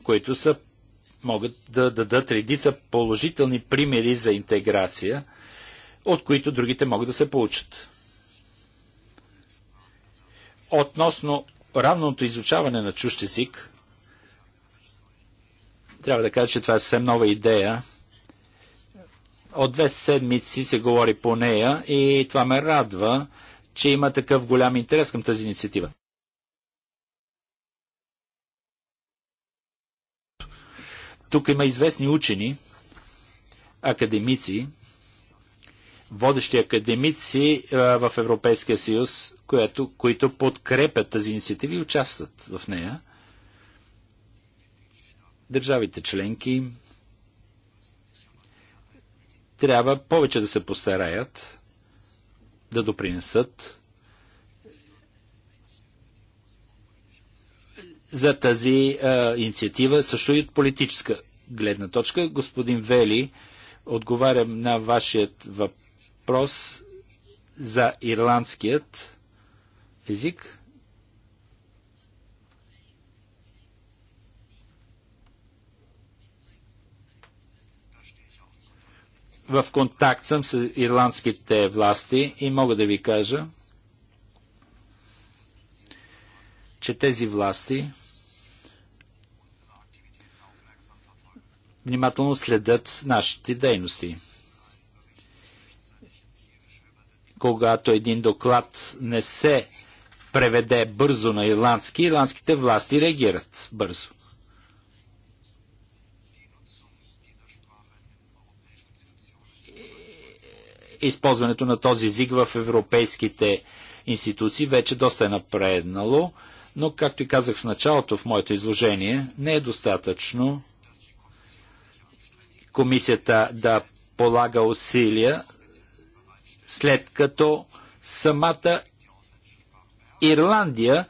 които са, могат да дадат редица положителни примери за интеграция, от които другите могат да се получат. Относно равното изучаване на чущ език, трябва да кажа, че това е съвсем нова идея. От две седмици се говори по нея и това ме радва, че има такъв голям интерес към тази инициатива. Тук има известни учени, академици, водещи академици в Европейския съюз, които подкрепят тази инициатива и участват в нея. Държавите членки трябва повече да се постараят да допринесат за тази а, инициатива, също и от политическа гледна точка. Господин Вели, отговарям на вашият въпрос за ирландският език. в контакт съм с ирландските власти и мога да ви кажа, че тези власти внимателно следят нашите дейности. Когато един доклад не се преведе бързо на ирландски, ирландските власти реагират бързо. използването на този език в европейските институции вече доста е напреднало, но, както и казах в началото в моето изложение, не е достатъчно комисията да полага усилия, след като самата Ирландия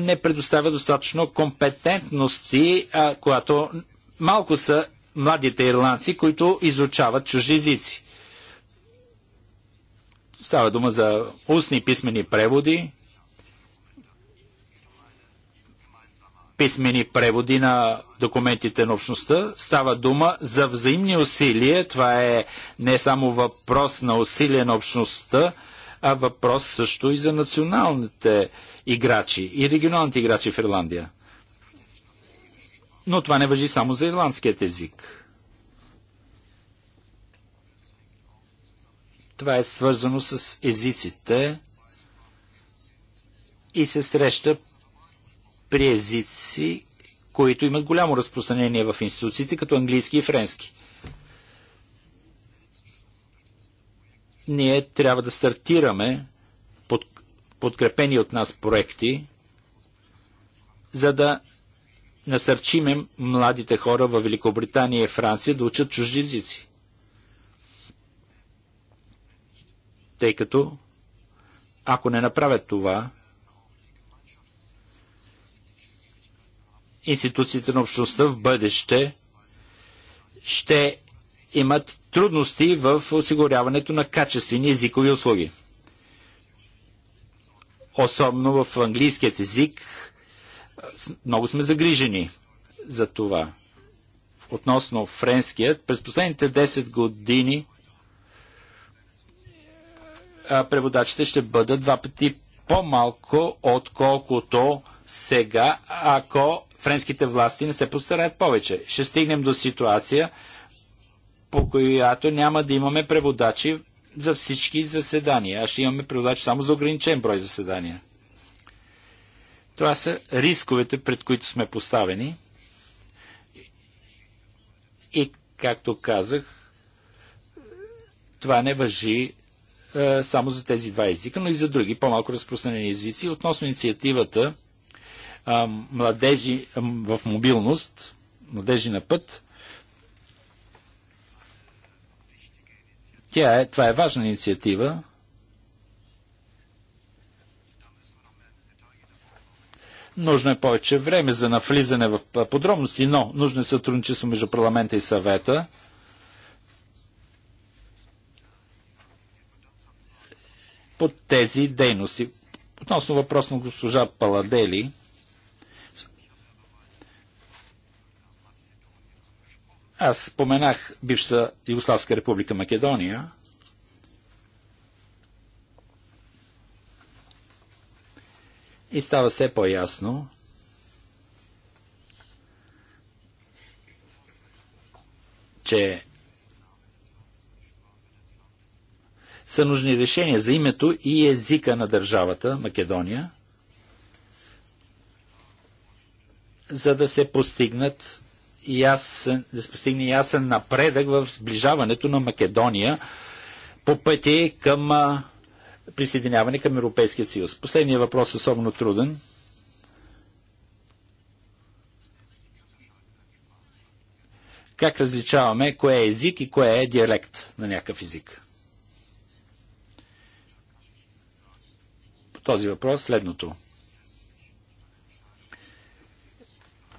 не предоставя достатъчно компетентности, а, която малко са младите ирландци, които изучават чужди езици. Става дума за устни писмени преводи, писмени преводи на документите на общността. Става дума за взаимни усилия. Това е не само въпрос на усилие на общността, а въпрос също и за националните играчи и регионалните играчи в Ирландия. Но това не въжи само за ирландският език. Това е свързано с езиците и се среща при езици, които имат голямо разпространение в институциите, като английски и френски. Ние трябва да стартираме под, подкрепени от нас проекти, за да насърчиме младите хора в Великобритания и Франция да учат чужди езици. Тъй като ако не направят това, институциите на общността в бъдеще ще имат трудности в осигуряването на качествени езикови услуги. Особено в английският език много сме загрижени за това. Относно френският, през последните 10 години преводачите ще бъдат два пъти по-малко, отколкото сега, ако френските власти не се постараят повече. Ще стигнем до ситуация, по която няма да имаме преводачи за всички заседания, а ще имаме преводачи само за ограничен брой заседания. Това са рисковете, пред които сме поставени. И, както казах, това не въжи е, само за тези два езика, но и за други по-малко разпространени езици. Относно инициативата Младежи в мобилност, Младежи на път, Тя е, това е важна инициатива. Нужно е повече време за навлизане в подробности, но нужно е сътрудничество между парламента и съвета. по тези дейности. Относно въпрос на госпожа Паладели, аз споменах бившата Югославска република Македония, И става все по-ясно, че са нужни решения за името и езика на държавата Македония, за да се постигнат ясен, да се постигне ясен напредък в сближаването на Македония по пъти към присъединяване към Европейския съюз. Последният въпрос е особено труден. Как различаваме кое е език и кое е диалект на някакъв език? по този въпрос следното.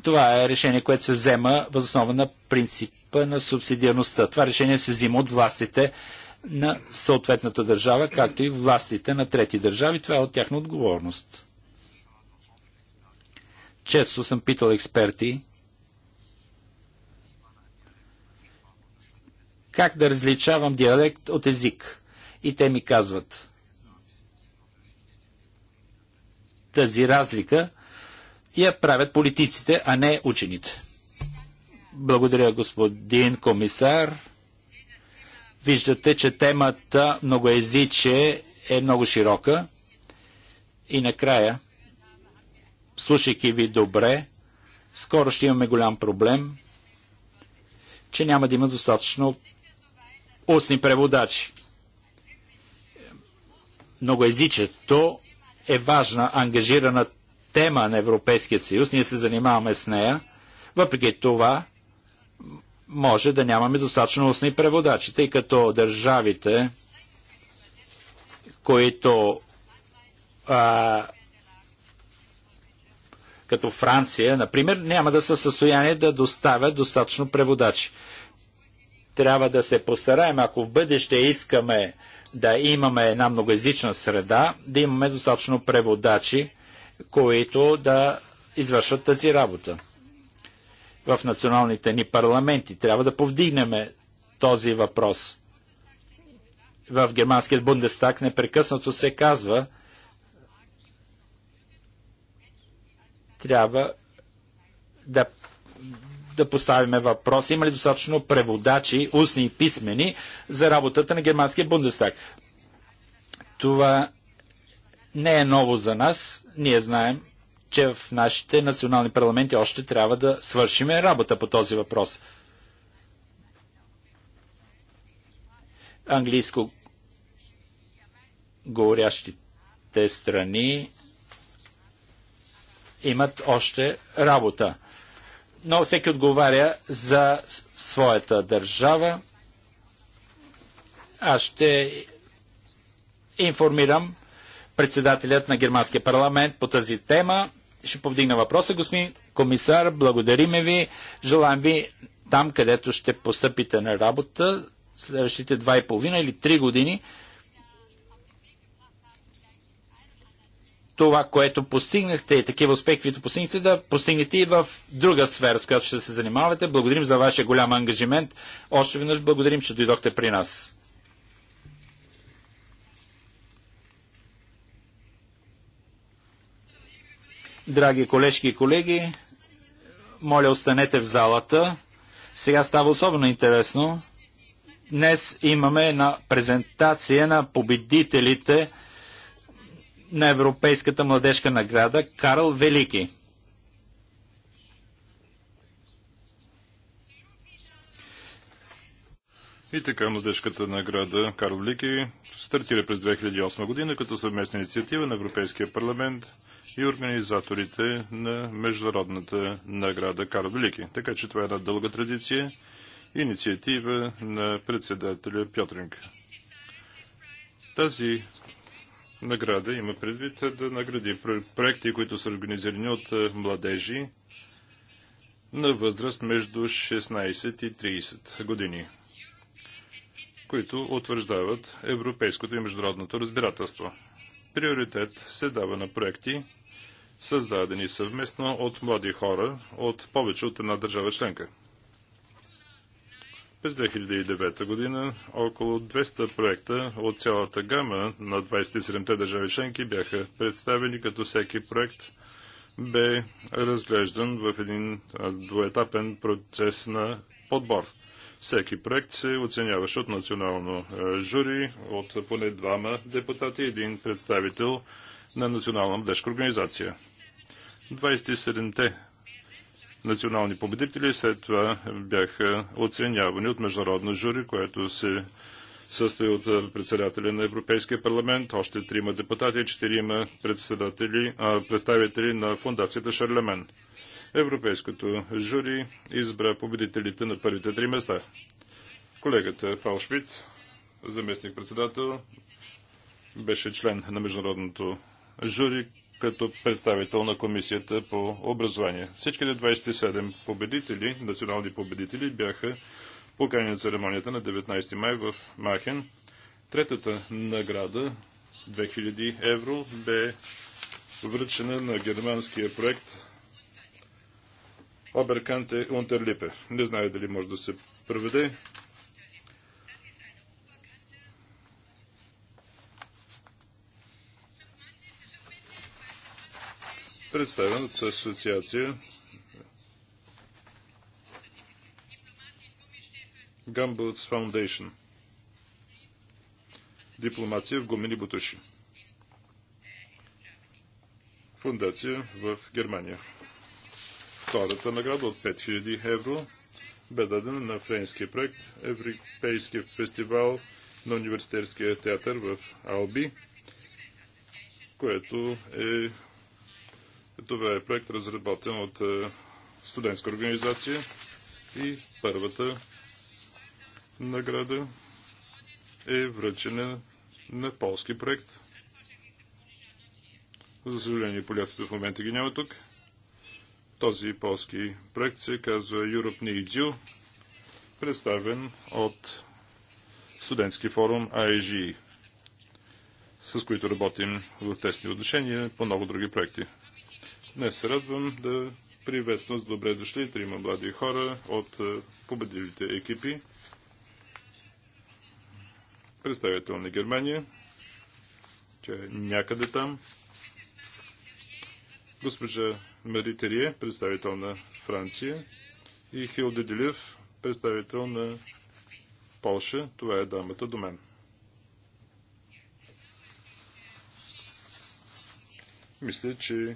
Това е решение, което се взема възоснова на принципа на субсидиарността. Това решение се взима от властите на съответната държава, както и властите на трети държави. Това е от тяхна отговорност. Често съм питал експерти как да различавам диалект от език. И те ми казват – тази разлика я правят политиците, а не учените. Благодаря, господин комисар. Виждате, че темата многоязиче е много широка. И накрая, слушайки ви добре, скоро ще имаме голям проблем, че няма да има достатъчно устни преводачи. Многоязичето е важна, ангажирана тема на Европейския съюз. Ние се занимаваме с нея. Въпреки това, може да нямаме достатъчно устни преводачи, тъй като държавите, които а, като Франция, например, няма да са в състояние да доставят достатъчно преводачи. Трябва да се постараем, ако в бъдеще искаме да имаме една многоязична среда, да имаме достатъчно преводачи, които да извършват тази работа. В националните ни парламенти трябва да повдигнем този въпрос. В германският Бундестаг непрекъснато се казва, трябва да да поставиме въпрос, има ли достатъчно преводачи, устни и писмени, за работата на германския Бундестаг. Това не е ново за нас. Ние знаем, че в нашите национални парламенти още трябва да свършиме работа по този въпрос. Английско говорящите страни имат още работа но всеки отговаря за своята държава. Аз ще информирам председателят на Германския парламент по тази тема. Ще повдигна въпроса, господин комисар. Благодариме ви. Желаем ви там, където ще постъпите на работа следващите два и половина или три години, това, което постигнахте и такива успехи, които постигнахте, да постигнете и в друга сфера, с която ще се занимавате. Благодарим за вашия голям ангажимент. Още веднъж благодарим, че дойдохте при нас. Драги колежки и колеги, моля останете в залата. Сега става особено интересно. Днес имаме една презентация на победителите на Европейската младежка награда Карл Велики. И така младежката награда Карл Велики стартира през 2008 година като съвместна инициатива на Европейския парламент и организаторите на Международната награда Карл Велики. Така че това е една дълга традиция, инициатива на председателя Пьотринг. Тази награда има предвид да награди проекти, които са организирани от е, младежи на възраст между 16 и 30 години, които утвърждават европейското и международното разбирателство. Приоритет се дава на проекти, създадени съвместно от млади хора от повече от една държава членка – през 2009 година около 200 проекта от цялата гама на 27-те държави членки бяха представени, като всеки проект бе разглеждан в един двоетапен процес на подбор. Всеки проект се оценяваше от национално жури, от поне двама депутати и един представител на Национална младежка организация. 27-те национални победители. След това бяха оценявани от международно жури, което се състои от председателя на Европейския парламент, още трима депутати, и четирима представители на фундацията Шарлемен. Европейското жури избра победителите на първите три места. Колегата Пал Шмидт, заместник-председател, беше член на международното жури, като представител на Комисията по образование. Всичките 27 победители, национални победители, бяха поканени на церемонията на 19 май в Махен. Третата награда, 2000 евро, бе връчена на германския проект Оберканте Унтерлипе. Не знае дали може да се преведе. представен от асоциация Gumboots Foundation. Дипломация в гумини бутуши. Фундация в Германия. Втората награда от 5000 евро бе дадена на френския проект Европейския фестивал на университетския театър в Алби, което е това е проект разработен от е, студентска организация и първата награда е връчена на полски проект. За съжаление, поляците в момента ги няма тук. Този полски проект се казва Europe Needs You, представен от студентски форум AEG, е с които работим в тесни отношения по много други проекти. Днес се радвам да приветствам с добре дошли трима млади хора от е, победилите екипи. Представител на Германия. Тя е някъде там. Госпожа Мари Терие, представител на Франция. И Хил Делив, представител на Полша. Това е дамата до мен. Мисля, че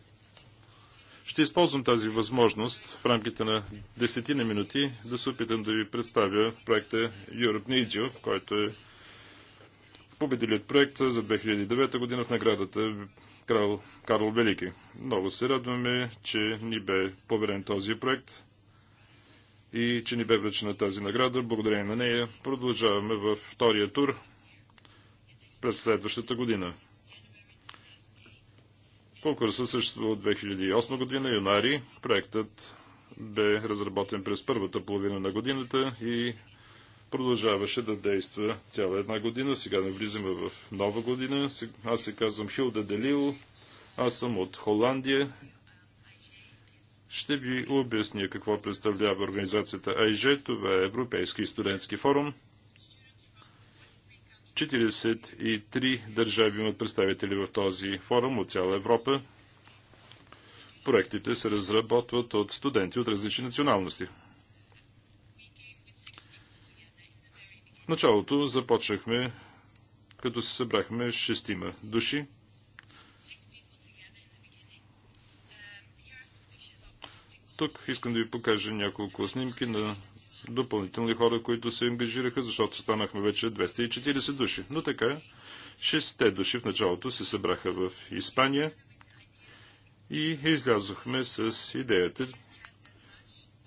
Ще използвам тази възможност в рамките на десетина минути да се опитам да ви представя проекта Europe You, който е победилият проект за 2009 година в наградата Карл, Карл Велики. Много се радваме, че ни бе поверен този проект и че ни бе връчена тази награда. Благодарение на нея продължаваме във втория тур през следващата година. Конкурсът съществува от 2008 година, юнари. Проектът бе разработен през първата половина на годината и продължаваше да действа цяла една година. Сега навлизаме в нова година. Аз се казвам Хилда Делил. Аз съм от Холандия. Ще ви обясня какво представлява организацията АИЖ. Това е Европейски студентски форум – 43 държави имат представители в този форум от цяла Европа. Проектите се разработват от студенти от различни националности. В началото започнахме, като се събрахме шестима души. Тук искам да ви покажа няколко снимки на допълнителни хора, които се ангажираха, защото станахме вече 240 души. Но така, 6 души в началото се събраха в Испания и излязохме с идеята,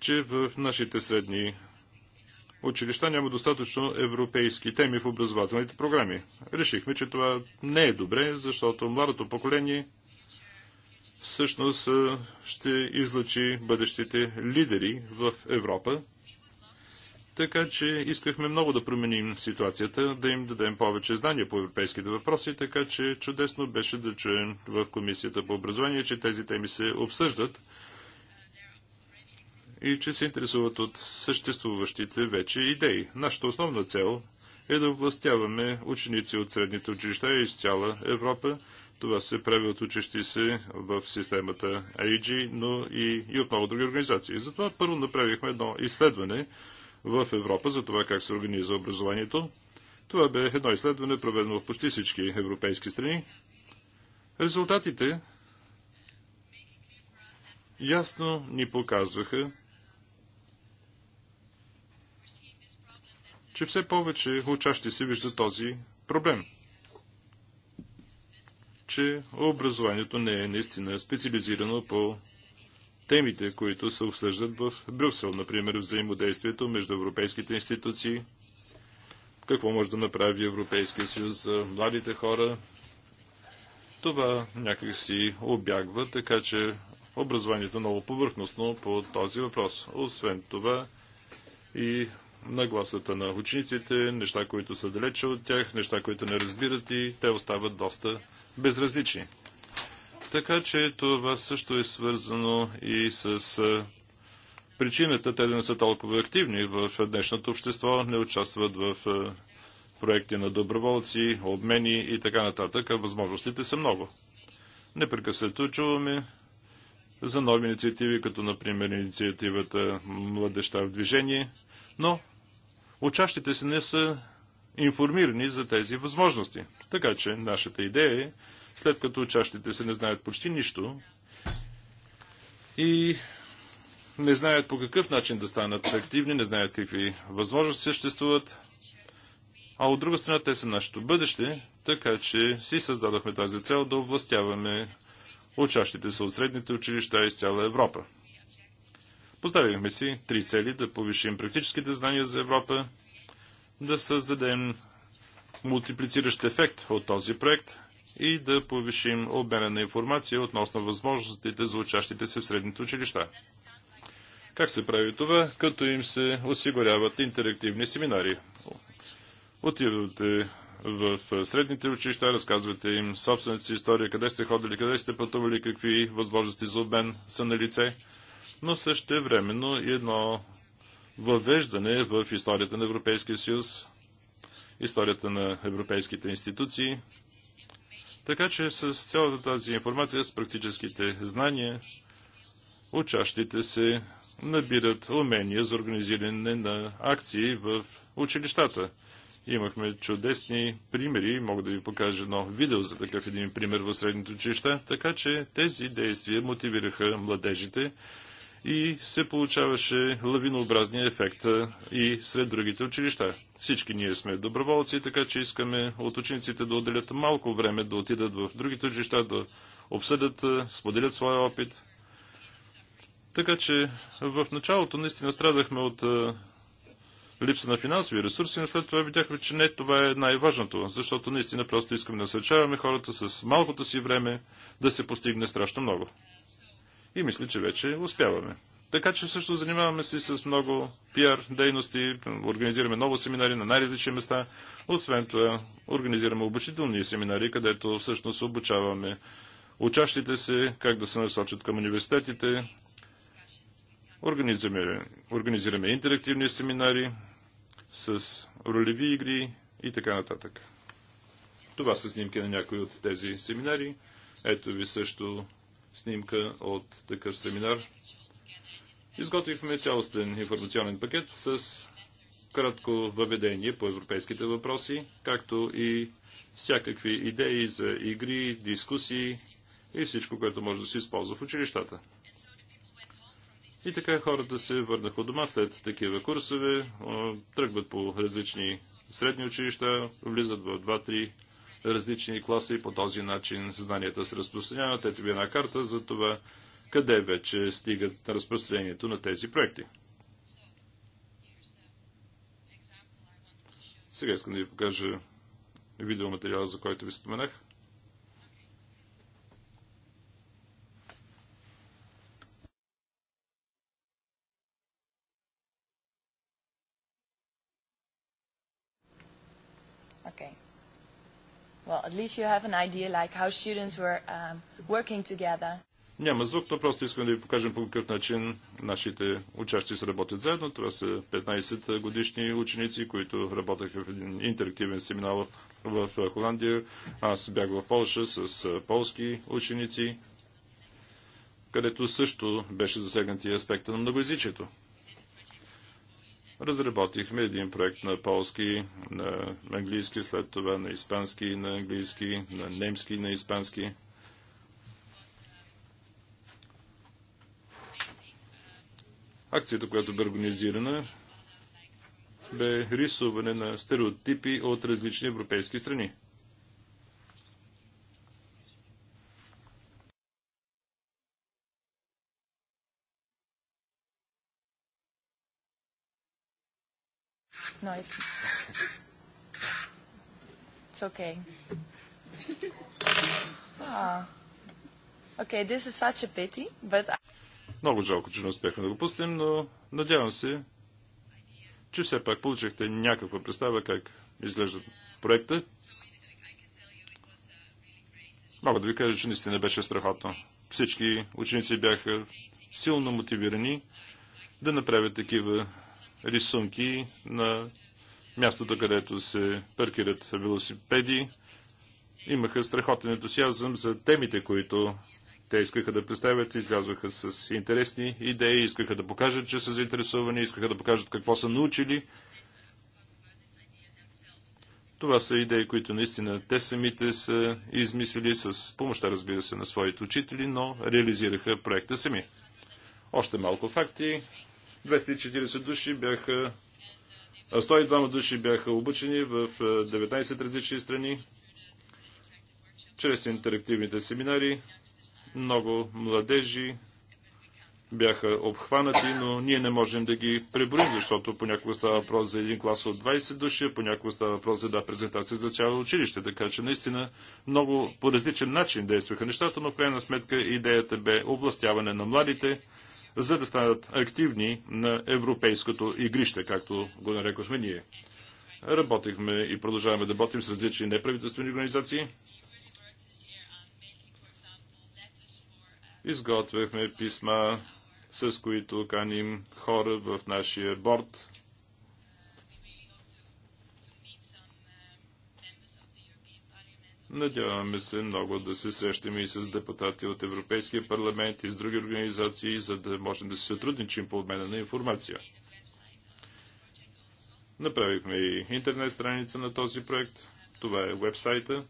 че в нашите средни училища няма достатъчно европейски теми в образователните програми. Решихме, че това не е добре, защото младото поколение всъщност ще излъчи бъдещите лидери в Европа така че искахме много да променим ситуацията, да им дадем повече знания по европейските въпроси, така че чудесно беше да чуем в Комисията по образование, че тези теми се обсъждат и че се интересуват от съществуващите вече идеи. Нашата основна цел е да областяваме ученици от средните училища из цяла Европа. Това се прави от учещи се в системата AG, но и, и от много други организации. Затова първо направихме едно изследване – в Европа за това как се организира образованието. Това бе едно изследване, проведено в почти всички европейски страни. Резултатите ясно ни показваха, че все повече учащи се вижда този проблем. Че образованието не е наистина специализирано по темите, които се обсъждат в Брюксел, например взаимодействието между европейските институции, какво може да направи Европейския съюз за младите хора. Това някак си обягва, така че образованието е много повърхностно по този въпрос. Освен това и нагласата на учениците, неща, които са далече от тях, неща, които не разбират и те остават доста безразлични. Така че това също е свързано и с причината те да не са толкова активни в днешното общество, не участват в проекти на доброволци, обмени и така нататък, възможностите са много. Непрекъснато чуваме за нови инициативи, като например инициативата Младеща в движение, но учащите се не са информирани за тези възможности. Така че нашата идея е след като учащите се не знаят почти нищо и не знаят по какъв начин да станат активни, не знаят какви възможности съществуват, а от друга страна те са нашето бъдеще, така че си създадохме тази цел да областяваме учащите се от средните училища из цяла Европа. Поставихме си три цели да повишим практическите знания за Европа, да създадем мултиплициращ ефект от този проект, и да повишим обмена на информация относно възможностите за учащите се в средните училища. Как се прави това? Като им се осигуряват интерактивни семинари. Отивате в средните училища, разказвате им собствената си история, къде сте ходили, къде сте пътували, какви възможности за обмен са на лице, но също времено и едно въвеждане в историята на Европейския съюз, историята на европейските институции – така че с цялата тази информация, с практическите знания, учащите се набират умения за организиране на акции в училищата. Имахме чудесни примери, мога да ви покажа едно видео за такъв един пример в средните училища, така че тези действия мотивираха младежите и се получаваше лавинообразния ефект и сред другите училища. Всички ние сме доброволци, така че искаме от учениците да отделят малко време, да отидат в другите училища, да обсъдят, споделят своя опит. Така че в началото наистина страдахме от липса на финансови ресурси, но след това видяхме, че не това е най-важното, защото наистина просто искаме да насърчаваме хората с малкото си време да се постигне страшно много. И мисля, че вече успяваме. Така че всъщност занимаваме се с много пиар дейности, организираме много семинари на най-различни места. Освен това, организираме обучителни семинари, където всъщност обучаваме учащите се как да се насочат към университетите. Организираме, организираме интерактивни семинари с ролеви игри и така нататък. Това са снимки на някои от тези семинари. Ето ви също снимка от такъв семинар Изготвихме цялостен информационен пакет с кратко въведение по европейските въпроси, както и всякакви идеи за игри, дискусии и всичко, което може да се използва в училищата. И така хората се върнаха от дома след такива курсове, тръгват по различни средни училища, влизат в 2-3 различни класи и по този начин знанията се разпространяват. Ето ви една карта за това къде вече стигат разпространението на тези проекти. Сега искам да ви покажа видеоматериала, за който ви споменах. well, at least you have an idea like how students were um, working together. Няма звук, но просто искам да ви покажем по какъв начин нашите учащи се работят заедно. Това са 15 годишни ученици, които работеха в един интерактивен семинар в Холандия. Аз бях в Польша с полски ученици, където също беше засегнат и аспекта на многоязичието. Разработихме един проект на полски, на английски, след това на испански, на английски, на немски, на испански. Акцията, която бе организирана, бе рисуване на стереотипи от различни европейски страни. No, it's, it's okay. ah. Okay, this is such a pity, but... Много жалко, че не успяхме да го пустим, но надявам се, че все пак получихте някаква представа как изглежда проекта. Мога да ви кажа, че наистина беше страхотно. Всички ученици бяха силно мотивирани да направят такива рисунки на мястото, където се паркират велосипеди. Имаха страхотен ентусиазъм за темите, които те искаха да представят, излязоха с интересни идеи, искаха да покажат, че са заинтересовани, искаха да покажат какво са научили. Това са идеи, които наистина те самите са измислили с помощта, разбира се, на своите учители, но реализираха проекта сами. Още малко факти. 240 души бяха 102 души бяха обучени в 19 е, различни страни чрез интерактивните семинари, много младежи бяха обхванати, но ние не можем да ги преброим, защото понякога става въпрос за един клас от 20 души, понякога става въпрос за една презентация за цяло училище. Така че наистина много по различен начин действаха нещата, но в крайна сметка идеята бе областяване на младите, за да станат активни на европейското игрище, както го нарекохме ние. Работихме и продължаваме да работим с различни неправителствени организации Изготвяхме писма, с които каним хора в нашия борт. Надяваме се много да се срещаме и с депутати от Европейския парламент и с други организации, за да можем да се сътрудничим по обмена на информация. Направихме и интернет страница на този проект. Това е вебсайта.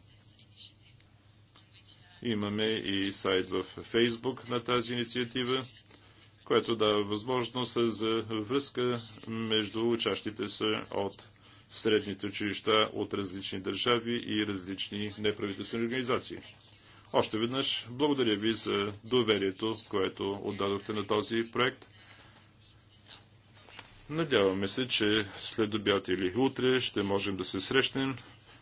Имаме и сайт в Фейсбук на тази инициатива, което дава възможност за връзка между учащите се от средните училища от различни държави и различни неправителствени организации. Още веднъж благодаря ви за доверието, което отдадохте на този проект. Надяваме се, че след обяд или утре ще можем да се срещнем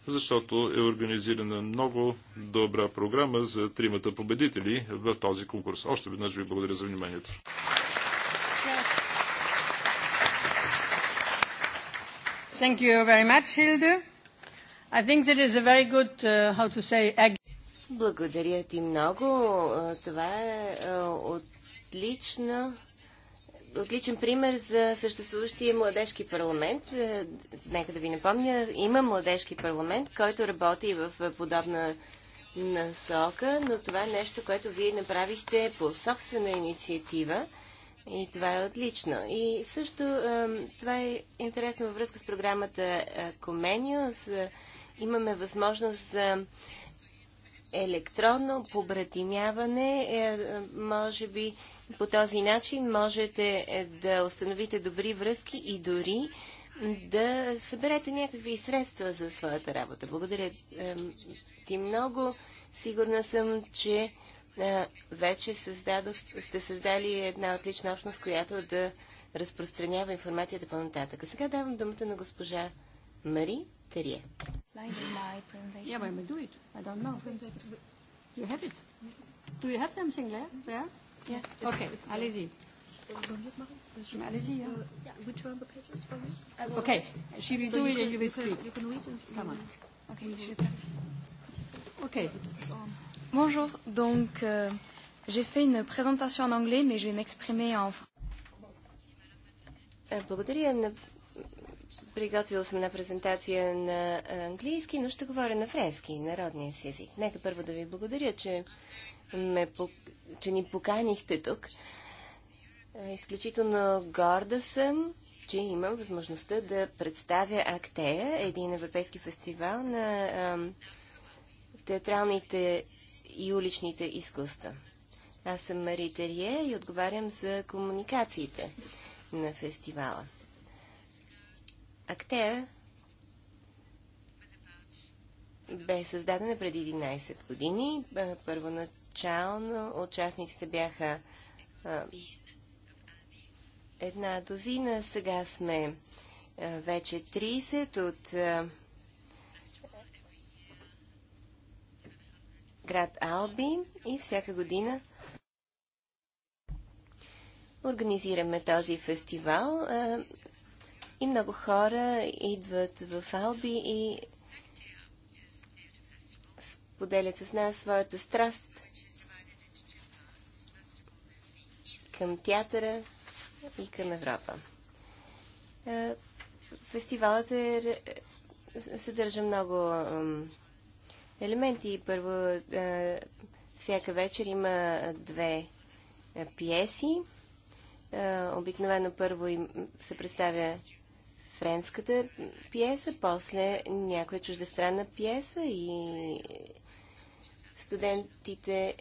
защото е организирана много добра програма за тримата победители в този конкурс. Още веднъж ви благодаря за вниманието. Thank you very much, Hilde. I think that is a very good, uh, how to say, Благодаря ти много. Е, това е, е отлична отличен пример за съществуващия младежки парламент. Е, нека да ви напомня, има младежки парламент, който работи в подобна насока, но това е нещо, което вие направихте по собствена инициатива и това е отлично. И също това е интересно във връзка с програмата Комениус. Имаме възможност за електронно побратимяване, е, може би по този начин можете е, да установите добри връзки и дори да съберете някакви средства за своята работа. Благодаря ти много. Сигурна съм, че е, вече създадох, сте създали една отлична общност, която да разпространява информацията по-нататък. Сега давам думата на госпожа Мари Терие. Yeah, but I do it. I don't know. You have it. Do you have something there? Yeah? Yes, okay, allez Allez-y. Okay, she will do it and you will speak. You can read and Come on. Okay. okay. Bonjour, donc euh, j'ai fait une présentation en anglais, mais je vais m'exprimer en français. Приготвила съм една презентация на английски, но ще говоря на френски, народния си език. Нека първо да ви благодаря, че ме че ни поканихте тук. Изключително горда съм, че имам възможността да представя Актея, един европейски фестивал на ам, театралните и уличните изкуства. Аз съм Мари Терие и отговарям за комуникациите на фестивала. Актея бе създадена преди 11 години, първо на първоначално участниците бяха а, една дозина, сега сме а, вече 30 от а, град Алби и всяка година организираме този фестивал и много хора идват в Алби и споделят с нас своята страст към театъра и към Европа. Е, фестивалът е, е, съдържа много елементи. Първо, е, всяка вечер има две пиеси. Обикновено първо се представя френската пиеса, после някоя чуждестранна пиеса и студентите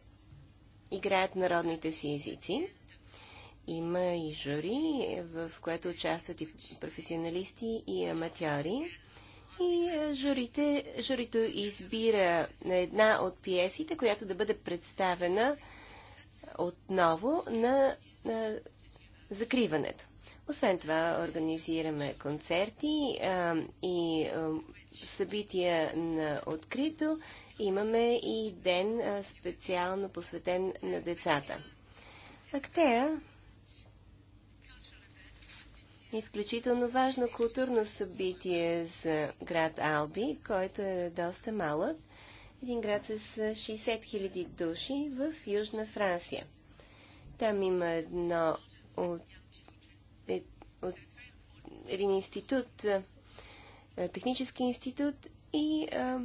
играят народните си езици. Има и жури, в което участват и професионалисти, и аматьори. И е, журите, журито избира на една от пиесите, която да бъде представена отново на, на закриването. Освен това, организираме концерти а, е, и а, е, събития на открито. Имаме и ден а, специално посветен на децата. Актея изключително важно културно събитие за град Алби, който е доста малък. Един град с 60 000 души в Южна Франция. Там има едно от, е, от, един институт, технически институт и а,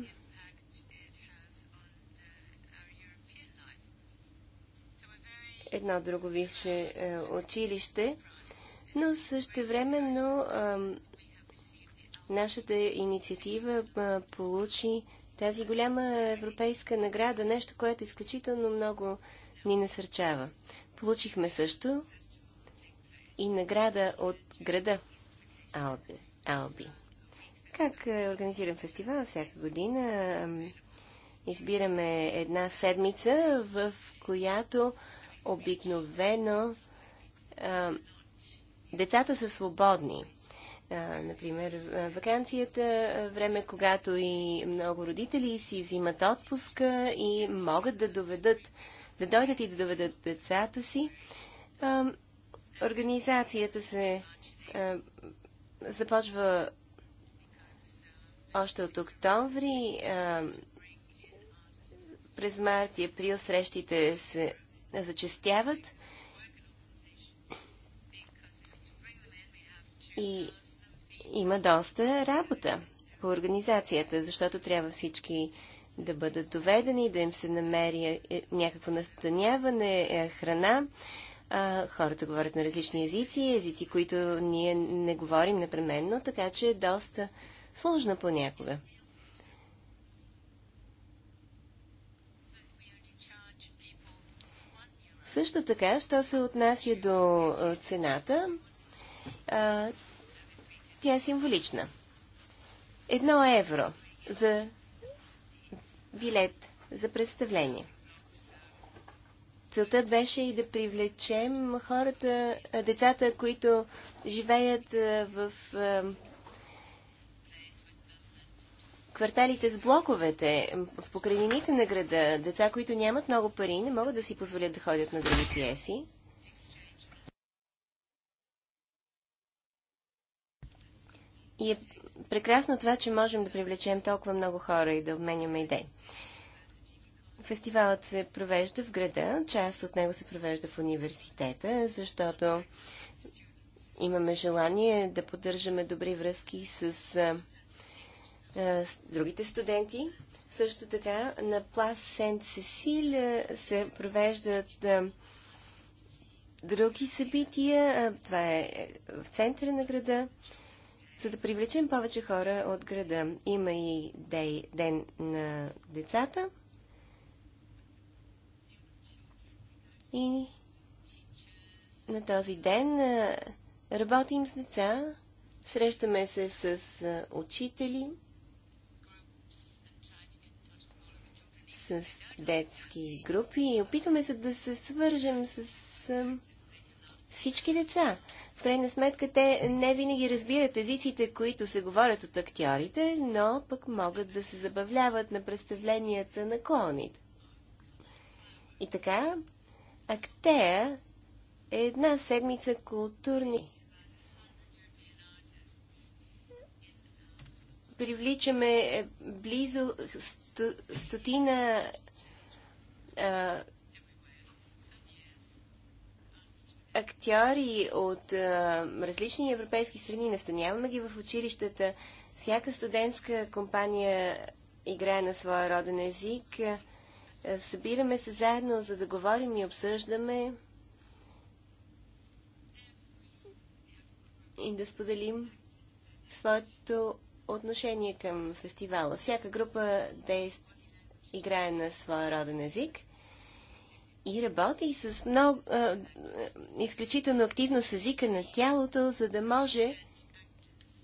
едно друго висше училище – но същевременно а, нашата инициатива а, получи тази голяма европейска награда, нещо, което изключително много ни насърчава. Получихме също и награда от града Алби. Алби. Как е, организирам фестивал всяка година? Избираме една седмица, в която обикновено Децата са свободни. Например, вакансията, време когато и много родители си взимат отпуска и могат да доведат, да дойдат и да доведат децата си. Организацията се започва още от октомври. През март и април срещите се зачестяват. И има доста работа по организацията, защото трябва всички да бъдат доведени, да им се намери е, някакво настаняване, е, храна. хората говорят на различни езици, езици, които ние не говорим непременно, така че е доста сложна понякога. Също така, що се отнася до цената, тя е символична. Едно евро за билет за представление. Целта беше и да привлечем хората, децата, които живеят в кварталите с блоковете, в покрайнините на града, деца, които нямат много пари, не могат да си позволят да ходят на други пиеси. И е прекрасно това, че можем да привлечем толкова много хора и да обменяме идеи. Фестивалът се провежда в града, част от него се провежда в университета, защото имаме желание да поддържаме добри връзки с, а, с другите студенти. Също така на Плас Сент Сесилия се провеждат а, други събития. Това е, е в центъра на града за да привлечем повече хора от града. Има и дей, ден на децата. И на този ден работим с деца, срещаме се с учители, с детски групи и опитваме се да се свържем с всички деца. В крайна сметка те не винаги разбират езиците, които се говорят от актьорите, но пък могат да се забавляват на представленията на клоните. И така, Актея е една седмица културни. Привличаме е, близо сто, стотина а, актьори от а, различни европейски страни, настаняваме ги в училищата. Всяка студентска компания играе на своя роден език. А, събираме се заедно, за да говорим и обсъждаме и да споделим своето отношение към фестивала. Всяка група действа играе на своя роден език и работи с много, а, изключително активно с езика на тялото, за да може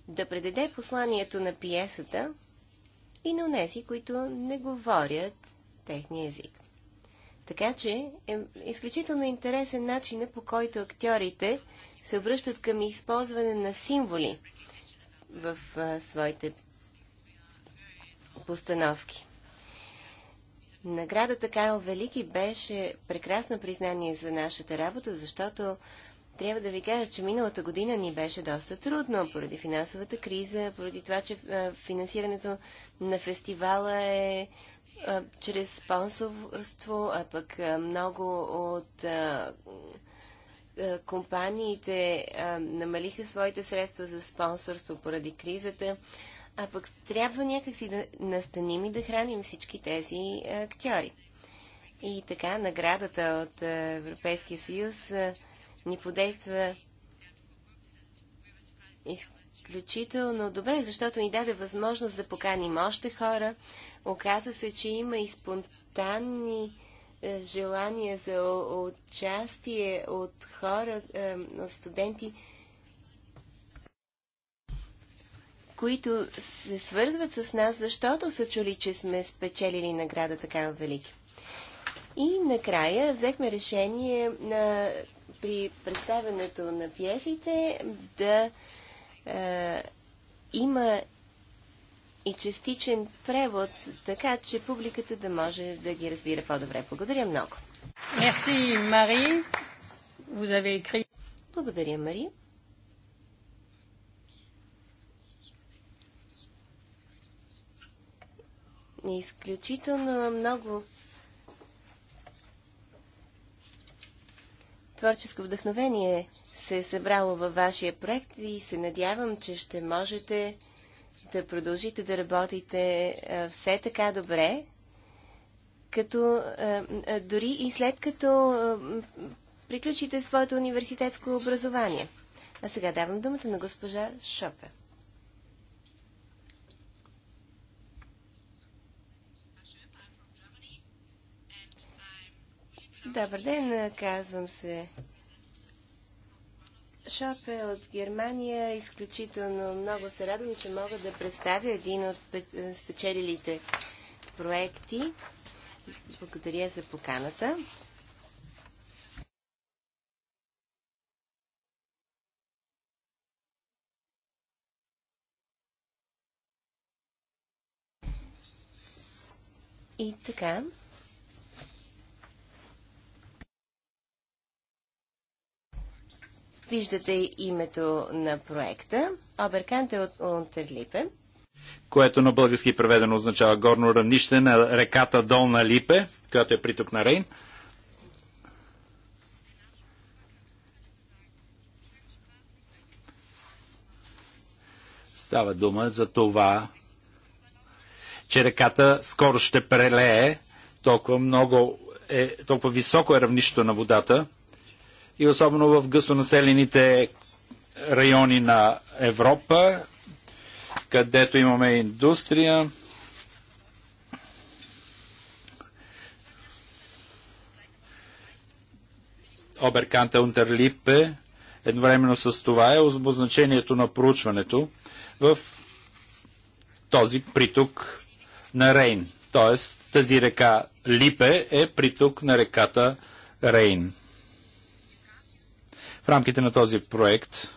да предаде посланието на пиесата и на унеси, които не говорят техния език. Така че е изключително интересен начинът по който актьорите се обръщат към използване на символи в а, своите постановки. Наградата Кайл Велики беше прекрасно признание за нашата работа, защото трябва да ви кажа, че миналата година ни беше доста трудно поради финансовата криза, поради това, че финансирането на фестивала е чрез спонсорство, а пък много от компаниите намалиха своите средства за спонсорство поради кризата. А пък трябва някакси да настаним и да храним всички тези е, актьори. И така, наградата от е, Европейския съюз е, ни подейства изключително добре, защото ни даде възможност да поканим още хора. Оказа се, че има и спонтанни желания за участие от хора, от студенти, които се свързват с нас, защото са чули, че сме спечелили награда такава велика. И накрая взехме решение на, при представянето на пиесите да е, има и частичен превод, така че публиката да може да ги разбира по-добре. Благодаря много. Merci, Благодаря, Мари. Е изключително много творческо вдъхновение се е събрало във вашия проект и се надявам, че ще можете да продължите да работите все така добре, като дори и след като приключите своето университетско образование. А сега давам думата на госпожа Шопе. Добър ден, казвам се. Шопе от Германия. Изключително много се радвам, че мога да представя един от спечелилите проекти. Благодаря за поканата. И така, Виждате името на проекта. Оберканте от Унтерлипе. Което на български преведено означава горно равнище на реката Долна Липе, която е приток на Рейн. Става дума за това, че реката скоро ще прелее. Толкова много е, толкова високо е равнището на водата, и особено в гъстонаселените райони на Европа, където имаме индустрия. Оберканте Унтерлипе, едновременно с това е обозначението на проучването в този приток на Рейн. Тоест тази река Липе е приток на реката Рейн. В рамките на този проект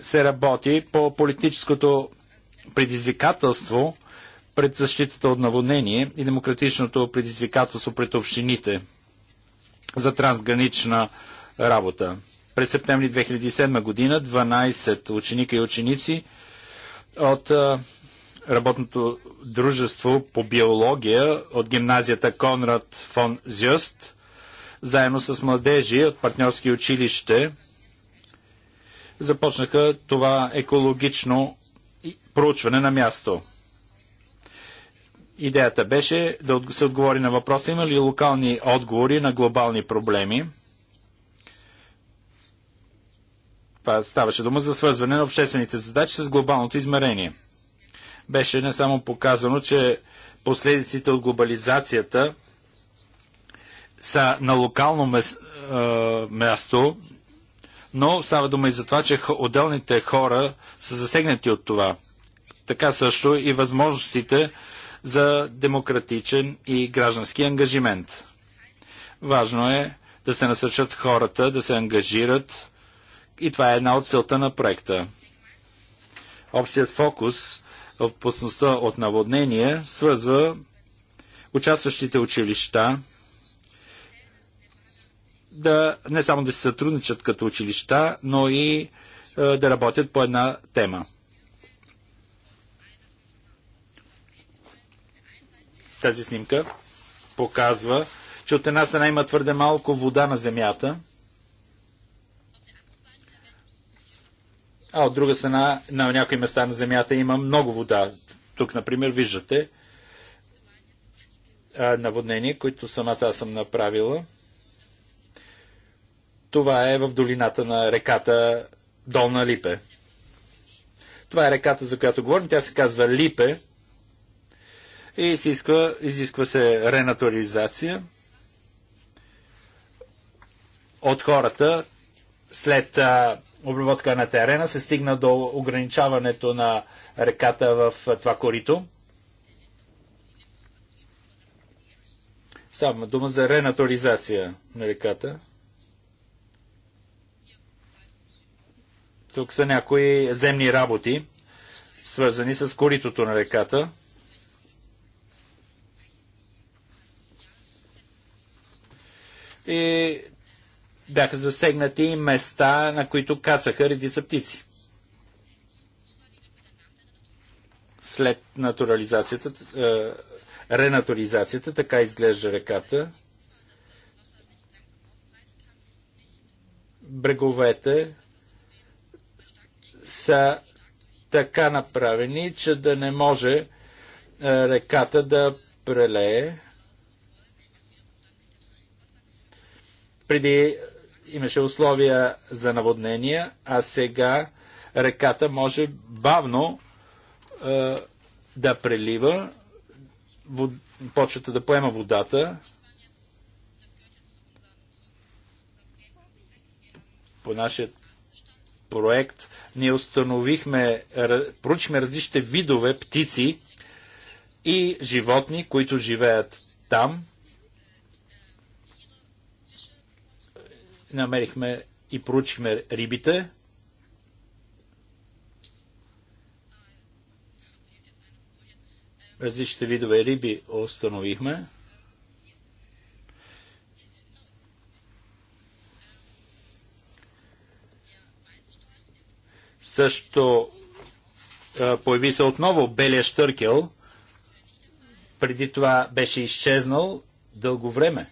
се работи по политическото предизвикателство пред защитата от наводнение и демократичното предизвикателство пред общините за трансгранична работа. През септември 2007 година 12 ученика и ученици от работното дружество по биология от гимназията Конрад фон Зюст заедно с младежи от партньорски училище започнаха това екологично проучване на място. Идеята беше да се отговори на въпроса има ли локални отговори на глобални проблеми. Това ставаше дума за свързване на обществените задачи с глобалното измерение. Беше не само показано, че последиците от глобализацията са на локално място, но става дума и за това, че отделните хора са засегнати от това. Така също и възможностите за демократичен и граждански ангажимент. Важно е да се насърчат хората, да се ангажират и това е една от целта на проекта. Общият фокус опасността от наводнение свързва участващите училища да не само да се сътрудничат като училища, но и е, да работят по една тема. Тази снимка показва, че от една страна има твърде малко вода на земята, а от друга страна на някои места на земята има много вода. Тук, например, виждате е, наводнение, които самата аз съм направила. Това е в долината на реката Долна Липе. Това е реката, за която говорим. Тя се казва Липе и изисква, изисква се ренатурализация от хората. След а, обработка на терена се стигна до ограничаването на реката в това корито. Става дума за ренатурализация на реката. Тук са някои земни работи, свързани с коритото на реката. И бяха засегнати места, на които кацаха редица птици. След натурализацията, е, ренатурализацията, така изглежда реката. Бреговете са така направени, че да не може е, реката да прелее. Преди имаше условия за наводнения, а сега реката може бавно е, да прелива, почвата да поема водата. По нашия проект ние установихме, проучихме различните видове птици и животни, които живеят там. Намерихме и проучихме рибите. Различните видове риби установихме. Също появи се отново белия штъркел. Преди това беше изчезнал дълго време.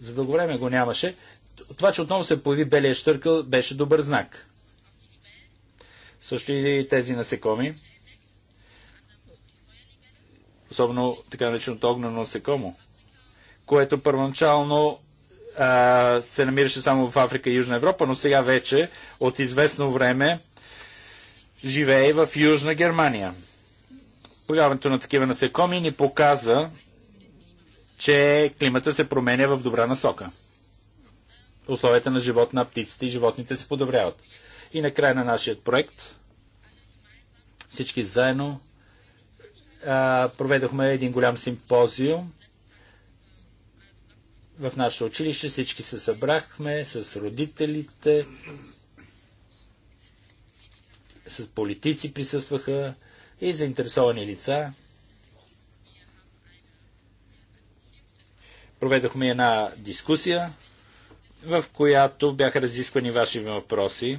За дълго време го нямаше. Това, че отново се появи белия штъркел, беше добър знак. Също и тези насекоми. Особено така нареченото огнено насекомо, което първоначално а, се намираше само в Африка и Южна Европа, но сега вече от известно време живее в Южна Германия. Появяването на такива насекоми ни показа, че климата се променя в добра насока. Условията на живот на птиците и животните се подобряват. И накрая на нашия проект всички заедно а, проведохме един голям симпозиум в нашето училище всички се събрахме с родителите, с политици присъстваха и заинтересовани лица. Проведохме една дискусия, в която бяха разисквани ваши въпроси.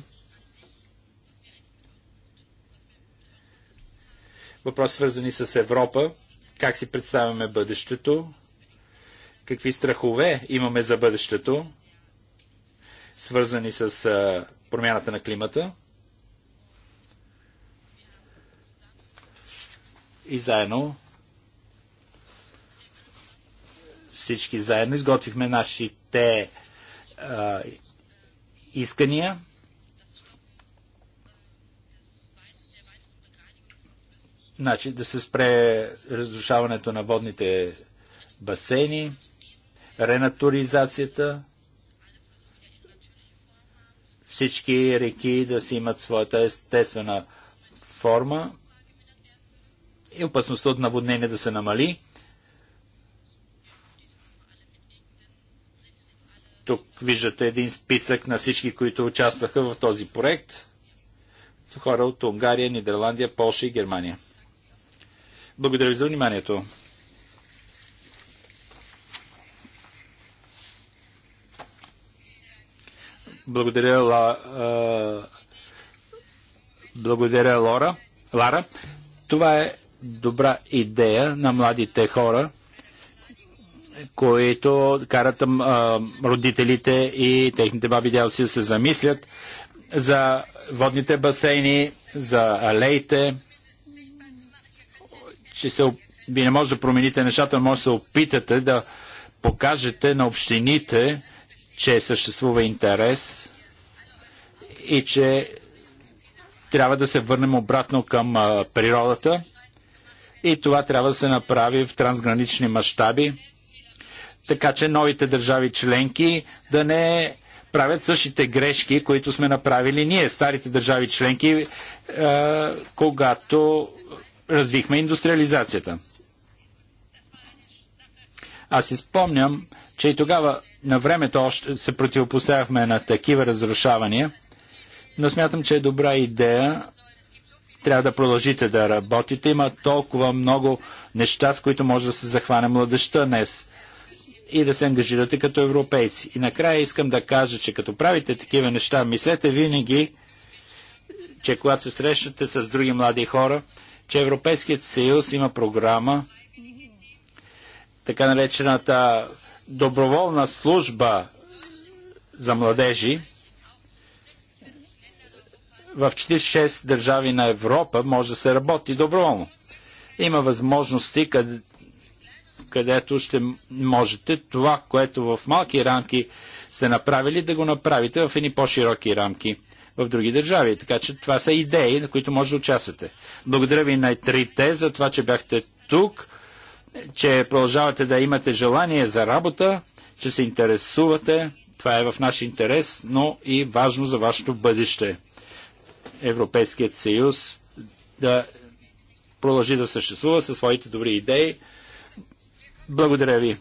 Въпроси свързани с Европа, как си представяме бъдещето, какви страхове имаме за бъдещето, свързани с а, промяната на климата. И заедно, всички заедно, изготвихме нашите а, искания. Значи да се спре разрушаването на водните басейни ренатуризацията, всички реки да си имат своята естествена форма и опасността от наводнение да се намали. Тук виждате един списък на всички, които участваха в този проект. Хора от Унгария, Нидерландия, Полша и Германия. Благодаря ви за вниманието. Благодаря, Ла, а, благодаря Лора, Лара. Това е добра идея на младите хора, които карат а, родителите и техните баби дялци да се замислят за водните басейни, за алеите, че се, ви не може да промените нещата, може да се опитате да покажете на общините, че съществува интерес и че трябва да се върнем обратно към природата и това трябва да се направи в трансгранични мащаби, така че новите държави членки да не правят същите грешки, които сме направили ние, старите държави членки, когато развихме индустриализацията. Аз си спомням, че и тогава на времето още се противопоставяхме на такива разрушавания, но смятам, че е добра идея. Трябва да продължите да работите. Има толкова много неща, с които може да се захване младеща днес и да се ангажирате като европейци. И накрая искам да кажа, че като правите такива неща, мислете винаги, че когато се срещате с други млади хора, че Европейският съюз има програма, така наречената доброволна служба за младежи в 46 държави на Европа може да се работи доброволно. Има възможности, къде, където ще можете това, което в малки рамки сте направили, да го направите в едни по-широки рамки в други държави. Така че това са идеи, на които може да участвате. Благодаря ви на трите за това, че бяхте тук че продължавате да имате желание за работа, че се интересувате. Това е в наш интерес, но и важно за вашето бъдеще. Европейският съюз да продължи да съществува със своите добри идеи. Благодаря ви.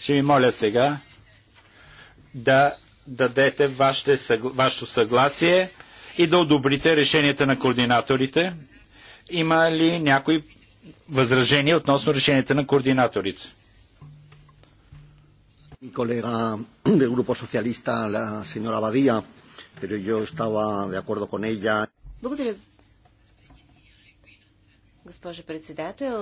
Ще ви моля сега да дадете вашето съгласие и да одобрите решенията на координаторите. Има ли някои възражения относно решенията на координаторите? Mi colega del Grupo Socialista, la señora Badía, pero yo estaba de acuerdo con ella. Благодаря, госпожа председател.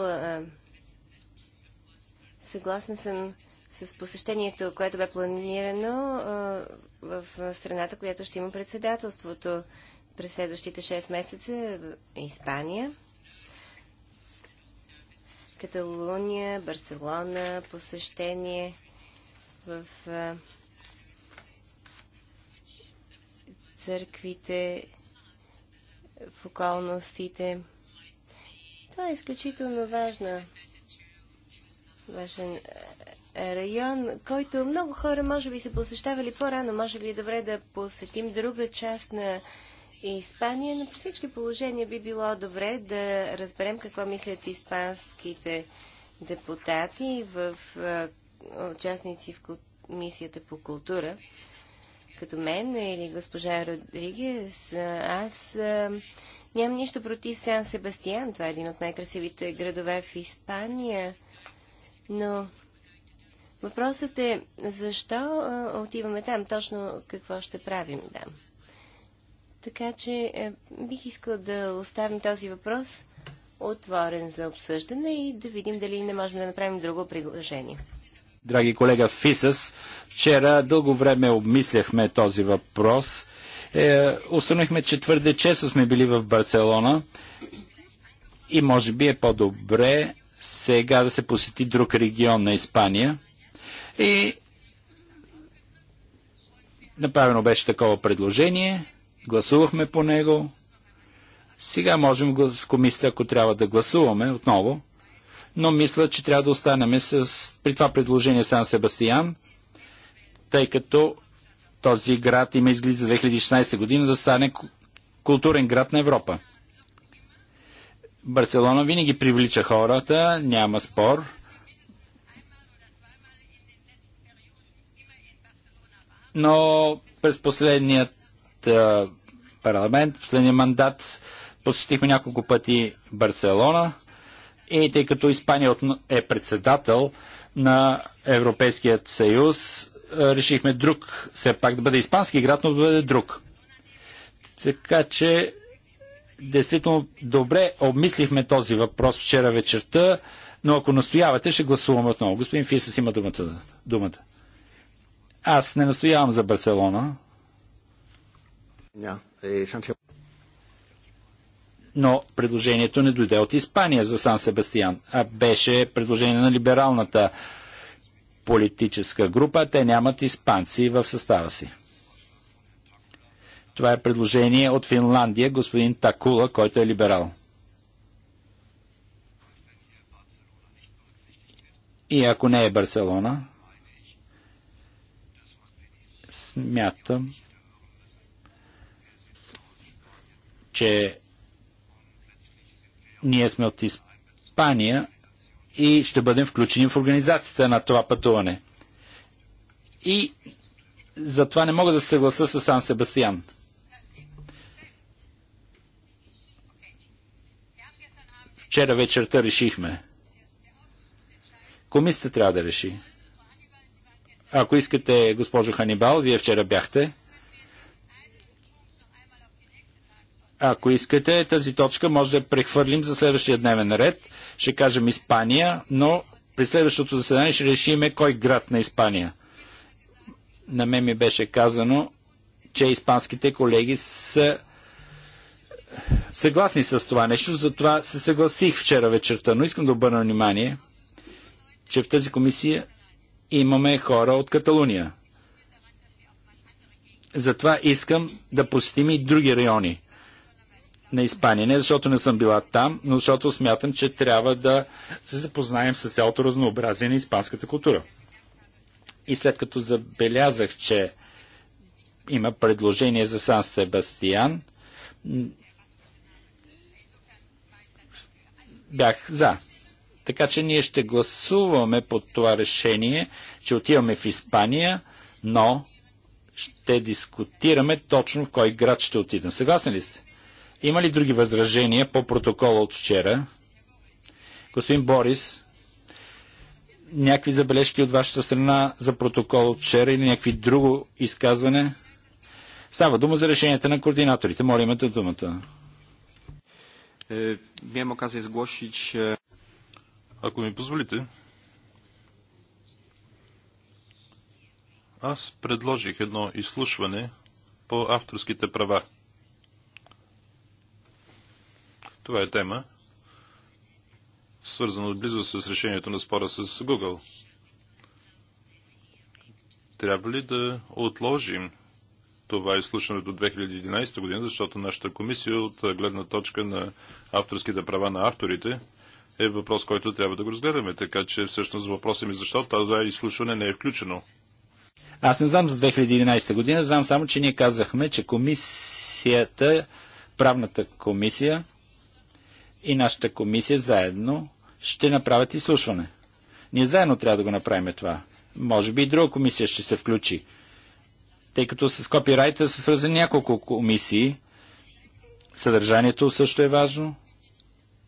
Съгласна съм с посещението, което бе планирано в страната, която ще има председателството през следващите 6 месеца Испания, Каталуния, Барселона, посещение в църквите, в околностите. Това е изключително важно. важен район, който много хора може би са посещавали по-рано, може би е добре да посетим друга част на Испания, но при всички положения би било добре да разберем какво мислят испанските депутати в участници в Комисията по култура, като мен или госпожа Родригес. Аз нямам нищо против Сан Себастиан. Това е един от най-красивите градове в Испания, но Въпросът е защо отиваме там, точно какво ще правим там. Така че е, бих искала да оставим този въпрос отворен за обсъждане и да видим дали не можем да направим друго предложение. Драги колега Фисъс, вчера дълго време обмисляхме този въпрос. Е, установихме, че твърде често сме били в Барселона и може би е по-добре сега да се посети друг регион на Испания – и направено беше такова предложение, гласувахме по него. Сега можем в комисията, ако трябва да гласуваме отново, но мисля, че трябва да останем с, при това предложение Сан Себастиян, тъй като този град има изглед за 2016 година да стане културен град на Европа. Барселона винаги привлича хората, няма спор. но през последният а, парламент, последния мандат, посетихме няколко пъти Барселона и тъй като Испания е председател на Европейският съюз, решихме друг, все пак да бъде испански град, но да бъде друг. Така че, действително добре обмислихме този въпрос вчера вечерта, но ако настоявате, ще гласуваме отново. Господин Фисус има думата. думата. Аз не настоявам за Барселона. Eh, Но предложението не дойде от Испания за Сан Себастиян, а беше предложение на либералната политическа група. Те нямат испанци в състава си. Това е предложение от Финландия, господин Такула, който е либерал. И ако не е Барселона, Смятам, че ние сме от Испания и ще бъдем включени в организацията на това пътуване. И затова не мога да се съгласа с Сан Себастиан. Вчера вечерта решихме. Комисията трябва да реши. Ако искате, госпожо Ханибал, вие вчера бяхте. Ако искате, тази точка може да прехвърлим за следващия дневен ред. Ще кажем Испания, но при следващото заседание ще решиме кой град на Испания. На мен ми беше казано, че испанските колеги са съгласни с това нещо, затова се съгласих вчера вечерта, но искам да обърна внимание, че в тази комисия имаме хора от Каталуния. Затова искам да посетим и други райони на Испания. Не защото не съм била там, но защото смятам, че трябва да се запознаем с цялото разнообразие на испанската култура. И след като забелязах, че има предложение за Сан Себастиян, бях за. Така че ние ще гласуваме под това решение, че отиваме в Испания, но ще дискутираме точно в кой град ще отидем. Съгласни ли сте? Има ли други възражения по протокола от вчера? Господин Борис, някакви забележки от вашата страна за протокол от вчера или някакви друго изказване? Става дума за решенията на координаторите. Моля, имате думата. Miałem okazję zgłosić... Ако ми позволите, аз предложих едно изслушване по авторските права. Това е тема, свързана близо с решението на спора с Google. Трябва ли да отложим това изслушване до 2011 година, защото нашата комисия от гледна точка на авторските права на авторите – е въпрос, който трябва да го разгледаме. Така че всъщност въпросът ми е защо това изслушване не е включено. Аз не знам за 2011 година, знам само, че ние казахме, че комисията, правната комисия и нашата комисия заедно ще направят изслушване. Ние заедно трябва да го направим това. Може би и друга комисия ще се включи. Тъй като с копирайта са свързани няколко комисии, съдържанието също е важно.